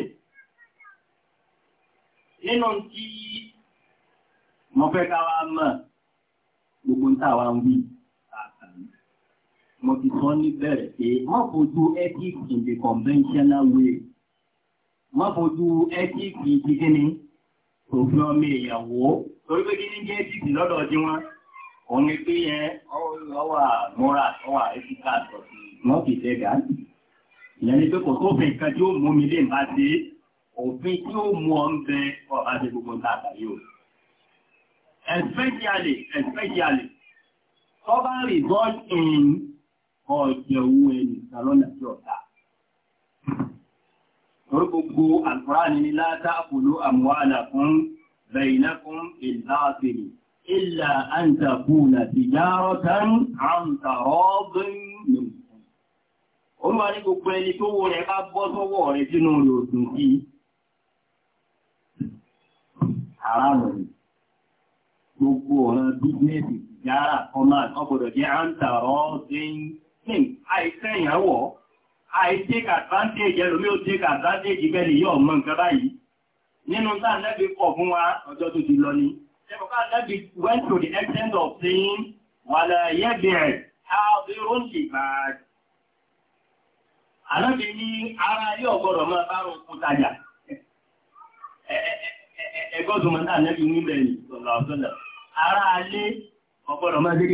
nínú tí mo fẹ́ ká wá mọ̀ gbogbo ń tà ń wí mo ti sọ ní bẹ̀rẹ̀ pé má fojú ethics in the conventional way má fojú ethics ti kíni òfin ọmọ ìyàwó torí pé kíni jẹ́ ethics lọ́dọ̀ tí wọ́n òun ni pé yẹn ọwà mọ́ra ọwà ethics àtọ̀ sí wọ́n fi fẹ́ gà ìyẹn ni pé kò sófin kan tí ó mú mi lè má ṣe òfin tí ó mú ọ ń bẹ ọba ṣe gbogbo ń ta àtàrí o especially especially tó bá result in ọjọ́ owó ẹnìkan lọ́nà tí ọ̀tá. Orí gbogbo Al-Kùránì ni látà kùlú àmúwàlà fún bẹ̀yìnákún ìlàáfèrè, ìlà àǹtàkùnà ti járọ́tán àǹtàrọ́bìn nìkan. Ó máa ní gbogbo ẹni tó wọ rẹ̀ bá bọ́ sọ́wọ́ ọ̀rọ̀ bíznẹ́sì jára ọmọ ọgbọ̀dọ̀ jẹ́ àǹtàrọ́bìn nìkan. sin àìsẹ́ ìyàwó àìtake advantage ẹlòmí ó take advantage bẹ́ẹ̀ ni yóò mọ nǹkan báyìí nínú tá nẹ́bí pọ̀ fún wa ọjọ́ tó ti lọ ni ṣẹ́kọ̀ọ́ká nẹ́bí went to the extent of saying wàlẹ̀ yẹ́bẹ̀ẹ́ àbírún ìbàd àlọ́bí ní ara yóò gbọ́dọ̀ máa bá rùn tajà ẹgbọ́dùn mọ́ta nẹ́bí ara alé ọgbọ́dọ̀ máa dé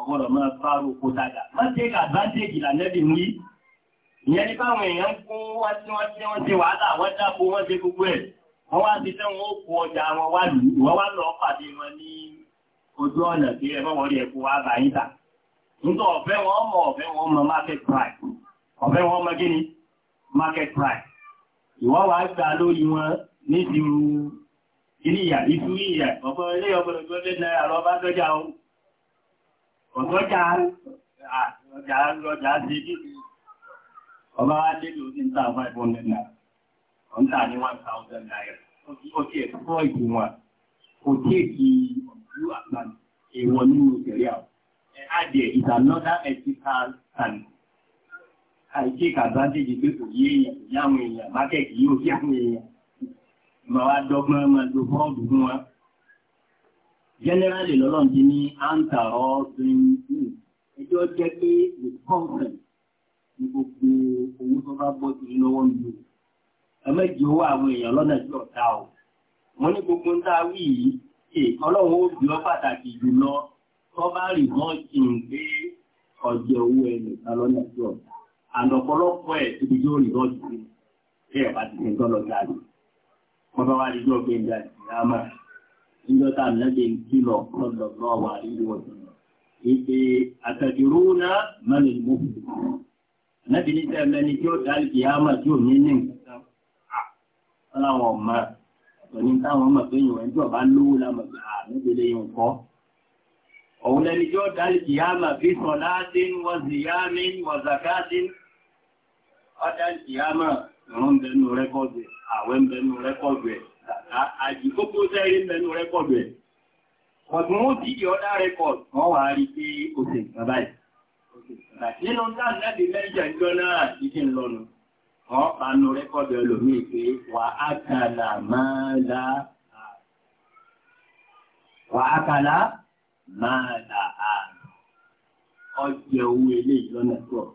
ọgbọ́dọ̀ máa fáró kó dáadáa. Má take advantage ìlànẹ́bì mú yí. Ìyẹn ní káwọn èèyàn kú wá tí wọ́n tí wọ́n ti wàhálà wọ́n dáko wọ́n ṣe gbogbo ẹ̀. Wọ́n wá ti sẹ́wọ̀n ó kó ọjà wọn wá lù wọ́n wá lọ pàdé wọn ní ojú ọ̀nà tí ẹ wá bá yín tà. ọ̀fẹ́ wọn mọ ọ̀fẹ́ wọn mọ market price. Ọ̀fẹ́ wọn mọ gíní market price. Ìwọ́ lórí wọn ní ọ̀tọ́jà ọjà ṣe bí ọba nílò ní ta 500 naira ọ̀n tà ní 1000 naira ó ti ẹ̀kọ́ ìgbìmọ̀ kò tí èkì ìlú àgbà èèwọ̀ nínú ìṣẹ̀rí àwọn adìẹ is another ethical and àìsí advantage pé kò yé èèyàn kò yá àwọn èèyàn mákẹ́ẹ̀kì yóò yá àwọn èèyàn ìmọ̀ wa dọ́gbọ́n máa lo fọ́ọ̀dù fún wa generally lọ́lọ́n ti ní àǹtàrọ̀ twenty ẹjọ́ jẹ́ pé the conference ní gbogbo owó tó bá bọ́ sí lọ́wọ́ ń lò ẹ̀mẹ́jì owó àwọn èèyàn lọ́nà tí ọ̀tá o wọ́n ní gbogbo ń dáwí yìí ṣe ọlọ́run ó bí ọ pàtàkì jùlọ tó bá rí wọ́n ti ń gbé ọjọ́ owó ẹnìkan lọ́nà tí ọ̀tá ànàpọ̀lọpọ̀ ẹ̀ síbi tí ó rí wọ́n ti rí ẹ̀ bá ti ṣe ń tọ́lọ jáde wọ́n bá wá rí lọ́gbẹ̀ẹ́ jáde níjọ́ tá ànábì ń kìlọ̀ lọ́dọ̀ọ́ wà nínú ọ̀sán. Ìpè àtàdúró náà mẹ́lẹ̀ mú. Ànábì ní sẹ́ mẹ́ni tí ó dárí kì á mà tí ò ní ní nǹkan. Ọláwọn ọ̀ma ọ̀tọ̀ ní táwọn ọmọ pé ìwọ̀n ẹjọ́ bá lówó lámọ̀ gbà á níbi ilé yẹn kọ́. Òun lẹni tí ó dárí bẹnu rẹ́kọ̀dù ẹ̀ àwẹ̀ bẹnu rẹ́kọ̀dù ẹ̀ àjìkókó sẹ́rí mẹ́nu rẹ́kọ̀dù ẹ̀. ọ̀dún ó dìdì ọ̀dá rẹ́kọ̀dù wọ́n wà rí pé ó sì nǹkan báyìí. nínú táàlẹ́bì mẹ́jọ ìjọ náà ìdí ńlọnu wọ́n bá nu rẹ́kọ̀dù ẹlòmíì pé wà á kàlà máa la wà á kàlà máa la àrùn ọjọ́ owó eléyìí lọ́nà tó ọ̀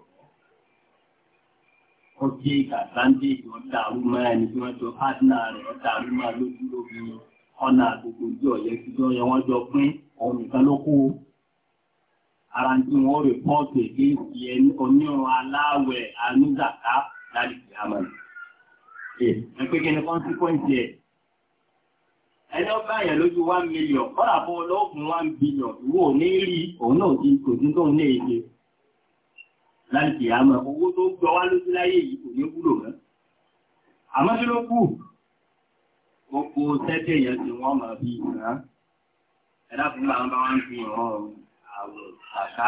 ó jẹ́ ìgbàgbáńdé ìwọ̀dà arúmọ́ ẹni tí wọ́n jọ pátínà rẹ̀ ọ̀dà arúmọ́ lójú lóbi ọ̀nà àgbègbè ojú ọ̀yẹ́ tí wọ́n yẹ wọ́n jọ pín òun nìkan ló kú. ara tí wọ́n rìpọ́ọ̀tì èdè ìyẹn onírun aláwẹ̀ anúdàká láti fi àmọ́ ẹ̀ ẹ̀ pé kí ni consequence ẹ̀ ẹni ọba yẹn lójú one million kọ́lá fún ọlọ́ọ̀gùn one billion ìwọ ò ní rí òun náà ti kò sí tóun ní èdè láti kìí àmọ́ owó tó gbọ́ wá lójú láyé yìí kò ní wúlò mọ́ àmọ́ tí ló kù gbogbo sẹ́tẹ̀ yẹn tí wọ́n máa fi hàn ẹ̀dá fún bá bá wọn fi hàn àwọ̀ àká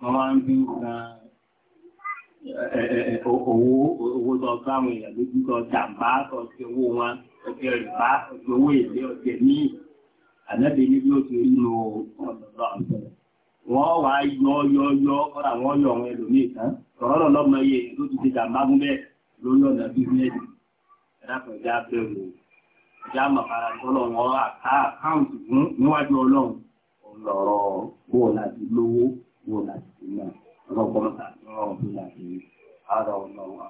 wọ́n máa ń fi hàn owó owó tó bá àwọn èèyàn lójú tó jàǹbá tó fi owó wọn ọjọ́ ìbá ọjọ́ owó èlé ọjọ́ míì ànábẹ́ ní bí ó ti rí lo ọ̀dọ̀dọ̀ àbúrò wọ́n wà yọ yọ yọ kọ́dà wọ́n yọ àwọn ẹlòmíì kan tọ̀rọ̀ lọ́mọ yẹ ló ti ti dàmbá fún bẹ́ẹ̀ lórí ọ̀nà bísíǹnẹ̀sì ẹ̀dàkùn ẹ̀dá bẹ̀rù ẹ̀dá màkàrà tọ́lọ̀ wọn àkáǹtì fún níwájú ọlọ́run ọ̀rọ̀ bó o láti lówó bó o láti fi náà ọlọ́gbọ́n tàbí ọ̀rọ̀ tó láti rí ara ọ̀nà àwọn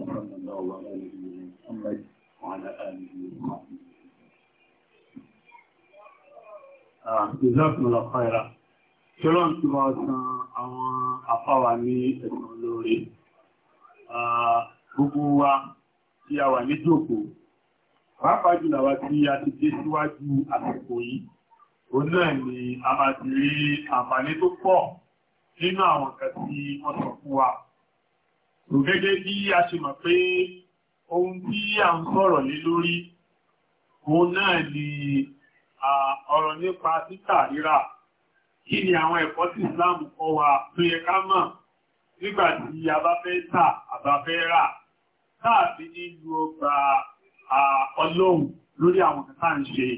ọ̀rọ̀ náà wà lẹ́nu ìlú ọmọ ìwọ̀n àdáyé ìlú ọmọ ṣọ́lọ́n tí wọ́n san àwọn afáwà ní ẹ̀sùn lórí gbogbo wa tí a wà ní jòkó pàápàá jùlọ wa tí a ti dé síwájú àsìkò yìí ó náà ni a máa ti rí àǹfààní tó pọ̀ nínú àwọn kan tí wọ́n sọ fún wa tó gẹ́gẹ́ bí a ṣe mọ̀ pé ohun tí a ń sọ̀rọ̀ lé lórí òun náà ni ọ̀rọ̀ nípa títà rírà kí ni àwọn ẹ̀kọ́ tí Islam kọ́ wa tó yẹ ká mọ̀ nígbàtí a bá fẹ́ tà a bá fẹ́ rà táàbí ní ìlú ọgbà ọlọ́run lórí àwọn kàtà ń ṣe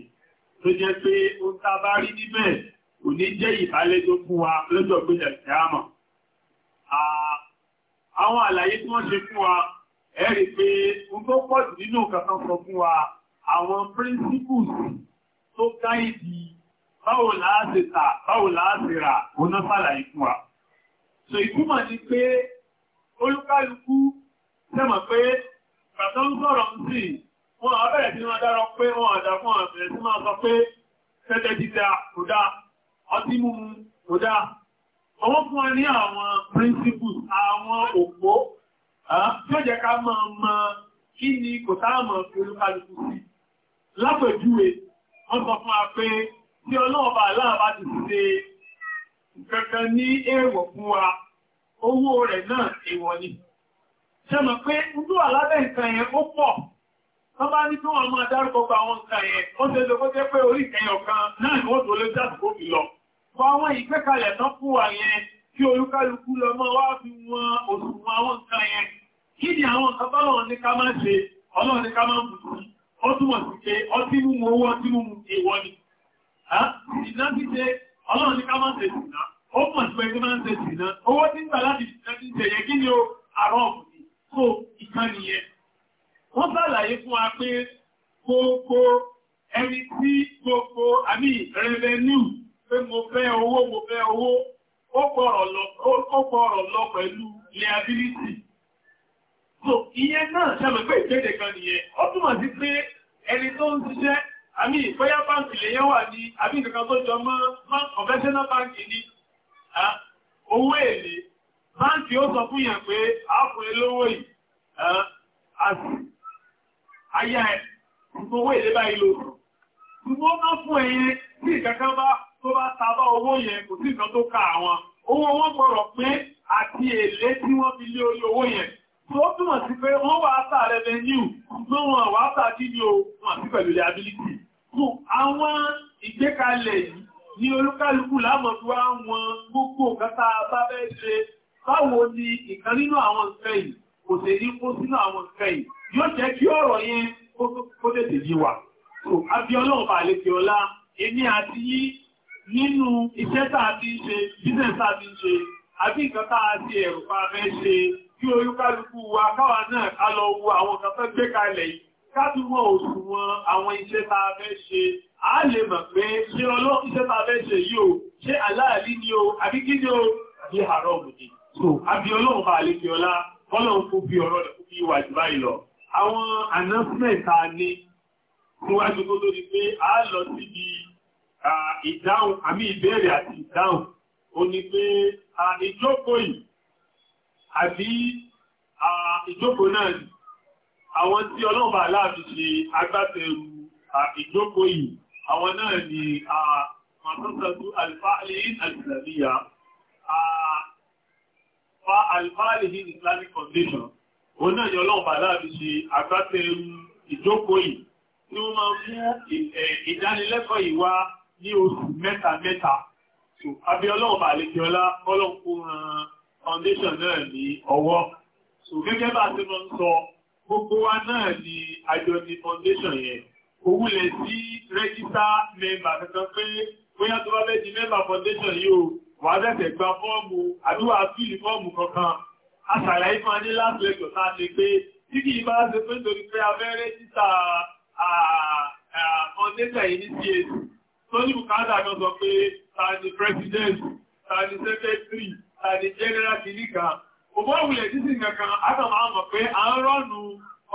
tó jẹ́ pé ó tá bá rí níbẹ̀ kò ní jẹ́ ìbálẹ́jọ fún wa lọ́jọ́ pé ẹ̀sẹ̀ àmọ̀ àwọn àlàyé tí wọ́n ṣe fún wa ẹ rí pé ohun tó pọ̀ jù nínú nǹkan kan sọ fún wa àwọn principles tó gáìdì báwo láti tà báwo láti rà oná sàlàyé fún wa so ìtumọ̀ ni pé olúkálukú tẹ́mọ̀ pé bàtọ́ ń sọ̀rọ̀ ń sì wọ́n abẹ́rẹ̀ tí wọ́n dárọ pé wọ́n àdá fún àbẹ̀rẹ̀ tí máa sọ pé tẹ́tẹ́ jíjẹ kò dá ọtí mímu kò dá ọwọ́ fún wa ní àwọn principles àwọn òpó tí ó jẹ́ ká máa mọ kí ni kò táàmọ̀ olúkálukú sí lápẹ̀júwe wọ́n sọ fún wa pé tí ọlọ́ọ̀bà aláàbá ti ṣe kankan ní èèwọ̀ fún wa owó rẹ̀ náà èèwọ̀ ni ṣe mọ̀ pé ojú alábẹ́ nǹkan yẹn ó pọ̀ wọ́n bá ní tí wọ́n máa dárúkọ gba àwọn nǹkan yẹn ó ṣe lọ́kọ́ jẹ́ pé orí ìkẹyìn ọ̀kan náà ni wọ́n tó lé jásùkó fi lọ fún àwọn ìgbékalẹ̀ tán fún wa yẹn kí olúkálukú lọ mọ́ wá fi wọn òṣùwọ̀n àwọn nǹkan yẹn kí ni àwọn nǹkan bọ́lọ̀ ní ká máa ṣe ọlọ́run ní ká máa bùkún ó túmọ̀ sí pé ọtí mímu owó ọtí mímu èèwọ̀ ni ìdíná ti ṣe ọlọ́run ní ká máa ṣe ìdíná ó mọ̀ sí pé kí máa ṣe ìdíná owó tí ń gbà láti ìdíná ti ṣe yẹ kí ni ó àrọ́ ọ̀pùnì tó ìkan nìyẹn wọ́n sàlàyé fún wa pé gbogbo ẹni tí gbogbo àmì rẹ̀vẹ́nú pé mo fẹ́ owó mo fẹ́ owó ó pọ̀rọ̀ lọ pẹ̀lú liability so ìyẹn náà ṣàmì pé ìkéde kan nìyẹn ó túmọ̀ sí pé ẹni tó ń ṣiṣẹ́ àmì ìfẹ́yà báńkì lè yẹ́ wà ní àbí nǹkan tó jọ mọ́ conventional báńkì ní owó èlé báńkì ó sọ fún yàn pé àáfún elówó yìí ayá ẹ̀ owó èlé báyìí lò ṣùgbọ́n má fún ẹ̀yẹn tí ìkankan bá tó bá tabá owó yẹn kò sí nǹkan tó ka àwọn owó wọn gbọ́rọ̀ pé àti èlé tí wọ́n fi lé orí owó yẹn tó túnmọ̀ sí pé wọ́n wà á tà revenue tó wọn wà á tà kí ni o wọn sí pẹ̀lú liability àwọn ìgbékalẹ̀ yìí ní olúkálukú láàmọ̀ tó wá wọn gbogbo kátà bá bẹ́ ṣe báwo ni ìkan nínú àwọn nǹkan yìí kò sì ní kó sínú àwọn nǹkan yìí yóò jẹ́ kí ọ̀rọ̀ yẹn kó tètè yí wa. Abíọ́lọ́ọ̀bà àlejò ọlá, èmi àti yí nínú iṣẹ́ tàà ṣe, business tàà bí ṣe, àbí nǹkan tàà sí ẹ̀rù pa fẹ́ ṣe kí olúkálukú wa kájúmọ̀ òṣùwọ̀n àwọn iṣẹ́ ta fẹ́ ṣe a lè mọ̀ pé ṣe ọlọ́pù iṣẹ́ ta fẹ́ ṣe yìí o ṣe aláàlí ni o àbí kí ni o àbí àrọ́mù ni so àbí ọlọ́run bá ọlá ọlọ́run announcement ta ní níwájú tó lórí pé a lọ síbi ìdáhùn àmì ìbéèrè àti ìdáhùn ó ní pé ìjókòó yìí àbí àwọn tí ọlọ́ọ̀bà aláàbí ṣe agbátẹrù ìjókòó yìí àwọn náà ni a masasatu alfa'alihin al-islamiyya a fa alfa'alihin islamic foundation wọn náà ni ọlọ́ọ̀bà aláàbí ṣe agbátẹrù ìjókòó yìí tí wọ́n máa mú ìdánilẹ́kọ̀ọ́ yìí wá ní oṣù mẹ́ta mẹ́ta abíọlọ́ọ̀bà àlejọ́lá ọlọ́pù ran foundation náà ní ọwọ́ so gẹ́gẹ́ bá ti mọ́ ń sọ gbogbo wa náà ni àjọ ni foundation yẹn òun lè sí register member kankan pé bóyá tó bá bẹ́ di member foundation yìí o wà á bẹ̀sẹ̀ gba fọ́ọ̀mù àdúrà fíìlì fọ́ọ̀mù kankan aṣàlàyé fún adé last lecture tá a ṣe pé tí kì bá ṣe pé torí pé abẹ́ register foundation yìí ní CAC president ta secretary ta ni general kìlíkan òmọ́wùlẹ̀ títí kankan átàmà àmọ̀ pé a ń rọ́nu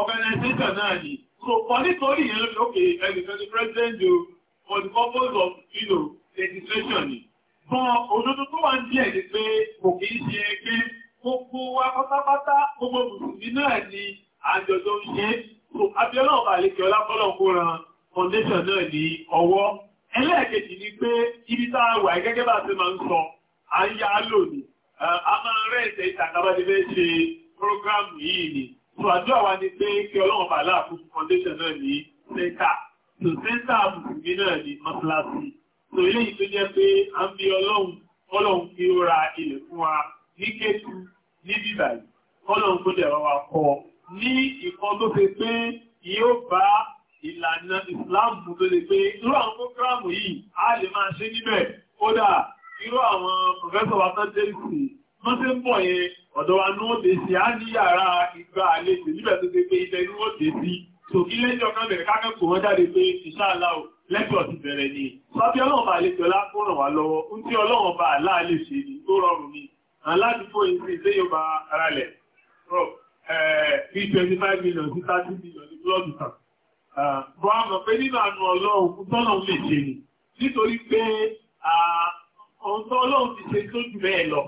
organization náà yìí so for nítorí yẹn lórí òkè ẹnìkan ní president o for the purpose of you know, legislation ni bọ́n òdodo tó wà ń díẹ̀ ni pé kò kìí ṣe ẹgbẹ́ gbogbo wa pátápátá gbogbo mùsùlùmí náà ni àjọ̀dọ̀ ń ṣe so abiola ọba àlekè ọlábọ́lọ̀ kó ran foundation náà ní ọwọ́ ẹlẹ́ẹ̀kejì ni pé ibi tá a wà gẹ́gẹ́ bá ti máa ń sọ lónìí a máa rẹ̀ ẹ̀sẹ̀ ìtàkàbájẹ́ fẹ́ ṣe prógrámù yìí ni ni pé kí ọlọ́run bàálà fún foundation náà ní sẹ́ńtà so sẹ́ńtà so eléyìí tó jẹ́ pé a ń bí ọlọ́run ọlọ́run kí ó ra ilẹ̀ fún wa ní kéku ní bíbàyí ọlọ́run tó dẹ̀ wá kọ ní ìkan tó ìlànà ìsìláàmù tó ṣe pé irú àwọn prógrámù yìí a lè máa ṣe níbẹ̀ kódà irú àwọn pòfẹ́sọ̀ wa tán dé ìsìn wọ́n ti ń bọ̀ yẹn ọ̀dọ̀ wa ní ó lè á ní yàrá ìgbà àlejò níbẹ̀ tó ṣe pé ibẹ̀ ní ó lè sí tòkí lẹ́jọ́ kan bẹ̀rẹ̀ kákẹ́kọ̀ọ́ wọn jáde pé ìṣáàlá o lẹ́jọ́ ti bẹ̀rẹ̀ ni sọ́bí ọlọ́run bá àlejò ọlá ràn wá lọ́wọ́ ń tí ọlọ́run bá àlá ṣe ni tó rọrùn ni aládùúgbò ìsìn ilé yóò bá ara lẹ̀ rọ̀ eh, bí 25 million sí 30 million ní blọ́ọ̀dù kan ah, bọ́ àmọ̀ pé nínú àánú ọlọ́run tọ́nà lè ṣe ni nítorí pé ah, ọ̀hún tó ọlọ́run ti ṣe tó jù bẹ́ẹ̀ lọ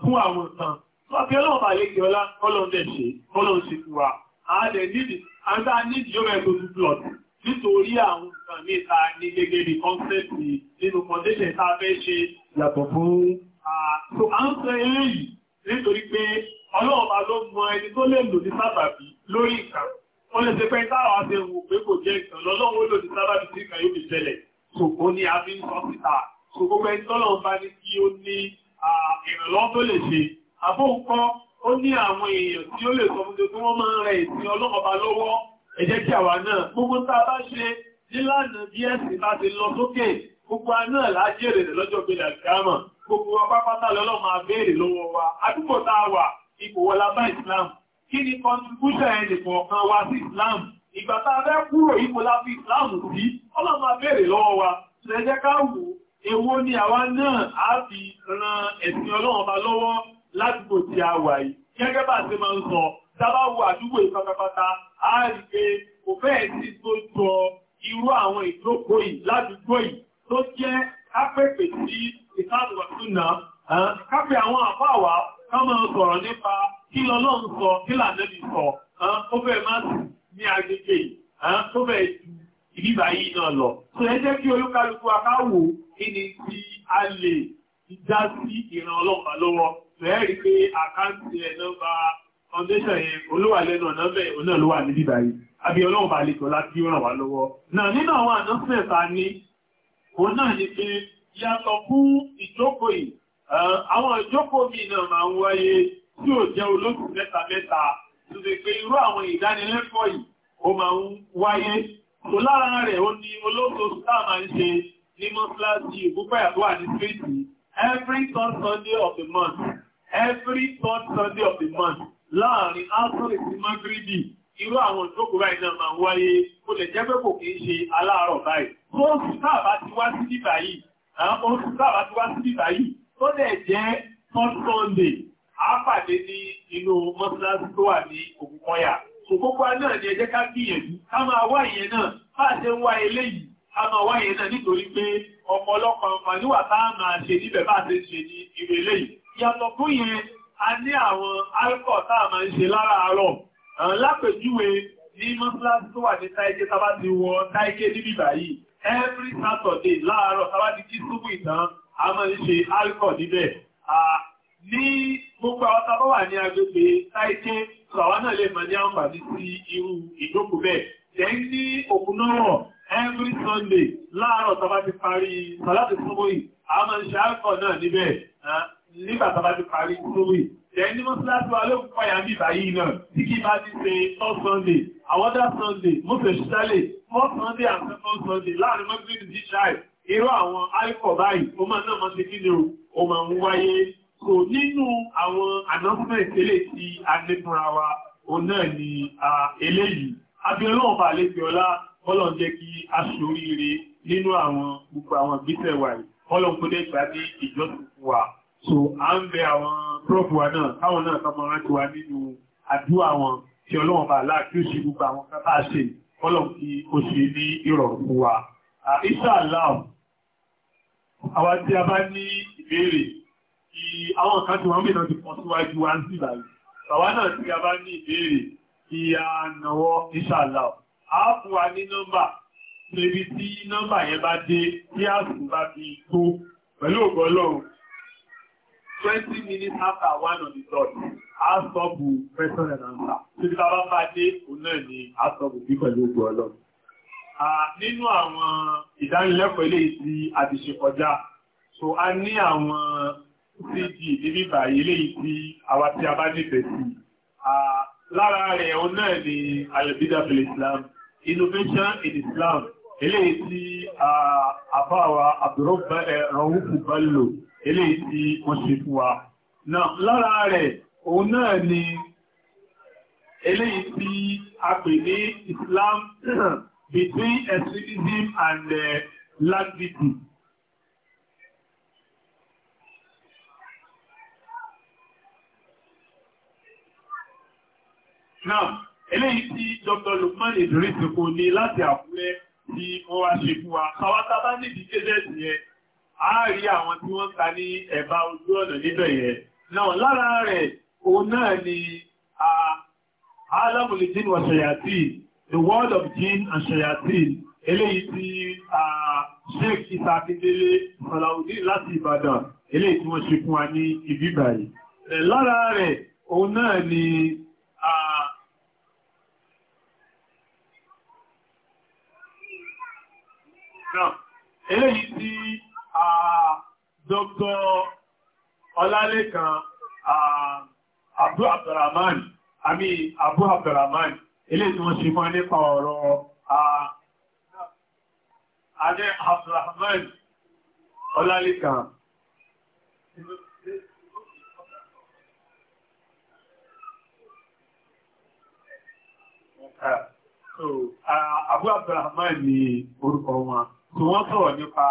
fún àwọn kan Ọ̀pẹ́ ọlọ́run bà lè kí ọlá ọlọ́run dẹ̀ ṣe, ọlọ́run ṣe fún wa. Àádẹ̀ nídìí, àádá nídìí yóò rẹ̀ tó dúdú ọdún nítorí àwọn nǹkan ní ìta ní gẹ́gẹ́ bí kọ́nsẹ́pì nínú foundation ta fẹ́ ṣe yàtọ̀ fún àtò à ń sọ eré yìí nítorí pé ọlọ́run bá ló mọ ẹni tó lè lò ní sábàbí lórí nǹkan ó lè ṣe pé táwọn ṣe wù pé kò jẹ́ ìtàn lọ́lọ́run ó lò ní sábàbí tí nǹkan yóò fi ṣẹlẹ̀ ṣòkó ni a fi ń sọ síta gbogbo ẹni tọ́lọ̀ bá ní kí ó ní ìrànlọ́wọ́ tó lè ṣe àbóǹkọ́ ó ní àwọn èèyàn tí ó lè sọ fún tó wọ́n máa ń rẹ̀ ìsìn ọlọ́mọba lọ́wọ́ ẹ jẹ́ kí àwa náà gbogbo tá a bá ṣe nílànà bí ẹ̀sìn bá ti lọ sókè gbogbo náà lájèrè lọ́jọ́ Islam kí ni contribution ẹnì kọ̀ọ̀kan wa Islam ìgbà tá a fẹ́ kúrò ipò láfi Islam sí ọlọ́mọ abéèrè lọ́wọ́ wa ṣẹ̀jẹ̀ ká wù èwo ni àwa náà á fi ran ẹ̀sìn ọlọ́run bá lọ́wọ́ ládùúgbò tí a wà yìí gẹ́gẹ́ bá ṣe máa ń sọ tábà wo àdúgbò ìpapapata á rí pé kò fẹ́ẹ̀ sí tó jọ irú àwọn ìjókòó yìí ládùúgbò yìí tó jẹ́ kápẹ́pẹ́ sí ìsáàdùwàtúnà kápẹ́ àwọn àfáàwà kọ́mọ̀ sọ̀rọ̀ nípa kí lọ́lọ́run sọ kí lànẹ́bì sọ tó fẹ́ máa ní agbègbè tó fẹ́ ìbíbà yìí náà lọ. Sọ ẹ jẹ́ kí olúkálukú akáwò ẹni tí a lè dá sí ìran ọlọ́pàá lọ́wọ́. Sọ ẹ rí pé àkáǹtì ẹ̀ nọ́mbà foundation yẹn olówà lẹ́nu ọ̀nà bẹ́ẹ̀ òun náà ló wà ní bíbà yìí. Àbí ọlọ́run bá lè tọ́lá tí ó ràn wá lọ́wọ́. Náà nínú àwọn ànáfẹ́ ta ní, òun náà ni pé yàtọ̀ fún ìjókòó yìí, àwọn ìjókòó mi náà máa ń wáyé tí ò jẹ́ olóṣù mẹ́ta mẹ́ta. Tùdè pé irú àwọn ìdánilẹ́kọ̀ọ́ yìí, ó máa ń wáyé tó lára rẹ̀ ó ní olóòtú sáàmà ń ṣe ní mọ́síláàsì ìgbúgbà tó wà ní síríìtì every third Sunday of the month every third Sunday of the month láàrin asọ́rẹ̀ sí magribi irú àwọn ìjókòó báyìí náà máa ń wáyé ó lè jẹ́ pé kò kì í ṣe aláàárọ̀ báyìí tó sáàbà ti wá sí bíbà yìí oṣù sáàbà ti wá sí bíbà yìí tó dẹ̀ jẹ́ third Sunday àápàdé ní inú mọ́síláàsì tó wà ní òkópa náà ni ẹjẹ́ ká gbìyànjú ká máa wá ìyẹn náà bá ṣe ń wá eléyìí ká máa wá ìyẹn náà nítorí pé ọ̀pọ̀lọpọ̀ àǹfààní wà tá máa ṣe níbẹ̀ bá ṣe ṣe ní ìwé eléyìí yàtọ̀ fún yẹn a ní àwọn alcohol tá máa ń ṣe láràárọ̀ lápèjúwe ní mọ́síláṣí tó wà ní táìké tá bá ti wọ táìké every saturday láàárọ̀ tá bá ti kí súnmù ìtàn a máa ń ṣe alcohol níbẹ̀ ní gbogbo àwọn tàbá wà ní agbègbè táìké sọ̀wọ́n náà lè máa ní àǹfààní sí irú ìjókòó bẹ́ẹ̀ tẹ́ ń ní òkun náà every Sunday láàárọ̀ tàbá ti parí sàlátì súnmọ́yì àmà ìṣẹ́ àkọ́ náà níbẹ̀ nígbà tàbá ti parí súnmọ́yì tẹ́ ní mọ́síláṣí wa ló kọ́ yà ń bìbà yìí náà tí kí bá ti ṣe third Sunday another Sunday mọ́sẹ̀ ṣíṣálẹ̀ fourth Sunday and second Sunday láàrin mọ́sílẹ̀ ti ṣáì irú àwọn àìkọ̀ báyìí ó máa náà máa ṣe kí ni ó máa ń wáyé so nínú àwọn announcement ìtẹ́lẹ̀ tí a ní fúnra wa o náà ni eléyìí abẹ́rún ọba àlébíọlá ọlọ́n jẹ́ kí a ṣoríire nínú àwọn gbogbo àwọn ìgbésẹ̀ wà yìí ọlọ́n kó dẹ́gbà ní ìjọsìn wa so a ń bẹ àwọn prọ́fù wa náà káwọn náà kọmọ rántí wa nínú àdúrà wọn tí ọlọ́wọ̀n bá láàkí ó ṣe gbogbo àwọn kápá ṣe tí a bá ní ìbéèrè àwọn kan tí wọ́n mìíràn ti pọ̀ síwájú wá ń sí báyìí bàbá náà tí a bá ní ìbéèrè kí a nàwọ́ ìṣàlá a fún wa ní nọ́mbà níbi tí nọ́mbà yẹn bá dé tí a sì bá fi tó pẹ̀lú ògbọ́lọ́run 20 minutes after one on the dot a sọ bù question and answer tí bí bàbá bá dé òun náà ni a sọ bù bí pẹ̀lú ògbọ́lọ́run nínú àwọn ìdánilẹ́kọ̀ọ́ eléyìí tí a ti ṣe kọjá so a ní àwọn síjì níbi báyìí léyìí tí àwa tí a bá nífẹ̀ẹ́ sí lára rẹ̀ ọ náà ni alẹ́bídà fil Islam innovation in Islam eléyìí tí àbáwa Abdurraufu eh, Bello eléyìí tí wọ́n ṣe fún wa náà lára rẹ̀ ọ náà ni eléyìí tí a pè ní Islam between extremism and uh, eh, laxity náà eléyìí tí Dr. Lukman Idris kò ní láti Àkúrẹ́ tí wọ́n wá ṣe fún wa kawata bá nídi jẹ́jẹ́sì yẹn a rí àwọn tí wọ́n ta ní ẹ̀bá ojú ọ̀nà níbẹ̀ yẹn náà lára rẹ̀ òun náà ni alamuli jin wa shayatin the world of jin and shayatin eléyìí tí sheikh isakindele salaudi láti Ìbàdàn eléyìí tí wọ́n ṣe fún wa ní ibi báyìí lára rẹ̀ òun náà ni náà eléyìí tí Dr. Ọlálékan Abu Abdurrahman àmì Abu Abdurrahman eléyìí tí wọ́n ṣe fún nípa ọ̀rọ̀ Adé Abdurrahman Ọlálékan So, Abu Abdurrahman ni orúkọ wọn. So wọ́n sọ̀rọ̀ nípa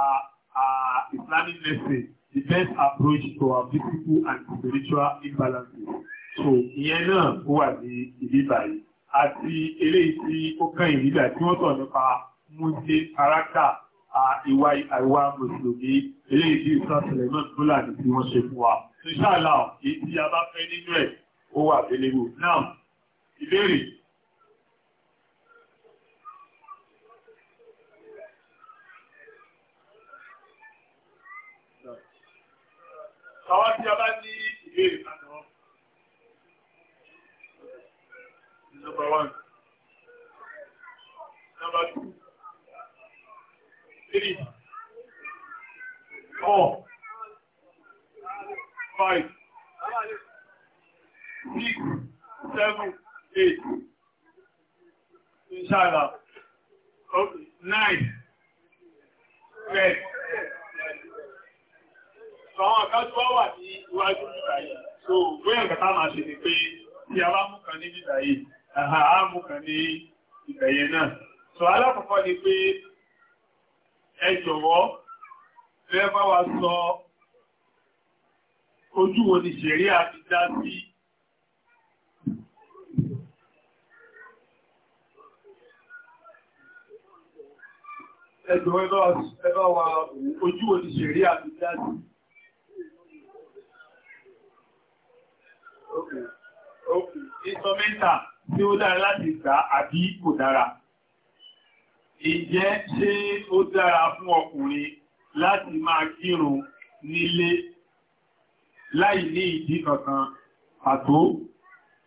Islamic lesson, the best approach to our physical and spiritual imbalances. So ìyẹn náà ó wà ní ìdí báyìí. Àti eléyìí tí ó kàn ìrìnlẹ̀ tí wọ́n sọ̀rọ̀ nípa Muslim character ìwà ìwà mùsùlùmí eléyìí tí ìsọ́ Suleiman Bula ní tí wọ́n ṣe fún wa. Inshallah, èyí tí a bá fẹ́ nínú ẹ̀ ó wà bẹ́lẹ́wò. Now, ìbéèrè. àwọn tí a bá ní ìbéèrè láti wọn. Number one. Number two. Three. Four. Five. Six. Seven. Eight. Inshallah. Okay. Nine. Ten àwọn àkájú wá wà ní iwájú nígbà yìí so bóyá nǹkan tá máa ṣe ni pé tí a bá mú kan ní nígbà yìí àhà á mú kan ní ìgbà yẹn náà so alákọ̀ọ́kọ́ ni pé ẹ jọ̀wọ́ fẹ́ bá wa sọ ojú wo ni ṣeré àti dá sí ẹjọ́ ẹbá wa ojú wo ni ṣeré àti dá sí instrumenta tí ó dára láti gbà àbí kò dára ìjẹ́ ṣé ó dára fún ọkùnrin láti máa kírun nílé láì ní ìdí kankan pàtó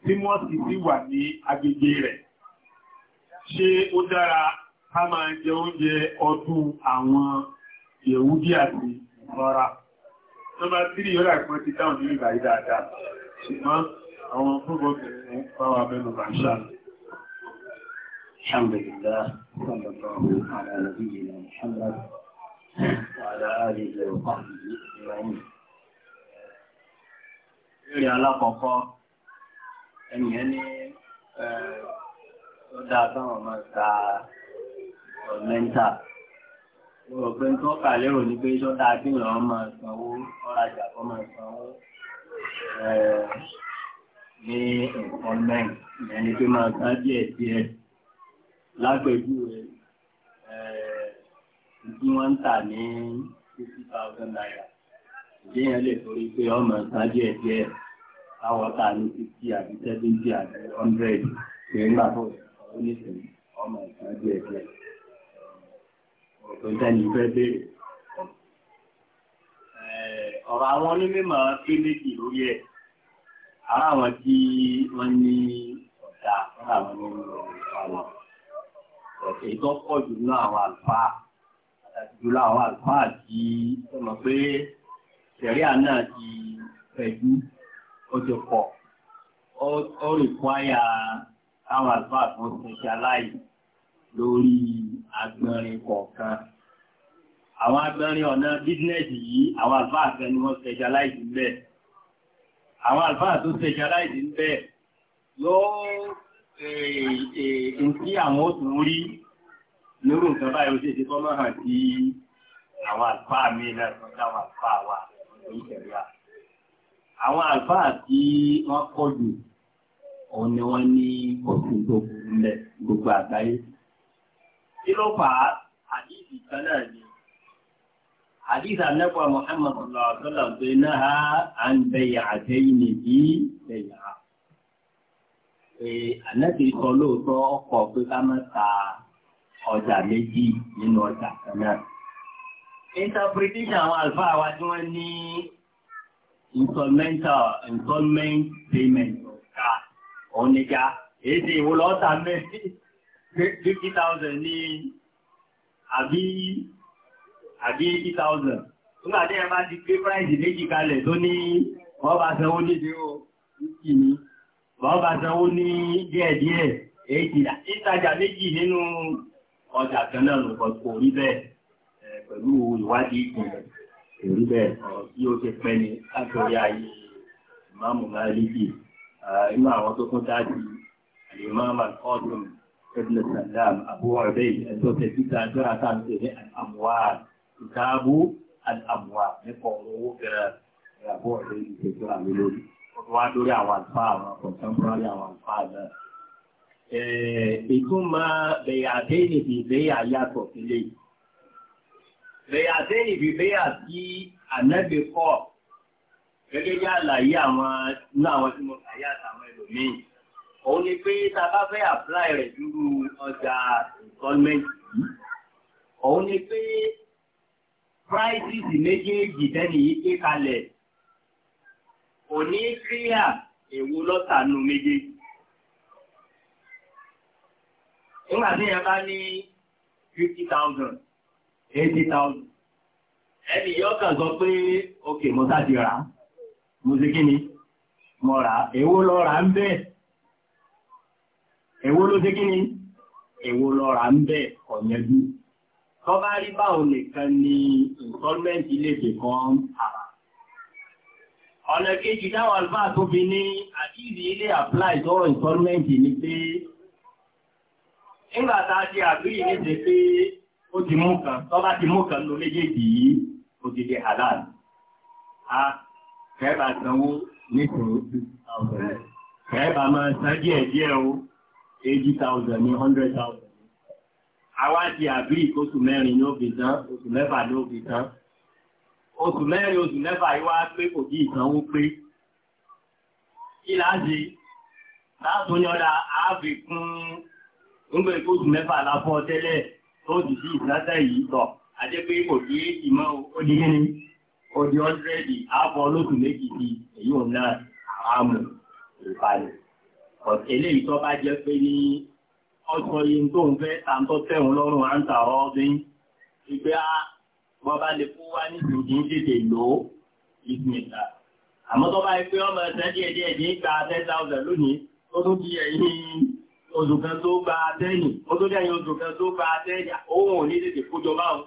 tí wọ́n sì sí wà ní agbègbè rẹ̀ ṣé ó dára ká máa jẹ oúnjẹ ọdún àwọn yẹ̀wúdí àti ìfọ́ra. Nọ́mbà 3 yọ́rà ìpọ́n ti dáhùn nínú ìbàrí dáadáa ṣùgbọ́n àwọn púpọ̀ kìí pàwà mẹ́nu bàṣà alhamdulillah sallallahu ala nabiyyina muhammad wa ala alihi wa sahbihi ajma'in ìrìn alákọ̀ọ́kọ́ ẹnìyàn ní ọ̀dá àtàwọn máa ta ọ̀mẹ́ntà lọ́wọ́ pé tó kà lérò ní pé ṣọ́dá kí wọ́n máa ọ̀rajà kọ́ máa ní nǹkan mẹ́rin ẹni tó máa ká díẹ̀ díẹ̀ lágbègbè rẹ̀ tí wọ́n ń tà ní fifty thousand naira ìdíyẹn lè torí pé ọmọ ká díẹ̀ díẹ̀ káwọ́ tà ní fifty àti seventy àti hundred ìrìnà tó oníṣẹ́ ọmọ ká díẹ̀ díẹ̀ ọ̀tọ̀ tẹ́lifẹ́ béèrè ọ̀rọ̀ àwọn onímọ̀ pé méjì lórí ẹ̀ ara àwọn tí wọ́n ní ọ̀dà fún àwọn onímọ̀ àwọn ọ̀sẹ̀ tó pọ̀ jù ní àwọn àlùfáà àti jùlọ àwọn àlùfáà tí wọ́n mọ̀ pé sẹ̀ríà náà ti pẹ̀lú ó ti pọ̀ ó rí kwáyà àwọn àlùfáà tó ń ṣe aláì lórí agbọ̀nrin kọ̀ọ̀kan àwọn agbẹ́rin ọ̀nà bíznẹ́sì yìí àwọn àlfáà fẹ́ ni wọ́n specialize ń bẹ̀. àwọn àlfáà tó specialize ń bẹ̀ yóò ń eh, eh, tí àwọn ó tún rí lórí nǹkan báyìí ó ṣèṣe tọ́mọ̀ hàn sí àwọn àlfáà mi náà tó dá àwọn àlfáà wà ní ìṣẹ̀lẹ̀ àwọn àlfáà tí wọ́n kọ́ jù òun ni wọ́n ní òfin tó kù ń gbogbo àgbáyé kí ló fà á àdìsí kan náà ni حديث عن نبوة محمد صلى الله عليه وسلم بينها عن بيعتين في بيعة ànábì sọ lóòótọ́ ọkọ̀ pé ká má ta ọjà méjì nínú ọjà kan náà. interpretation àwọn àlùfáà wa tí wọ́n ní installmental installment payment ọ̀ka òun èyí tí ìwò lọ́ọ́ mẹ́rin fifty thousand ní àbí àbí 80,000 nígbà tí ẹ bá ti pé price méjì kalẹ̀ tó ní wọ́n bá sanwó ní ìdíwó ìkì ní wọ́n bá sanwó ní díẹ̀díẹ̀ èyí ìtajà méjì nínú ọjà kan náà ló kọ kò rí bẹ́ẹ̀ pẹ̀lú ìwádìí ìpìlẹ̀ kò rí bẹ́ẹ̀ tí ó ti pẹ́ ni látọ̀rí ayé ìmáàmù Málíkì inú àwọn tó kún dájú الإمام القاسم ابن سلام أبو عبيد أنتو تفيد أنتو أتانتو الأموال ìtaàbù àbúwà nípa ọ̀rọ̀ owó fẹ́rẹ̀ ìyàbọ̀ ọ̀rẹ́ ìṣètò àmì lórí ọ̀rọ̀ wá lórí àwọn àlùfáà àwọn contemporary àwọn àlùfáà náà. ìtumọ̀ bẹ̀yà déyìn bí bẹ́yà yàtọ̀ sílé bẹ̀yà déyìn bí bẹ́yà sí ànábì kọ́ gẹ́gẹ́ bí àlàyé àwọn nínú àwọn tí mo kàyé àtàwọn ẹlòmíì òun ni pé tá a bá fẹ́ apply rẹ̀ dúró ọjà installment yìí òun ni pé prices méjèèjì tẹ́lẹ̀ yìí ké kalẹ̀ kò ní kíríà èwo lọ́tànù méjèèjì. nígbà ní fifty thousand eighty thousand ẹni yóò kàn sọ pé ok mo rà á mo ṣe kí ni mo rà ń bẹ́ẹ̀ èwo ni èwo ń bẹ́ẹ̀ ọ̀yẹ́dú. tó bá rí báwọn nìkan ni installment ilé fi kan àrà ọ̀nà kejì dáwọn alfa tó fi ní àdíìsì ilé apply tọ́rọ̀ installment ni pé nígbà tá a ti àgbéyè níṣe pé ó ti mú kan tó bá ti mú kan ló méjèèjì yìí ó ti di halal a kẹ́ẹ̀bà sanwó nítorí kẹ́ẹ̀bà máa san díẹ̀ díẹ̀ o 80,000 ní 100,000 àwa ti àbí oṣù mẹ́rin ní òbí tán oṣù mẹ́fà ní òbí tán oṣù mẹ́rin oṣù mẹ́fà yìí wá pé kò bí ìsanwó pé kí láti látún yọ̀dá ààbì kún ńgbè oṣù mẹ́fà láfọ́ tẹ́lẹ̀ tó ti sí ìsásẹ́ yìí tọ̀ àti pé kò bí ìmọ̀ oníyẹ́ni odi ọ̀dẹ́rẹ́dì àbọ̀ olóṣù méjì di èyí òun náà àmọ̀ ìbàlẹ̀ eléyìí tó bá jẹ́ pé ní ọjọ́ yìí tó ń fẹ́ àǹtọ́ tẹ̀hún lọ́rùn à ń tà ọ́ ọdún ìgbé a wọ́n lè fún wa ní ìdí ń tètè lò àmọ́ tó bá yẹ ọmọ ẹ̀sẹ̀ díẹ̀ díẹ̀ díẹ̀ gba ten lónìí ó tó di ẹ̀yìn oṣù kan tó gba tẹ́yìn ó tó di ẹ̀yìn oṣù kan tó gba tẹ́yìn ohun ò tètè kójọ báwọn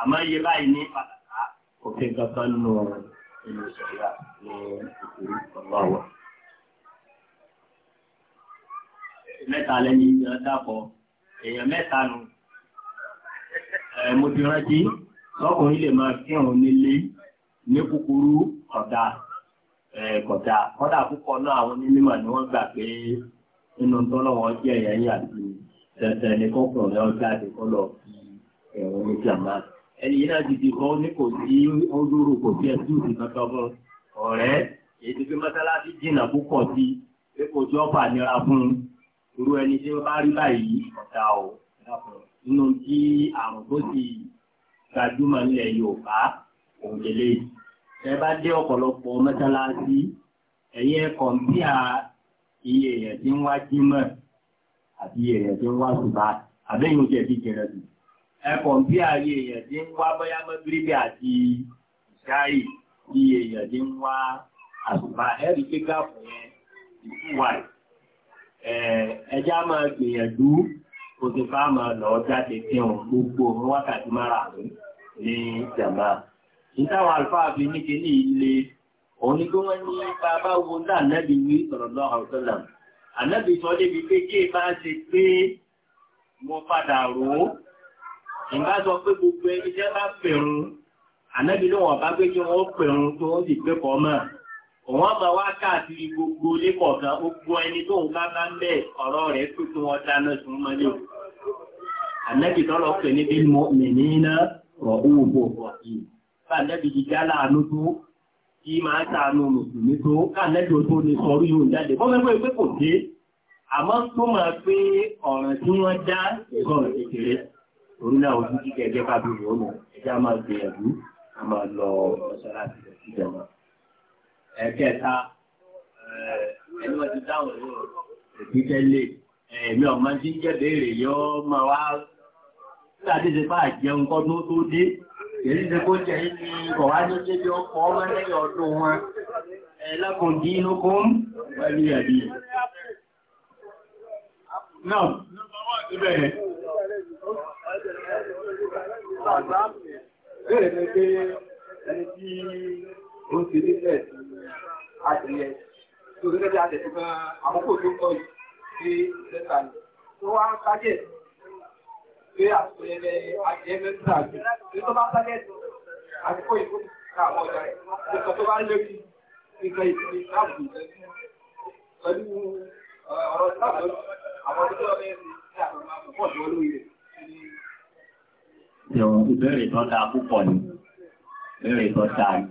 àmọ́ iye báyìí ní pàtàkì òfin kankan nù ìlú ìṣẹ̀lá ní ìkúrú ọlọ́wọ́. mẹ́ta lẹ́yìn ìjọba dàpọ̀ èèyàn mẹ́ta nù mo ti rántí lọ́kùnrin lè máa kírun nílé ní kúkúrú ọ̀dà kọ̀dà kọ́dà púpọ̀ náà àwọn onímọ̀ ni wọ́n gbà pé nínú tọ́lọ́wọ́ jẹ́ ẹ̀yà yìí àti tẹ̀tẹ̀ ní kọ́kùnrin ọjà àdìkọ́ lọ fi ẹ̀rọ ní jàmbá ẹni yìí náà dìde kọ́ ní kò sí ọdúró kò sí ẹtú sí kankan fún ọ̀rẹ́ èyí ti fi mọ́sálásí jìnnà púpọ̀ sí pé kò tí ọ̀pá nira fún un irú ẹni tí ó bá rí báyìí ọ̀tá o nínú tí àrùn tó ti gbajúmọ̀ nílẹ̀ Yorùbá òun ẹ bá dé ọ̀pọ̀lọpọ̀ mọ́sálásí ẹ̀yẹ kọ̀m̀píà iye èèyàn tí ń wá jímọ̀ àti iye èèyàn tí ń wá ṣùgbà àbẹ́yìn oṣù ẹ̀bí jẹrẹ sí ẹ kọ̀m̀píà iye èèyàn tí ń wá bóyá mọ́gírígì àti ìṣáì iye èèyàn tí ń wá àṣùgbà ẹ̀rí pé gáàpù yẹn ìfúwàì ẹjá máa gbìyànjú òtùpá máa lọ jáde tí wọn gbogbo òun wákàtí mára rẹ̀ ní jàmbá. ìtawọ̀ àlùfáà ní kí ní ilé òun ni kí wọ́n ní bàbá wo dá ànábì wí sallallahu alaihi wasallam ànábì sọ débi pé kí ẹ bá ṣe pé mo padà rò ó ìbá sọ pé gbogbo ẹni jẹ́ bá pẹ̀rùn ànábì ló wọ̀n bá pé kí wọ́n pẹ̀rùn tó ń sì pé pọ̀ mọ́ òun àmà wá káàkiri gbogbo ilé kọ̀ọ̀kan gbogbo ẹni tó ń bá bá ń bẹ̀ ọ̀rọ̀ rẹ̀ tó tún wọn dáná sun mọ́lẹ̀ o. ànẹ́bí tọ́lọ̀ pè ní bí mo mì ní iná rọ̀ ó bò bọ̀ yìí. bá ànẹ́bí ti já láàánú tó kí máa sàánú mùsùlùmí tó ká ànẹ́bí o tó lè sọrí yóò jáde. bọ́mọ ẹgbẹ́ pé kò dé àmọ́ tó máa pé ọ̀ràn tí wọ́n dá ẹ̀kọ́ kékeré orí náà ojú kíkẹ́ ẹgbẹ́ ẹ̀kẹta ẹni wọ́n ti dáhùn ìpítẹ́lẹ̀ ẹ̀mí ọmọ tí ń jẹ́bẹ̀ẹ́rẹ̀ yọ́ ma wá láti ṣe bá jẹun kọ́dún tó dé èyí ṣe kó jẹ́ ní kọ̀wá ní ṣe bí ọkọ̀ ọmọ lẹ́yìn ọdún wọn ẹlẹ́kùn dí inú kún pẹ̀lú ẹ̀bí náà ìbẹ̀rẹ̀ Ẹni tí ó ti nílẹ̀ sí adìyẹ tó gẹ́gẹ́ bí adìyẹ gan àkókò tó kọ́ yìí sí lẹ́tà ni tó wá ń kájẹ̀ pé àtúnyẹlẹ adìyẹ mẹ́ta jù ní tó bá kájẹ̀ àkókò ìlú káàmọ́ ọjà rẹ̀ tó tó bá lórí nǹkan ìsinmi láàbù pẹ̀lú ọ̀rọ̀ ìsàbọ̀ àwọn tó lọ́wọ́ mẹ́rin ní àwọn ọmọ pọ̀ jù olóyè rẹ̀ Ìbéèrè tó dáa púpọ̀ ni, ìbéèrè tó dáa ni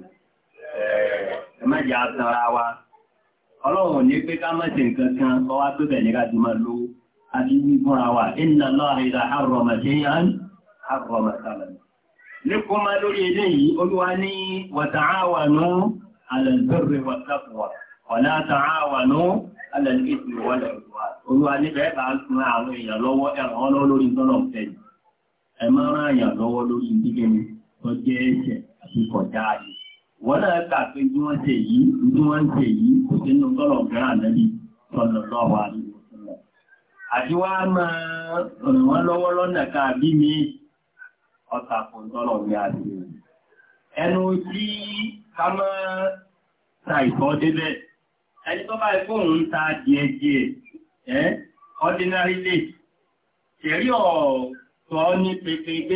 ẹ má jà sanra wa ọlọ́run ní pé ká má ṣe nǹkan kan ọ wá tó bẹ̀rẹ̀ ká ti máa lo àti wí fúnra wa inna Allaha idha harrama shay'an harrama thaman ní kó má lórí eléyìí olúwa ní wa ta'awanu 'ala al-birri wat-taqwa olúwa ní bẹ́ẹ̀ bá ń wọ́n náà kà pé bí wọ́n ṣe yìí bí wọ́n ṣe yìí kò sí inú tọ́lọ̀ ọ̀gbẹ́rà lẹ́bí tọ́lọ̀ lọ́wọ́ àdúgbò àti wá máa ràn wọ́n lọ́wọ́ lọ́nà ká bí mi ọ̀tà tọ́lọ̀ ní àdúgbò ẹnu tí ká máa ta ìkọ́ débẹ̀ ẹni tó bá ikú òun ta díẹ̀ díẹ̀ ẹ́ ordinary late ṣẹ̀rí ọ̀tọ̀ ní pẹpẹ gbé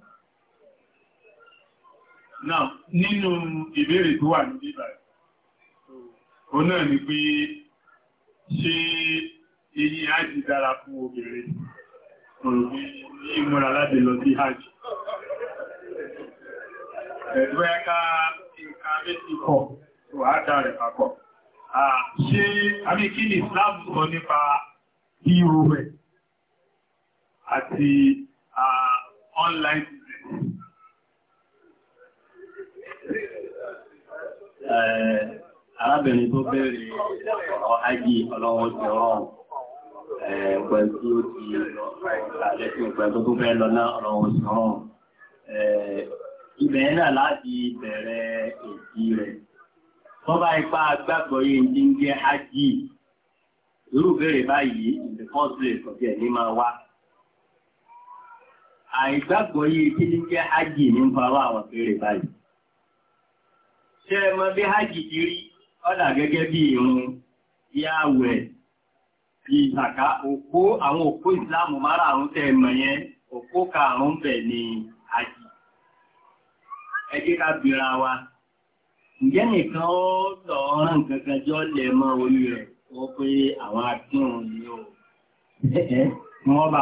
Now, nínú ìbéèrè tó wà ní bíbà, o náà ni pé ṣe èyí hajj dára fún obìnrin, ọ̀rọ̀ bí ìmúra láti lọ sí hajj. Ẹ̀gbẹ́ ká nǹkan méjì kọ̀, wà dáre papọ̀. Ṣé àbí kí ni Islam sọ nípa hero rẹ̀ àti online business? Eh, arábìnrin tó bẹ̀rẹ̀ ọ̀rọ̀ ájì ọlọ́wọ́ ti rọrùn ẹ̀ẹ̀pẹ̀ eh, tí ó ti àjẹsí tó tó fẹ́ lọ náà ọlọ́wọ́ ti rọrùn eh, ibẹ̀ náà láti bẹ̀rẹ̀ èdè rẹ̀ tó bá ipá gbàgbọ́ yìí ti ń jẹ́ ájì irú bẹ̀rẹ̀ báyìí ìdè fọ́ọ̀sì ìsọ̀tì ẹ̀ ní máa wá àìgbàgbọ́ yìí ti ń jẹ́ ájì ní ń farọ́ àwọn bẹ̀rẹ̀ báyìí tẹ́ ẹ mọ bí hajji ti rí ọ̀dà gẹ́gẹ́ bí irun bí bí ìzàká òpó àwọn òpó ìsìláàmù márààrún tẹ́ ẹ mọ yẹn òpó karùn bẹ̀ ni hajj ẹ ká wa ǹjẹ́ nìkan ó lọ kankan jọ mọ́ orí rẹ̀ ó pé àwọn ni ó wọ́n bá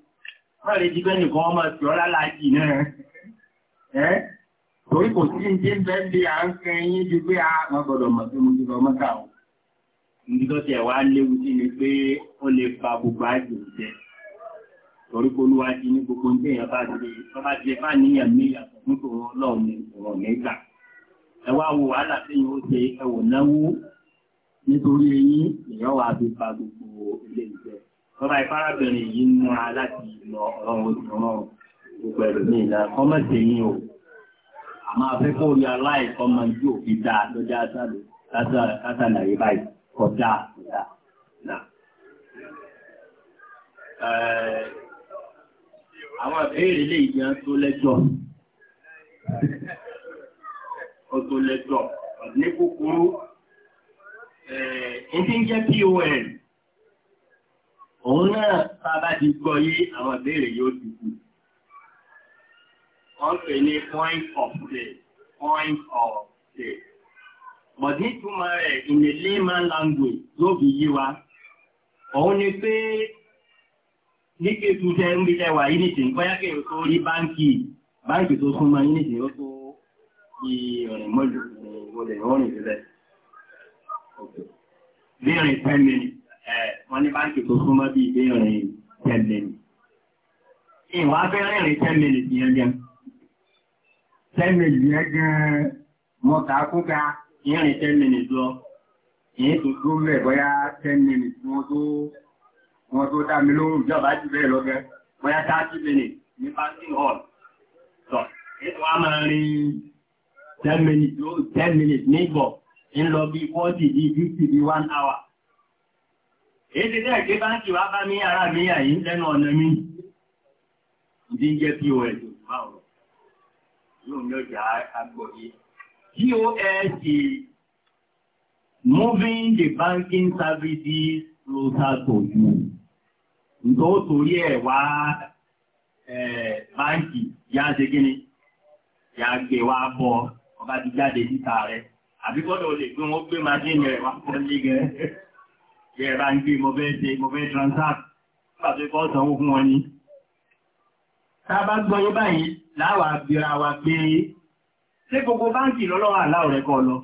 wọ́n lè jí nìkan ọmọ ìpè ọ́lá láàjì náà ẹ́ torí kò sí ní jẹ́ bẹ́ẹ̀ bí à ń kẹ́ yín ju pé àwọn gbọ́dọ̀ mọ̀ pé mo ti mọ́ta o níbi tó tiẹ̀ wá léwu sí ni pé ó lè fa gbogbo àjò jẹ torí kó lúwa ti ní gbogbo ní èèyàn bá ti tó bá ti bá níyàn mí yàtọ̀ fún tòun ọlọ́run ní ọ̀rọ̀ mẹ́gbà ẹ wo wàhálà sẹ́yìn ó ṣe ẹ̀wọ̀n náwó nítorí eyín èèyàn wà á fi fa gbogbo ilé ìjẹ́ Bọ́bá ìfárábìnrin yìí ń múra láti lọ ọ̀rọ̀ òṣùwọ̀n gbogbo ní ìlà kọjá Àwọn àbẹ́rẹ́ lè jẹ́ tó lẹ́jọ́. Ó tó lẹ́jọ́. Ní kúkúrú, ẹ̀ ń POL òun náà bàbá ti gbọ́ yé àwọn ìbéèrè yóò dìbò wọ́n pè ní point of day point of day but nítumọ̀ rẹ̀ in a layman language ló fi yé wa òun ni pé ní kéèkù tẹ ń bí lẹ́wà yìí nìtì báyákẹ́ tó rí báńkì báńkì tó súnmọ́ yìí nìtì ó tó di ọ̀rẹ̀ mọ́lù ìwọ̀lẹ̀ ọ̀rìn ìfẹ́ wọ́n ní báńkì tó súnmọ́ bí ìgbé ìrìn tẹ́lẹ̀ ní. Ìwà abẹ́rẹ́ ìrìn tẹ́lẹ̀ lè fi ẹgbẹ́. Tẹ́lẹ̀ lè ẹgbẹ́ mọ́ta kúka ìrìn tẹ́lẹ̀ lè lọ. Ìyẹn tó tó mẹ́ bọ́yá tẹ́lẹ̀ lè fún wọn tó dá mi lóhùn ìjọba jù bẹ́ẹ̀ lọ́gẹ́. Bọ́yá táàtì mẹ́lẹ̀ ní banking hall. Sọ, ètò wa máa rí ten minutes ní ìbọ̀ ń lọ bí forty bí fifty bí one hour. Èdè jẹ́ ìgbé báńkì wá bá ní ara mi àyí lẹ́nu ọ̀nà mi. Ìdí jẹ́ POS bá ọ̀rọ̀. Yóò ní ọjà agbọ̀yé. POS moving the banking services to you. ó torí ẹ̀ wá báńkì yá ṣe kí ọba ti jáde síta rẹ Àbíkọ́dọ̀ lè gbé wọn gbé máa ẹ̀rà ń gbé mọ̀fẹ́ ṣe mọ̀fẹ́ transact pàtó ikọ́ sanwó fún wọn ni tàbá gbọ́ yé báyìí láwà gbéra wa pé ṣé gbogbo báńkì lọ́lọ́wọ́ aláwọ̀ rẹ̀ kọ́ lọ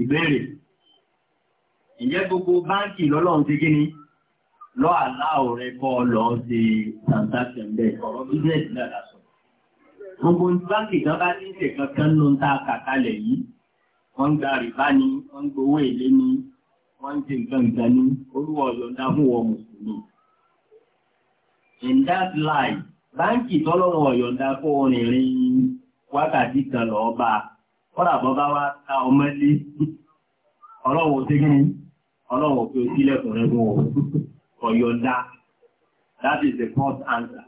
ìbéèrè ìjẹ́ gbogbo báńkì lọ́lọ́run ti gíní lọ́ aláwọ̀ rẹ̀ kọ́ lọ sí transaction bẹ́ẹ̀ ọ̀rọ̀ business dára sọ gbogbo báńkì kan bá ní ìṣe kankan ló ń ta kàkalẹ̀ yìí wọ́n ń gba rìbá ni wọ́n ń èlé ni wọ́n ti gbọ̀ngàn in that line báńkì tọ́lọ́run ọ̀yọ̀dá kó orin wákàtí kan lọ bá kọ́dà bá wá ta ọmọ sí ọlọ́wọ́ tí kí ni ọlọ́wọ́ pé ó sílẹ̀kùn rẹ̀ fún that is the first answer.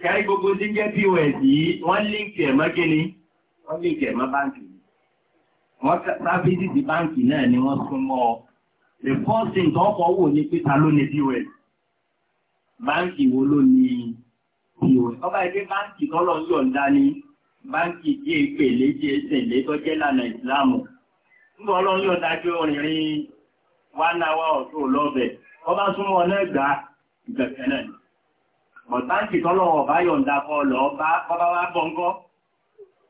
kẹ́rí gbogbo tí jẹ́ pos yìí wọ́n wọ́n sáfíìsì báǹkì náà ni wọ́n sún mọ́ ọ the first thing tó kọ́ wò ní pé ta ló ní pos báǹkì wo ló ní pos ọba ilé báǹkì tọ́lọ̀ ń yọ̀ǹda ní báǹkì tí èpè léjì ẹsẹ̀ létọ́jẹ́ lànà ìsìláàmù nígbà ọlọ́run yọ̀ǹda pé orinrin one hour or so lọ́bẹ̀ ọba súnmọ́ ọ náà gbà ìgbẹ̀fẹ̀ náà bọ̀táǹkì tọ́lọ̀ ọ̀bá yọ̀ǹda kọ́ lọ́ bá wá bọ́ńkọ́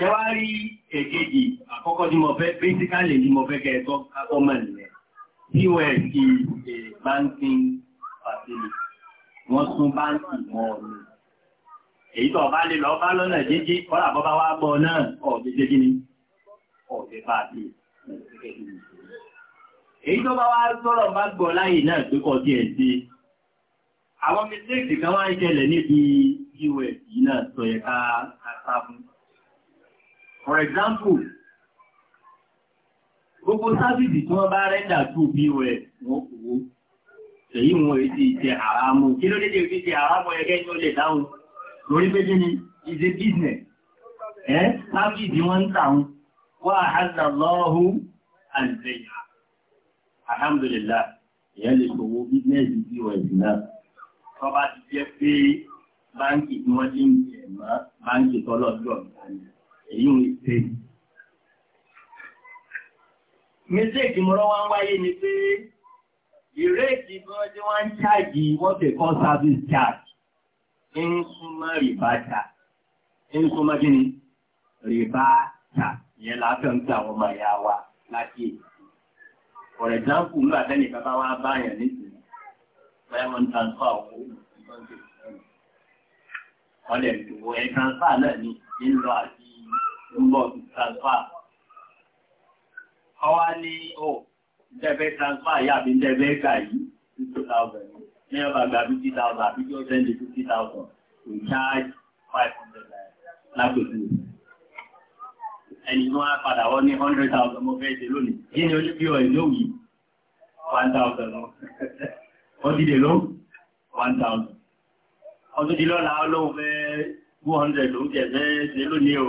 Tẹwárí èkejì àkọ́kọ́ tí mo fẹ́ basically tí mo fẹ́ kẹ́ẹ̀kọ́ ọmọ ìlẹ̀. POS is a eh, banking facility. Wọ́n sún báńkì mọ́ ọ̀nà. Èyí tó bá lè lọ bá lọ́nà jíjí, kọ́lá bọ́ bá wá bọ́ náà, ọ̀dẹ́ jíjí ni, ọ̀dẹ́ bá ti èyí tó bá wá sọ̀rọ̀ bá gbọ́ láyé náà tó kọ́ sí ẹ̀sí àwọn mistakes kan wá ń ṣẹlẹ̀ níbi us yìí náà sọ yẹ ká sá for example gbogbo sábìdì tí wọ́n bá rẹ́ndà tó bí rẹ̀ wọ́n kòwó èyí wọn èyí ti jẹ àrámù kí ló dédé fi jẹ àrámù ẹgẹ́ ní ó lè dáhùn lórí pé gíní is a business ẹ́ sábìdì wọ́n ń tàun wà àhàzàlọ́hù àzẹ̀yà alhamdulillah èyàn lè kòwó business bí wọ́n ẹ̀sìn náà tọ́ bá ti jẹ́ pé báńkì tí wọ́n ti ń jẹ̀ mọ́ báńkì tọ́lọ́ èyí ń ṣe. mistake mọ́rọ́ wá ń wáyé ni pé ìrèkì gan tí wọ́n ń ṣáàjì wọ́n fẹ́ kọ́ service charge ń súnmọ́ rìbáta ń súnmọ́ kí ni rìbáta yẹn láfẹ́ ń gbà wọ́n máa yá wa láti èyí. for example nígbà tẹ́lẹ̀ bàbá wa báyàn nísìnyí báyà wọ́n transfer owó wọ́n lè lò ẹ̀ transfer náà ní nílò àti lọ́wọ́ transfer. Ọwá ni, ò oh, dẹ́fẹ́ transfer yà bí dẹ́fẹ́ gà yìí sí 2,000. Ní ọba gbà 50,000 àbí kí sẹ́ndì 50,000 to charge 500 naira lápòjú. Ẹni wọ́n á padà wọ́n ní 100,000 mo fẹ́ ṣe lónìí. Yí ni olúbíọ̀ ìlú yìí 1,000 lọ. Ó dìde ló 1,000. Ọdún di lọ́la ọlọ́run fẹ́ 200 ló ń jẹ̀ fẹ́ ṣe lónìí o.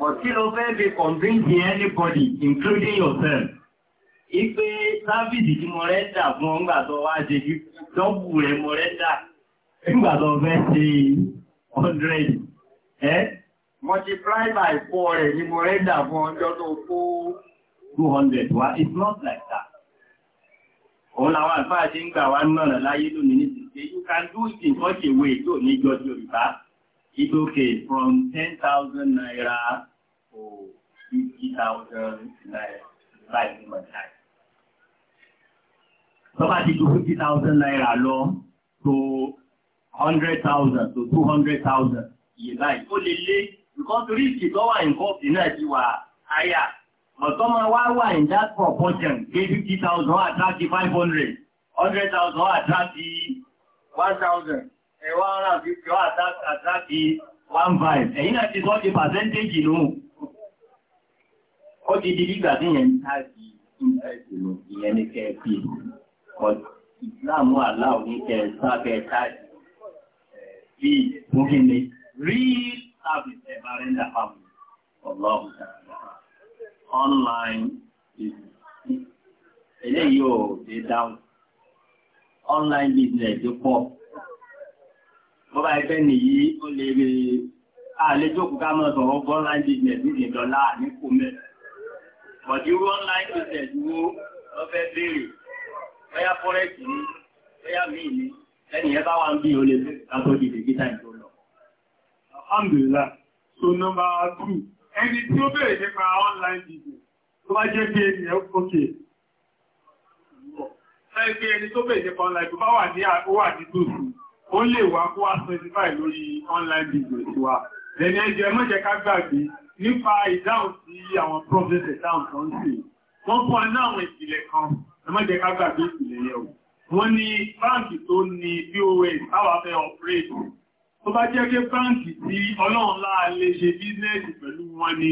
But kí ló fẹ́ fi convince anybody including yourself? if a service is more than fún ọgbà tó wá ṣe kí tọ́pù rẹ̀ mo rẹ́ dà nígbà tó Eh? Multiply by four, rẹ̀ more than rẹ́ dà fún It's not like that. Òun làwọn àfáà ṣe ń gbà wá náà láyé lónìí ní ti ṣe. You can do it in such a way tó ní jọjọ ìbá. It's okay from thousand naira to thousand naira láì ní mọ̀tá. Tó bá ti ju thousand naira lọ to hundred thousand to two hundred thousand yìí láì tó lè lé nǹkan torí ìṣètò wà nǹkan ọ̀sìn náà ti wà àyà. Ọ̀tọ́ máa wá wà in that proportion fifty thousand five hundred, hundred thousand 500, 100,000 one thousand ẹ̀wọ́ ara one five ẹ̀yìn náà ti sọ́ di percentage nù ó ti di dígbà tí yẹn ń tàbí interest nù ìyẹn ní kẹ́ẹ̀kì ìsìláàmù aláwọ̀ ní kẹ́ẹ̀sáfẹ́ tàbí bí mọ́kínlé real service ẹ̀bàrẹ́ndà pàbù ọlọ́run online eléyìí ò dé dáhùn online business bọ́ bá ẹgbẹ́ nìyí ó lè rí àlejò kù ká máa sọ̀rọ̀ bọ́ online business ní ìdọ́lá ní kò mẹ́ bọ̀dí irú online business wo wọ́n fẹ́ béèrè bóyá forex ni bóyá míì ni ẹni yẹn bá wà ń bí o lè fẹ́ kátó dìde kí táì tó lọ. alhamdulillah so number two ẹni tí ó béèrè nípa online business tó bá jẹ́ bí ẹni ẹ̀ ókè fẹ́ gbé ẹni tó nípa online tó bá wà ní àkówà ní tòsí ó lè wá kó wá 25 lórí online business wa lẹ́ni ẹjẹ́ mọ́jẹ́ ká gbàgbé nípa ìdáhùn sí àwọn process ẹ̀dáhùn kan sí wọ́n fún ọ̀nà àwọn ìpìlẹ̀ kan ẹmọ́jẹ́ ká gbàgbé ìpìlẹ̀ yẹ̀ wọ́n ní báǹkì tó ní pos àwàfẹ́ operate tó bá jẹ́ pé báǹkì tí ọlọ́run láà lè ṣe bíznẹ́sì pẹ̀lú wọn ni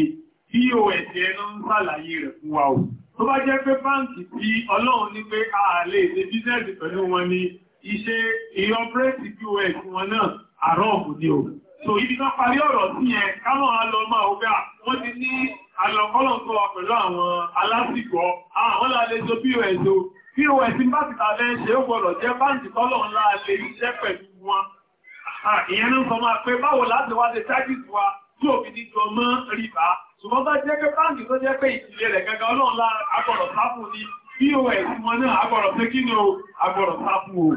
pos ẹnu ń sàlàyé rẹ̀ fún wa o tó bá jẹ́ pé báǹkì tí ọlọ́run ní pé a lè ṣe bíznẹ́sì pẹ̀lú wọn iṣẹ́ ìyọpẹ́sì pos wọn náà àrọ́ọ̀bù ní o so ibi náà parí ọ̀rọ̀ sí ẹ káwọn alọ́mà ọgá wọ́n ti ní alọ́kọ́lọ́kọ́ pẹ̀lú àwọn alásìkò àwọn lálejò pos o pos bá ti tàbẹ́ ṣe ó gbọ́dọ̀ jẹ́ báǹkì tọ́lọ̀ ńlá lè iṣẹ́ pẹ̀lú wọn ìyẹn ń sọ máa pé báwo láti wá ṣe tágìtì wa tí òfin ní jọ mọ́ rìbá ṣùgbọ́n bá jẹ́ pé báǹkì tó jẹ́ pé ìtìlẹ̀ rẹ̀ gẹ́gẹ́ ọlọ́run lára agbọ̀rọ̀ sáfù ni pos wọn náà agbọ̀rọ̀ pé kí ni o agbọ̀rọ̀ sáfù o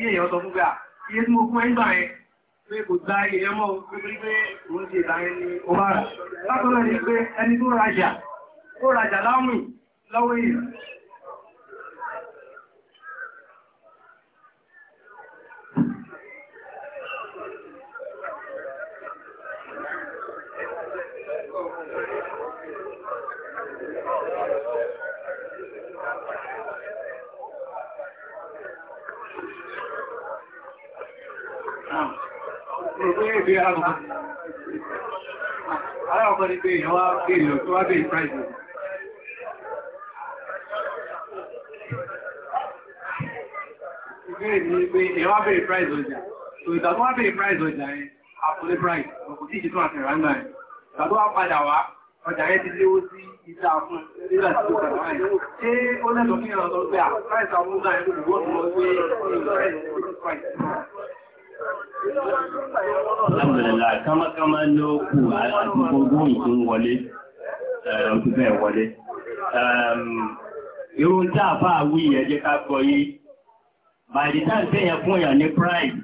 kí èèyàn sọ fún gbà iye tí mo fún ẹgbà ẹ pé kò gba iye mọ́ pípé pé òun ti ìgbà ẹni o bá rà látọ́lọ́ ni pé ẹni tó rajà lọ́wọ́ Ìwábẹ̀rẹ̀ price ọjà. So ìdàgbọ́n wábẹ̀rẹ̀ price ọjà ẹ, àpòlé price, ọkùn tí ìṣẹ́ tó àti ìrànlá ẹ̀. Ìdàgbọ́n wá wá, ọjà ẹ ti léwó sí ìta Alhamdulilá, kámákámá ló kù àti gbogbo ìtún wọlé, ọdún bẹ́ẹ̀ wọlé. Irun tí àfá wí ẹjẹ́ ká gbọ́ yí, by the time tẹ́yẹ fún èèyàn ní price,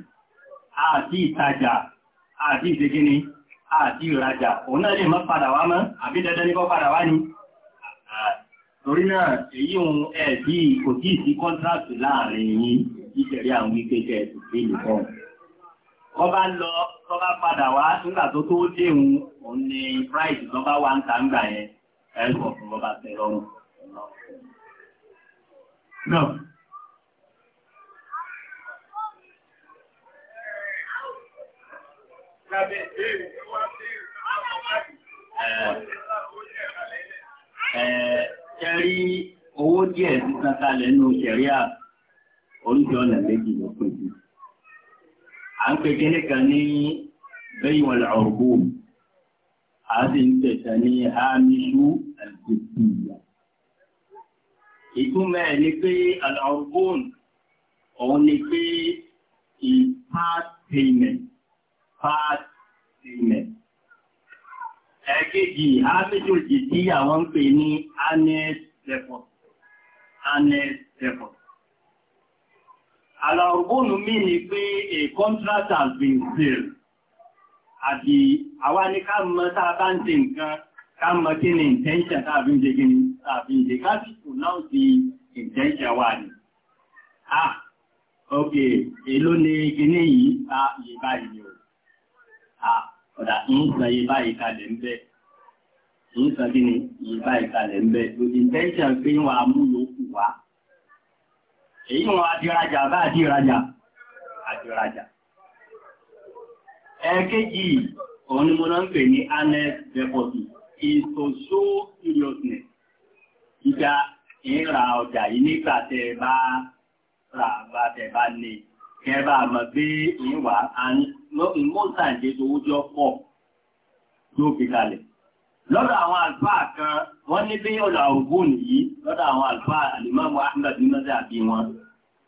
àti ìtajà, àti ìsegíní, àti ìrajà, òun náà lè má padà wá mọ́, àbí dandan ní kọ́ padà wá ní. Torí náà, èyí òun ẹ̀ sí kò tí ì sí contract láàrin yín, ìṣẹ̀rí àwọn wípé tẹ́ẹ̀ Kọba lọ, kọba padà wá nígbà tó tó déhun, òun ni price tó bá wà ń ta ńgbà yẹn, ẹ̀rọ fún ọba tẹ̀ lọ́rùn. Náà. Ṣẹ̀rí owó díẹ̀ à ń pè kíní kan ní bẹ́yìn wọn lọ́rùkú a sì ń pèsè ní hamishu al-qibtiyya ìtumọ̀ ẹ̀ ni pé al-urbu òun ni pé part payment part payment ẹ̀kejì hamishu al-qibtiyya wọ́n ń pè ní annex deposit annex deposit Àlàrùgbónú mí ni pé a contract has been sealed. Àbí àwa ní ká mọ́ tàà bá ń ṣe nǹkan, ká mọ́ kí ni intention tàbí ń ṣe kí ni tàbí ń ṣe ká sì pronounce the intention wà ní. Ah, ok, èló ni kíní yìí ta yè báyìí ni o. Ah, ọ̀dà ń san yè báyìí kalẹ̀ ń bẹ́. Ń san kí ni báyìí kalẹ̀ ń bẹ́. intention pé wọ́n á mú yòókù wá èyí wọn adìrajà bá adìrajà adìrajà ẹ̀ẹ́kejì òun ni mo náà ń pè ní annex deposit is to show seriousness ìjà ìra ọjà yìí nígbà tẹ bá rà bá tẹ bá ní kẹbà mọ̀ pé ìwà ìmọ̀sàǹdé owó jọ pọ̀ ló fi kalẹ̀ lọ́dọ̀ àwọn àlùfáà kan wọ́n ní bí ọ̀dọ̀ àwògùn nìyí lọ́dọ̀ àwọn àlùfáà àlìmọ́mọ́ ahmed mẹ́sẹ̀ àbí wọn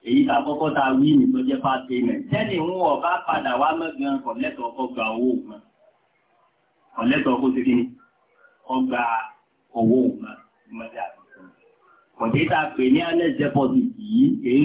èyí àkọ́kọ́ ta wí ní tó jẹ́ fáṣe mẹ́ tẹ́lẹ̀ ń wọ̀ bá padà wá mẹ́gbẹ̀rún kọ̀lẹ́tọ̀ ọkọ̀ gba owó òun kọ̀lẹ́tọ̀ ọkọ̀ sí kíni ọgbà owó òun mẹ́sẹ̀ àbí wọn. kọ̀dé ta pè ní alex deposit yìí èyí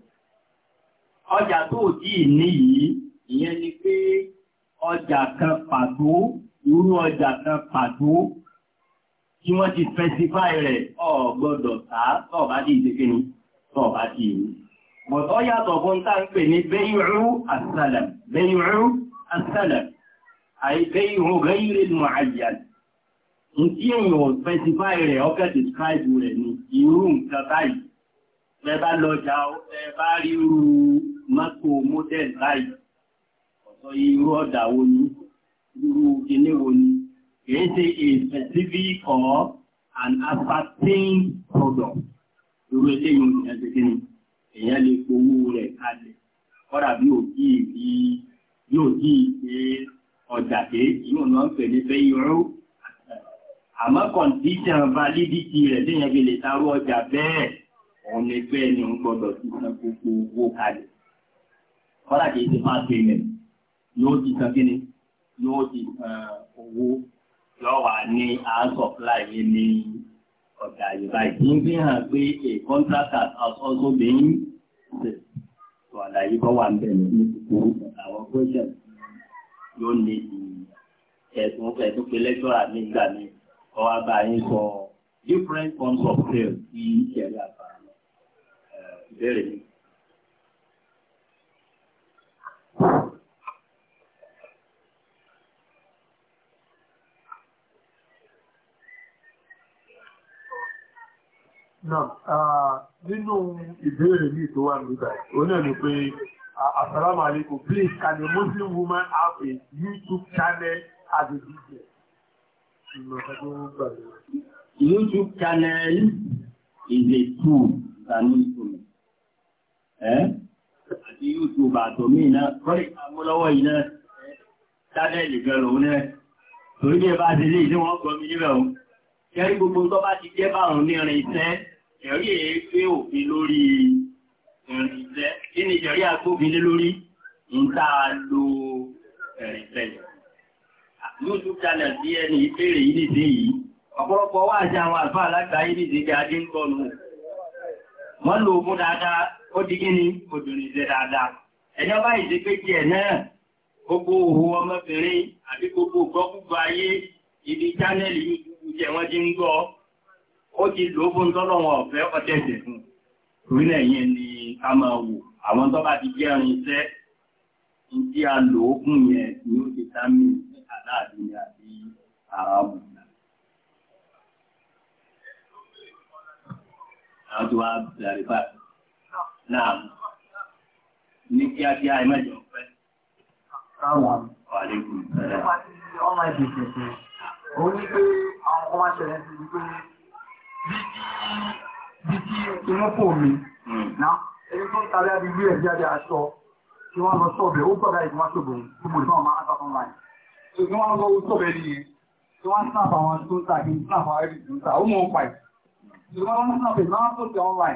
ọjà tó dì ní yìí ìyẹn ni pé ọjà kan pàtó irú ọjà kan pàtó tí wọ́n ti fẹ́sífáì rẹ̀ ọ̀ gbọ́dọ̀ tá ọ̀bá dì ìdíkíní ọ̀bá dì ìlú bọ̀tọ́ yàtọ̀ fún tá ń pè ní bẹ́yìrú àsálàm bẹ́yìrú àsálàm bẹ́ẹ̀ bá lọ́jà ẹ bá rí irú mọ́tò model báyìí ọ̀sọ̀ irú ọ̀dà wo ni irú ilé wo ni kìí ṣe a specific or an appertain product irú eléyìí ní ẹ̀ṣẹ̀ kí ni èèyàn lè gbowó rẹ̀ kalẹ̀ kọ́dà bí òkì ìbí yóò dì í ṣe ọjà pé yóò náà pè ní fẹ́ yọrọ àmọ́ condition validity rẹ̀ lẹ́yìn fi lè tarú ọjà bẹ́ẹ̀ òun ni pé ẹni òun gbọdọ̀ ti san gbogbo owó kalẹ̀ kọ́lá kìí ṣe máa pè mẹ́ yóò ti san kíni yóò ti san owó yóò wà ní asọ́pláì yìí ní ọ̀gá yorùbá yìí ń fi hàn pé a contractor has also been saved tó àlàyé bọ́ wà ń bẹ̀rẹ̀ ní kúkúrú àwọn question yóò ní ẹ̀sùn ẹ̀sùn pé lecturer mi gbà mí kọ́ wá bá yín sọ different forms of sale ti ìṣẹ̀lẹ̀ àbá ìbéèrè. nínú ìbéèrè ní ìtò wà nígbà ó náà ni pé assalamu alaikum please can a muslim woman have a youtube channel as a business? youtube channel is a tool that needs àti YouTube àtòmí náà kọ́lé àmúlọ́wọ́ yìí náà tánẹ́lì gan lòun náà torí bí ẹ bá ti lè ní wọ́n gbọ́ mi níbẹ̀ òun kẹrí gbogbo tó bá ti jẹ́ bárùn ní ẹ̀rìn iṣẹ́ ẹ̀rí èé òfin lórí ẹ̀rìn iṣẹ́ kí ni ìjẹ̀rí agbófinlé lórí ń tá a lo ẹ̀rìn iṣẹ́ YouTube channel tí ẹni ìbéèrè yìí nìdí yìí ọ̀pọ̀lọpọ̀ wà sí àwọn àlùfáà lágbàáyé nìdí tí a dé ń gbọ́nu wọ́n lò ó dáadáa ó di gíní obìnrin ṣe dáadáa ẹjọ́ báyìí ṣe pé tiẹ̀ náà gbogbo òhù ọmọbìnrin àbí gbogbo gbọ́kúgbọ́ ayé ibi chánẹ́lì yúdúbù jẹ́ wọ́n ti ń gbọ́ ó ti lò fún ọ̀fẹ́ fún a máa wò àwọn tó bá ti jẹ́ iṣẹ́ a lò ó fún yẹn ni ó ti mi náà ní kíákíá ẹ̀mẹ́jọ fẹ́. ọmọ ẹ̀dùn ìṣẹ̀ṣẹ̀ òun ní pé àwọn ọmọ ṣẹlẹ̀ ti di pé bí kí inú kò mi hmm. náà èyí tó ń tàbí àdìgbé ẹ̀bí àdì aṣọ tí wọ́n lọ sọ́ọ̀bẹ̀ ó tọ́gá ìgbìmọ̀ ṣògbò tí mo ìfọ́n máa ń tàbí online tí wọ́n lọ sọ́ọ̀bẹ̀ nìyẹn tí wọ́n ń tàbí tó ń tà kí ń tàbí àwọn ẹ̀rí tó ń tà ó mọ̀ ń pa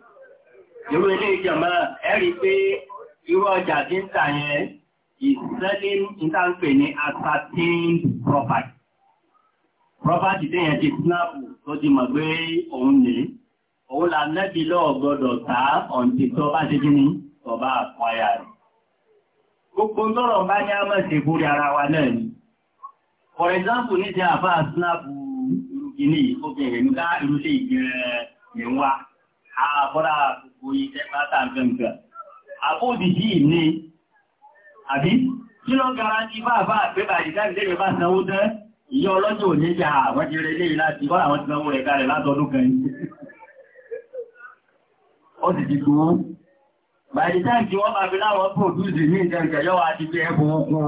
Irú ilé ìjọmọ́ ẹ̀rí pé irú ọjà tí ń tà yẹn ìsẹ́lé ìtàǹpè ní ascertain property. Property tí yẹn ti snap tó ti mọ̀ pé òun lè. Òun là nẹ́bí lọ́ọ̀ gbọdọ̀ tá ọ̀ǹtì tó bá ṣe kíní tó àpọ̀yà rẹ̀. Gbogbo tọ́rọ̀ bá ní àmọ́ ṣe fúrí ara wa náà ni. For example, ní ti àfáà snap irú kìíní obìnrin ní ká irú sí ìgbìrẹ̀ ní wá àbọ́dá gbogbo iṣẹ́ pátá gbẹ̀ngàn àbóòdì yìí ni àbí kí ló ń gara ní bàbá àgbébà ìdáìlẹ́gbẹ̀ bá sanwó tẹ́ ìyá ọlọ́jọ́ ò ní jà àwọn ti rẹ̀ léyìn láti kọ́ àwọn ti sanwó rẹ̀ kalẹ̀ látọdún kan yìí ó sì ti gbó bàìdí táìkì wọ́n bàbí láwọn pòdúsì ní ìjẹ́jẹ́ yọ́wà ti fi ẹ̀bùn okun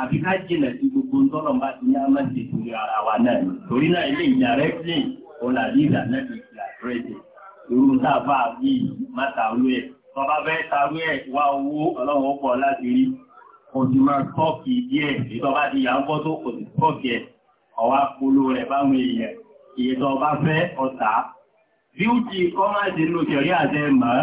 àbí ká jìnà sí gbogbo tọ́lọ̀ bá ti ní àmà sí ìtòrí ara wa náà torí náà ilé ìjà rẹ̀ sí òun àbí ìdà trade irú tábà bí mátàrú ẹ̀ tó bá fẹ́ tàrú ẹ̀ wá owó ọlọ́wọ́ pọ̀ láti rí ojú máa tọ́ọ̀kì díẹ̀ ìtọ́ bá ti yà ń bọ́ tó kò sí tọ́ọ̀kì ẹ̀ ọwá polo rẹ̀ báwọn èèyàn iye tó bá fẹ́ ọ̀tá bí ó ti kọ́ máa ṣe ló tẹ̀rí àṣẹ mọ́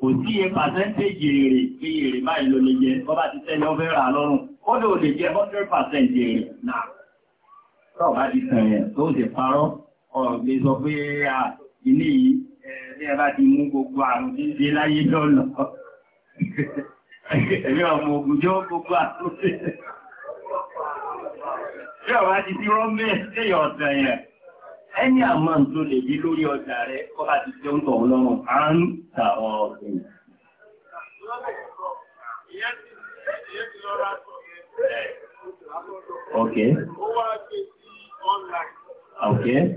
kò sí iye pàṣẹ́ntéèjì èrè pé èrè báyìí ló lè jẹ tó bá ti tẹ́lẹ̀ ó fẹ́ rà lọ́rùn kódò lè jẹ 100% èrè náà tó bá ti tẹ̀yẹ̀ tó ti parọ́ ọ̀gbẹ́ sọ pé ilé yìí ẹ bá ti mú gbogbo àrùn tí ṣe láyé lọ́lọ́ ẹ̀mí ọmọ ogun jọ gbogbo àrùn tí ṣe ọ̀rọ̀ ti ti rọ́ mẹ́ẹ̀ẹ́ ọ̀tẹ̀ yẹn ẹni àmọ́ tó lè rí lórí ọjà rẹ̀ kọ́ Okay. Okay.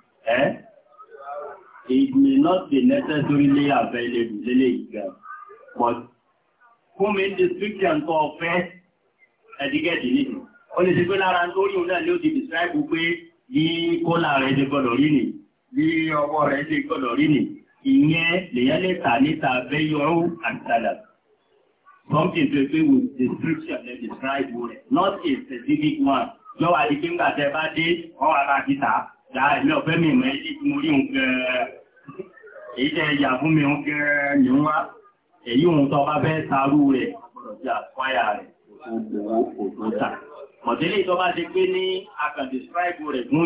Eh? It may not be necessarily available lélẹ̀ ìgbà. But fún mi ní description tó ọ̀fẹ́ ẹ̀dígẹ́dì nìyí. Ó lè ṣe pé lára lórí òun náà ni ó ti describe pé bí kólà rẹ̀ ṣe gbọ́dọ̀ rí nì, bí ọwọ́ rẹ̀ ṣe gbọ́dọ̀ rí nì. Ìyẹn lèyẹ́ lè tà níta abẹ́yọrú àtàlà. Something to do with description and describe rẹ̀, not a specific one. Lọ́wọ́ I think that bá dé, wọ́n wà láti tà á láàrín ọ̀fẹ́ mi mọ̀ èyí tí mo rí òun gẹ́ẹ̀ èyí tẹ́ ẹ̀yà fún mi òun gẹ́ẹ̀ ní wá èyí òun tọ́ bá fẹ́ sarú rẹ̀ gbọ́dọ̀ àkọ́yà rẹ̀ ògbòwò òtútà mọ̀tẹ́lẹ̀ tó bá ti pé ní àkàndì scribe rẹ̀ fún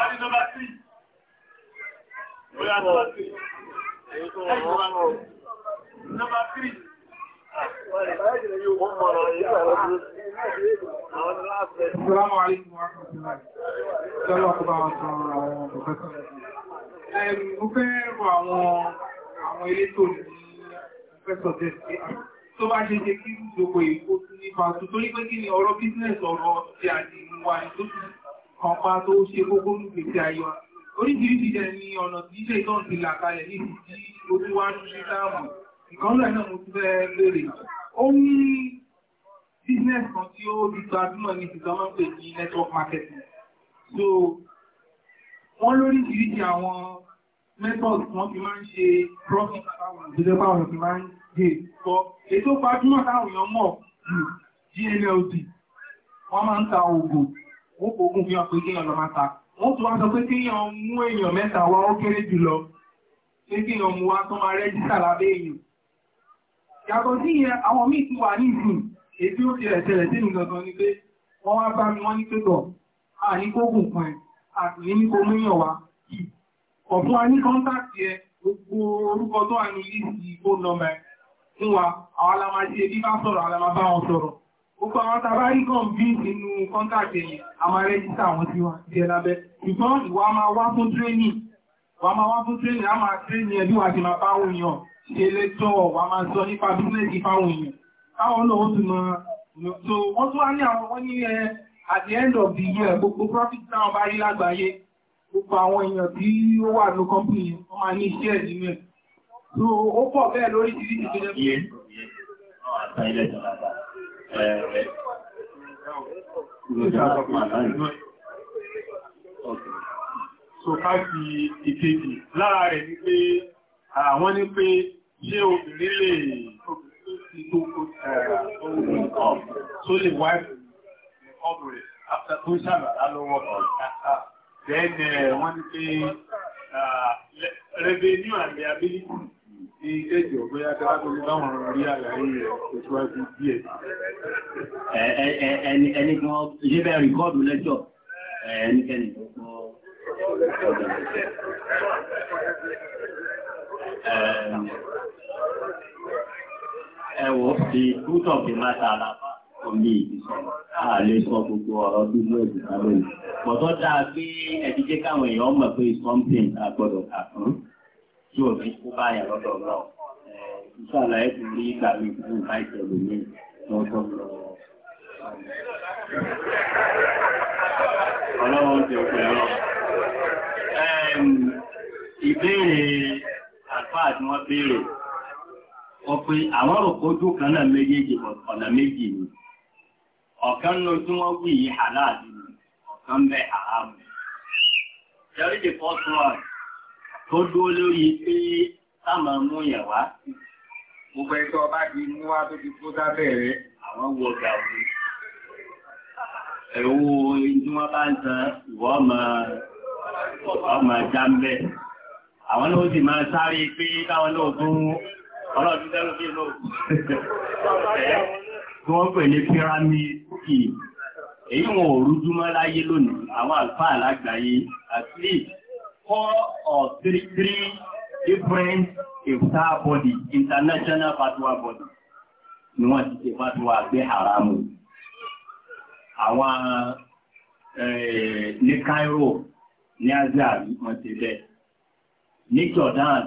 Ọdí nọmba tí. Bóyá nọmba tí. Mo fẹ́ rọ àwọn elétò ní pẹ́sọ̀ tẹ́sí. Tó bá ṣe ṣe kí gbogbo ìkó ní fàtú torí pé kí ni ọ̀rọ̀ bísínẹ̀sì ọ̀rọ̀ ti àdìmú wa ní tó ọ̀pá tó ṣe kókó pèsè ayọ́ oríṣiríṣi jẹ́ ní ọ̀nà tí ilé ìtọ́n ti là kalẹ̀ ní ti olúwa ṣe dáàmù ìkànlẹ̀ náà mo ti fẹ́ lèrè ó ní business kan tí ó di gbajúmọ̀ ní ìjọmọ́ pè ní network marketing so wọ́n lóríṣiríṣi àwọn methods wọ́n fi máa ń ṣe profit àwọn ìjọba àwọn ìjọba máa ń gbé sọ ètò gbajúmọ̀ táwọn èèyàn mọ̀ jù GNLD wọ́n máa ń ta oògùn wọ́n kò gún fíyàn pé kí èèyàn lọ máa ta wọ́n tún wá sọ pé kí èèyàn mú èèyàn mẹ́ta wá ó kéré jùlọ pé kí èèyàn mú wá tó máa rẹ́jísà lábẹ́ èèyàn yàtọ̀ sí ìyẹn àwọn míì ti wà ní ìsìn èdè ó ti rẹ̀ tẹ̀lẹ̀ sí nìgangan ni pé wọ́n wá bá mi wọ́n ní pé gọ̀ àní kó gùn kan ẹ̀ àti ní kó mú èèyàn wá ọ̀fún wa ní kọ́ńtàkì ẹ gbogbo orúkọ tó wà ní líìsì fóònù fún wa àwọn alamajì ẹbí bá sọ̀rọ̀ alamabá sọ̀rọ̀ Gbogbo àwọn tàbárí kan bí nínú kọ́ntàkì yìí, a máa rẹ́jísà wọn sí wá sí ẹlábẹ́. Ṣùgbọ́n ìwà máa wá fún tírénì, wà máa wá fún tírénì, a máa tírénì ẹbí wà ti máa bá òyàn ṣe lẹ́tọ́ wà máa sọ nípa bísínẹ̀sì fáwọn èèyàn. Táwọn náà ó tún máa so wọ́n tún wá ní àwọn wọ́n ní ẹ at the end of the year gbogbo profit náà bá rí lágbàáyé gbogbo àwọn èèyàn tí ó wà ní company wọ́n máa ní iṣẹ́ nínú ẹ̀. So ó pọ̀ bẹ́ẹ̀ lórí ti rí ti rẹ̀. So ká fi ìkejì lára rẹ̀ ní pé àwọn ní pé ṣé obìnrin lè tó lè wáìpù ọmọ rẹ̀ after tó ṣàbàdá lọ́wọ́ ọ̀rọ̀ Then eh, wọ́n ní pé ah, revenue and liability Ìkéjì ọ̀gbẹ́yà tẹ́lá tó ní báwọn rí àlàyé rẹ̀ tẹ̀síwájú díẹ̀. Ẹni kan ṣe bẹ́ẹ̀ rìkọ́ọ̀dù lẹ́jọ́ ẹnikẹ́ni tó kọ́ ọ̀dọ̀. Ẹ̀wọ̀ ti kútọ̀ fi máa ta àlàfà omi ìbísọ̀rọ̀. A lè sọ gbogbo ọ̀rọ̀ dúdú ẹ̀dùn lábẹ́lẹ̀. Bọ̀tọ́ pé ẹ̀díjẹ́ káwọn èèyàn mọ̀ pé something a gbọ́dọ̀ tí ò ní kó báyà lọ́dọ̀ lọ. Iṣẹ́ àlàyé ti rí ìgbà mi fún ìbáìsẹ̀ lómi lọ́dọ̀ lọ. Ọlọ́run ti ọ̀pẹ̀ lọ. Ìbéèrè àlùfáà tí wọ́n béèrè wọ́n pe àwọn òkójú kan náà méjèèjì ọ̀nà méjì ni. Ọ̀kan nínú tí wọ́n yìí ọ̀kan bẹ́ẹ̀ Ṣé tó dúró lórí pé sáàmà mú yẹn wá. Gbogbo ẹjọ́ ọba ti mú wá tó ti kó sábẹ́ rẹ̀, àwọn wo ọ̀gá òun. Ẹ̀wọ́ tí wọ́n bá ń tan ìwọ ọmọ jámbẹ́. Àwọn náà sì máa sáré pé káwọn náà tún ọlọ́dún tẹ́lú bí náà. Wọ́n pè ní pírámìdì. Èyí wọn ò rújúmọ́ láyé lónìí, àwọn àlùfáà lágbàáyé, at least four or three, three different iftar body, international fatwa body, ni wọ́n ti ṣe fatwa gbé haramu. Àwọn eh, ní Cairo, ní Azari, wọ́n ti bẹ̀. Ní Jordan,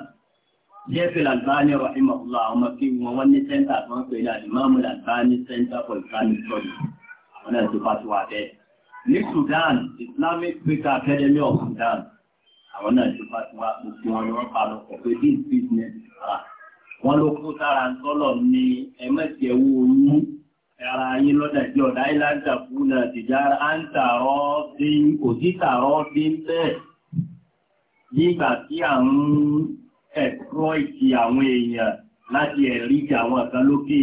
Jeffel Albani rahimahullah ọmọ kí wọ́n wọ́n ní center tó ń pè ní Alimamu Albani Center for Islamic Studies. Wọ́n náà ti fatwa bẹ̀. Ní Sudan, Islamic Speaker Academy of Sudan, àwọn náà ti wá wá gbogbo wọn ni wọ́n pa lọ pọ̀ pé business ara wọ́n ló kó sára ń sọ́lọ̀ ní ẹ̀mẹ́sì ẹ̀wọ́ oyún ara yín lọ́dà tí ọ̀dà ìlànà kú náà ti já à ń tààrọ́ bí òjì tààrọ́ bí bẹ́ẹ̀ nígbà tí à ń ẹ̀kọ́ ìtì àwọn èèyàn láti ẹ̀rí ti àwọn ọ̀kan lókè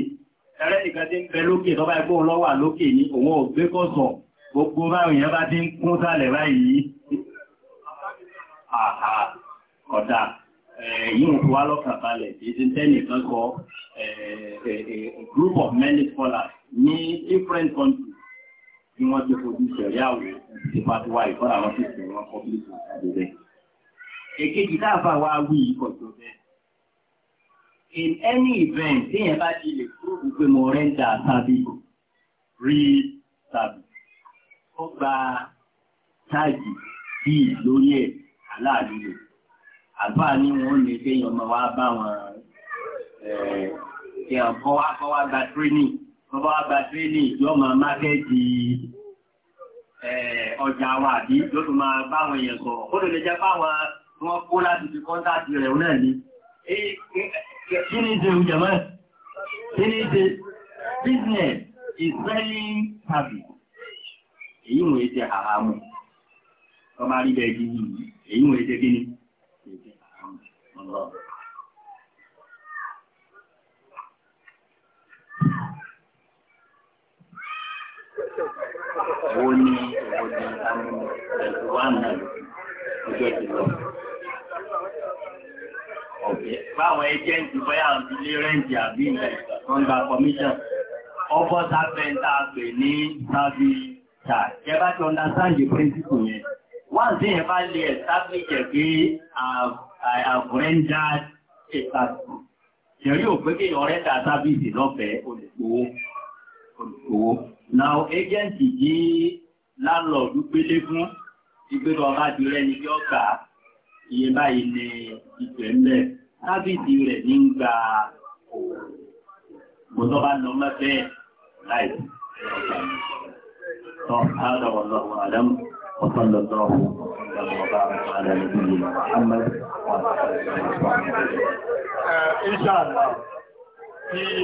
ẹ̀rẹ́ nìkan tí ń bẹ lókè tọ́ba ẹgbẹ́ òun lọ́wà lókè ní òun ò gbé kọ̀sọ̀ gbogbo báwọn èèyàn bá ti ń kún sálẹ̀ báyìí àhà ọ̀dà eh, yóò fún wa lọ́kàn balẹ̀ èdè tẹ́nìkan kọ eh, eh, group of many scholars ní different countries tí wọ́n ti fojú sẹ̀ríàwó ti fatiwa ìfọ́nà àwọn tó sì wọ́n public ìṣàlẹ̀ rẹ̀. èkejì táàfà wa wí ikọ̀ tó bẹ́ẹ̀. in any event téèyàn bá ti lè kúrò wípé mo rẹ́ńdà sábì rí sábì ó gba táàgì bíi lórí ẹ̀ láàrin lò àlùfáà ní wọn lè déyàn ọmọ wa bá wọn kí ọkọ wa kọ wa gba tírénì wọn bá wa gba tírénì yóò máa mákẹ́ẹ̀tì ọjà wa àbí yóò tún máa bá àwọn èèyàn sọ̀rọ̀ kó ló lè jẹ́ báwọn wọn kó láti fi kọ́ńtàtì rẹ̀ náà ni kí ni ṣe oúnjẹ mọ́ kí ni ṣe business is selling service èyí wọ́n ṣe àhámù tọ́mà rí bẹ́ẹ̀ di yìí èyí wọ́n ni. kíni. ó ní ìwọ̀n ìlànà ẹ̀sùn wà náà ọjọ́ ìlọ. báwọn ẹjẹ́ǹtì bóyá àti ilé rẹ́ǹtì àbí ilẹ̀ wọ́n gba ọgbọ́n sáfẹ́ ń tàgbè ní sábì tà. ẹ bá ti understand the principle yẹn wọ́n tí ẹ bá lè ẹ̀sábíjẹ̀ pé àbúrẹ́ndà ìtàkùn ṣẹ̀rí ò pé kí ọ̀rẹ́dà sábíjì lọ́fẹ̀ẹ́ olùkówó now agenti yí lálọ́ọ̀dù pélé fún ìgbéró ọba ti rẹ̀ ní ọgbà iye báyìí ní ìgbẹ̀mẹ̀ sábíjì rẹ̀ ní gba òtọ́bá lọ mẹ́fẹ́ láì Tọ́, àádọ́ ọ̀lọ́wọ̀ àdámù. وصلى الله وسلم وبارك على نبينا محمد وعلى اله وصحبه ان شاء الله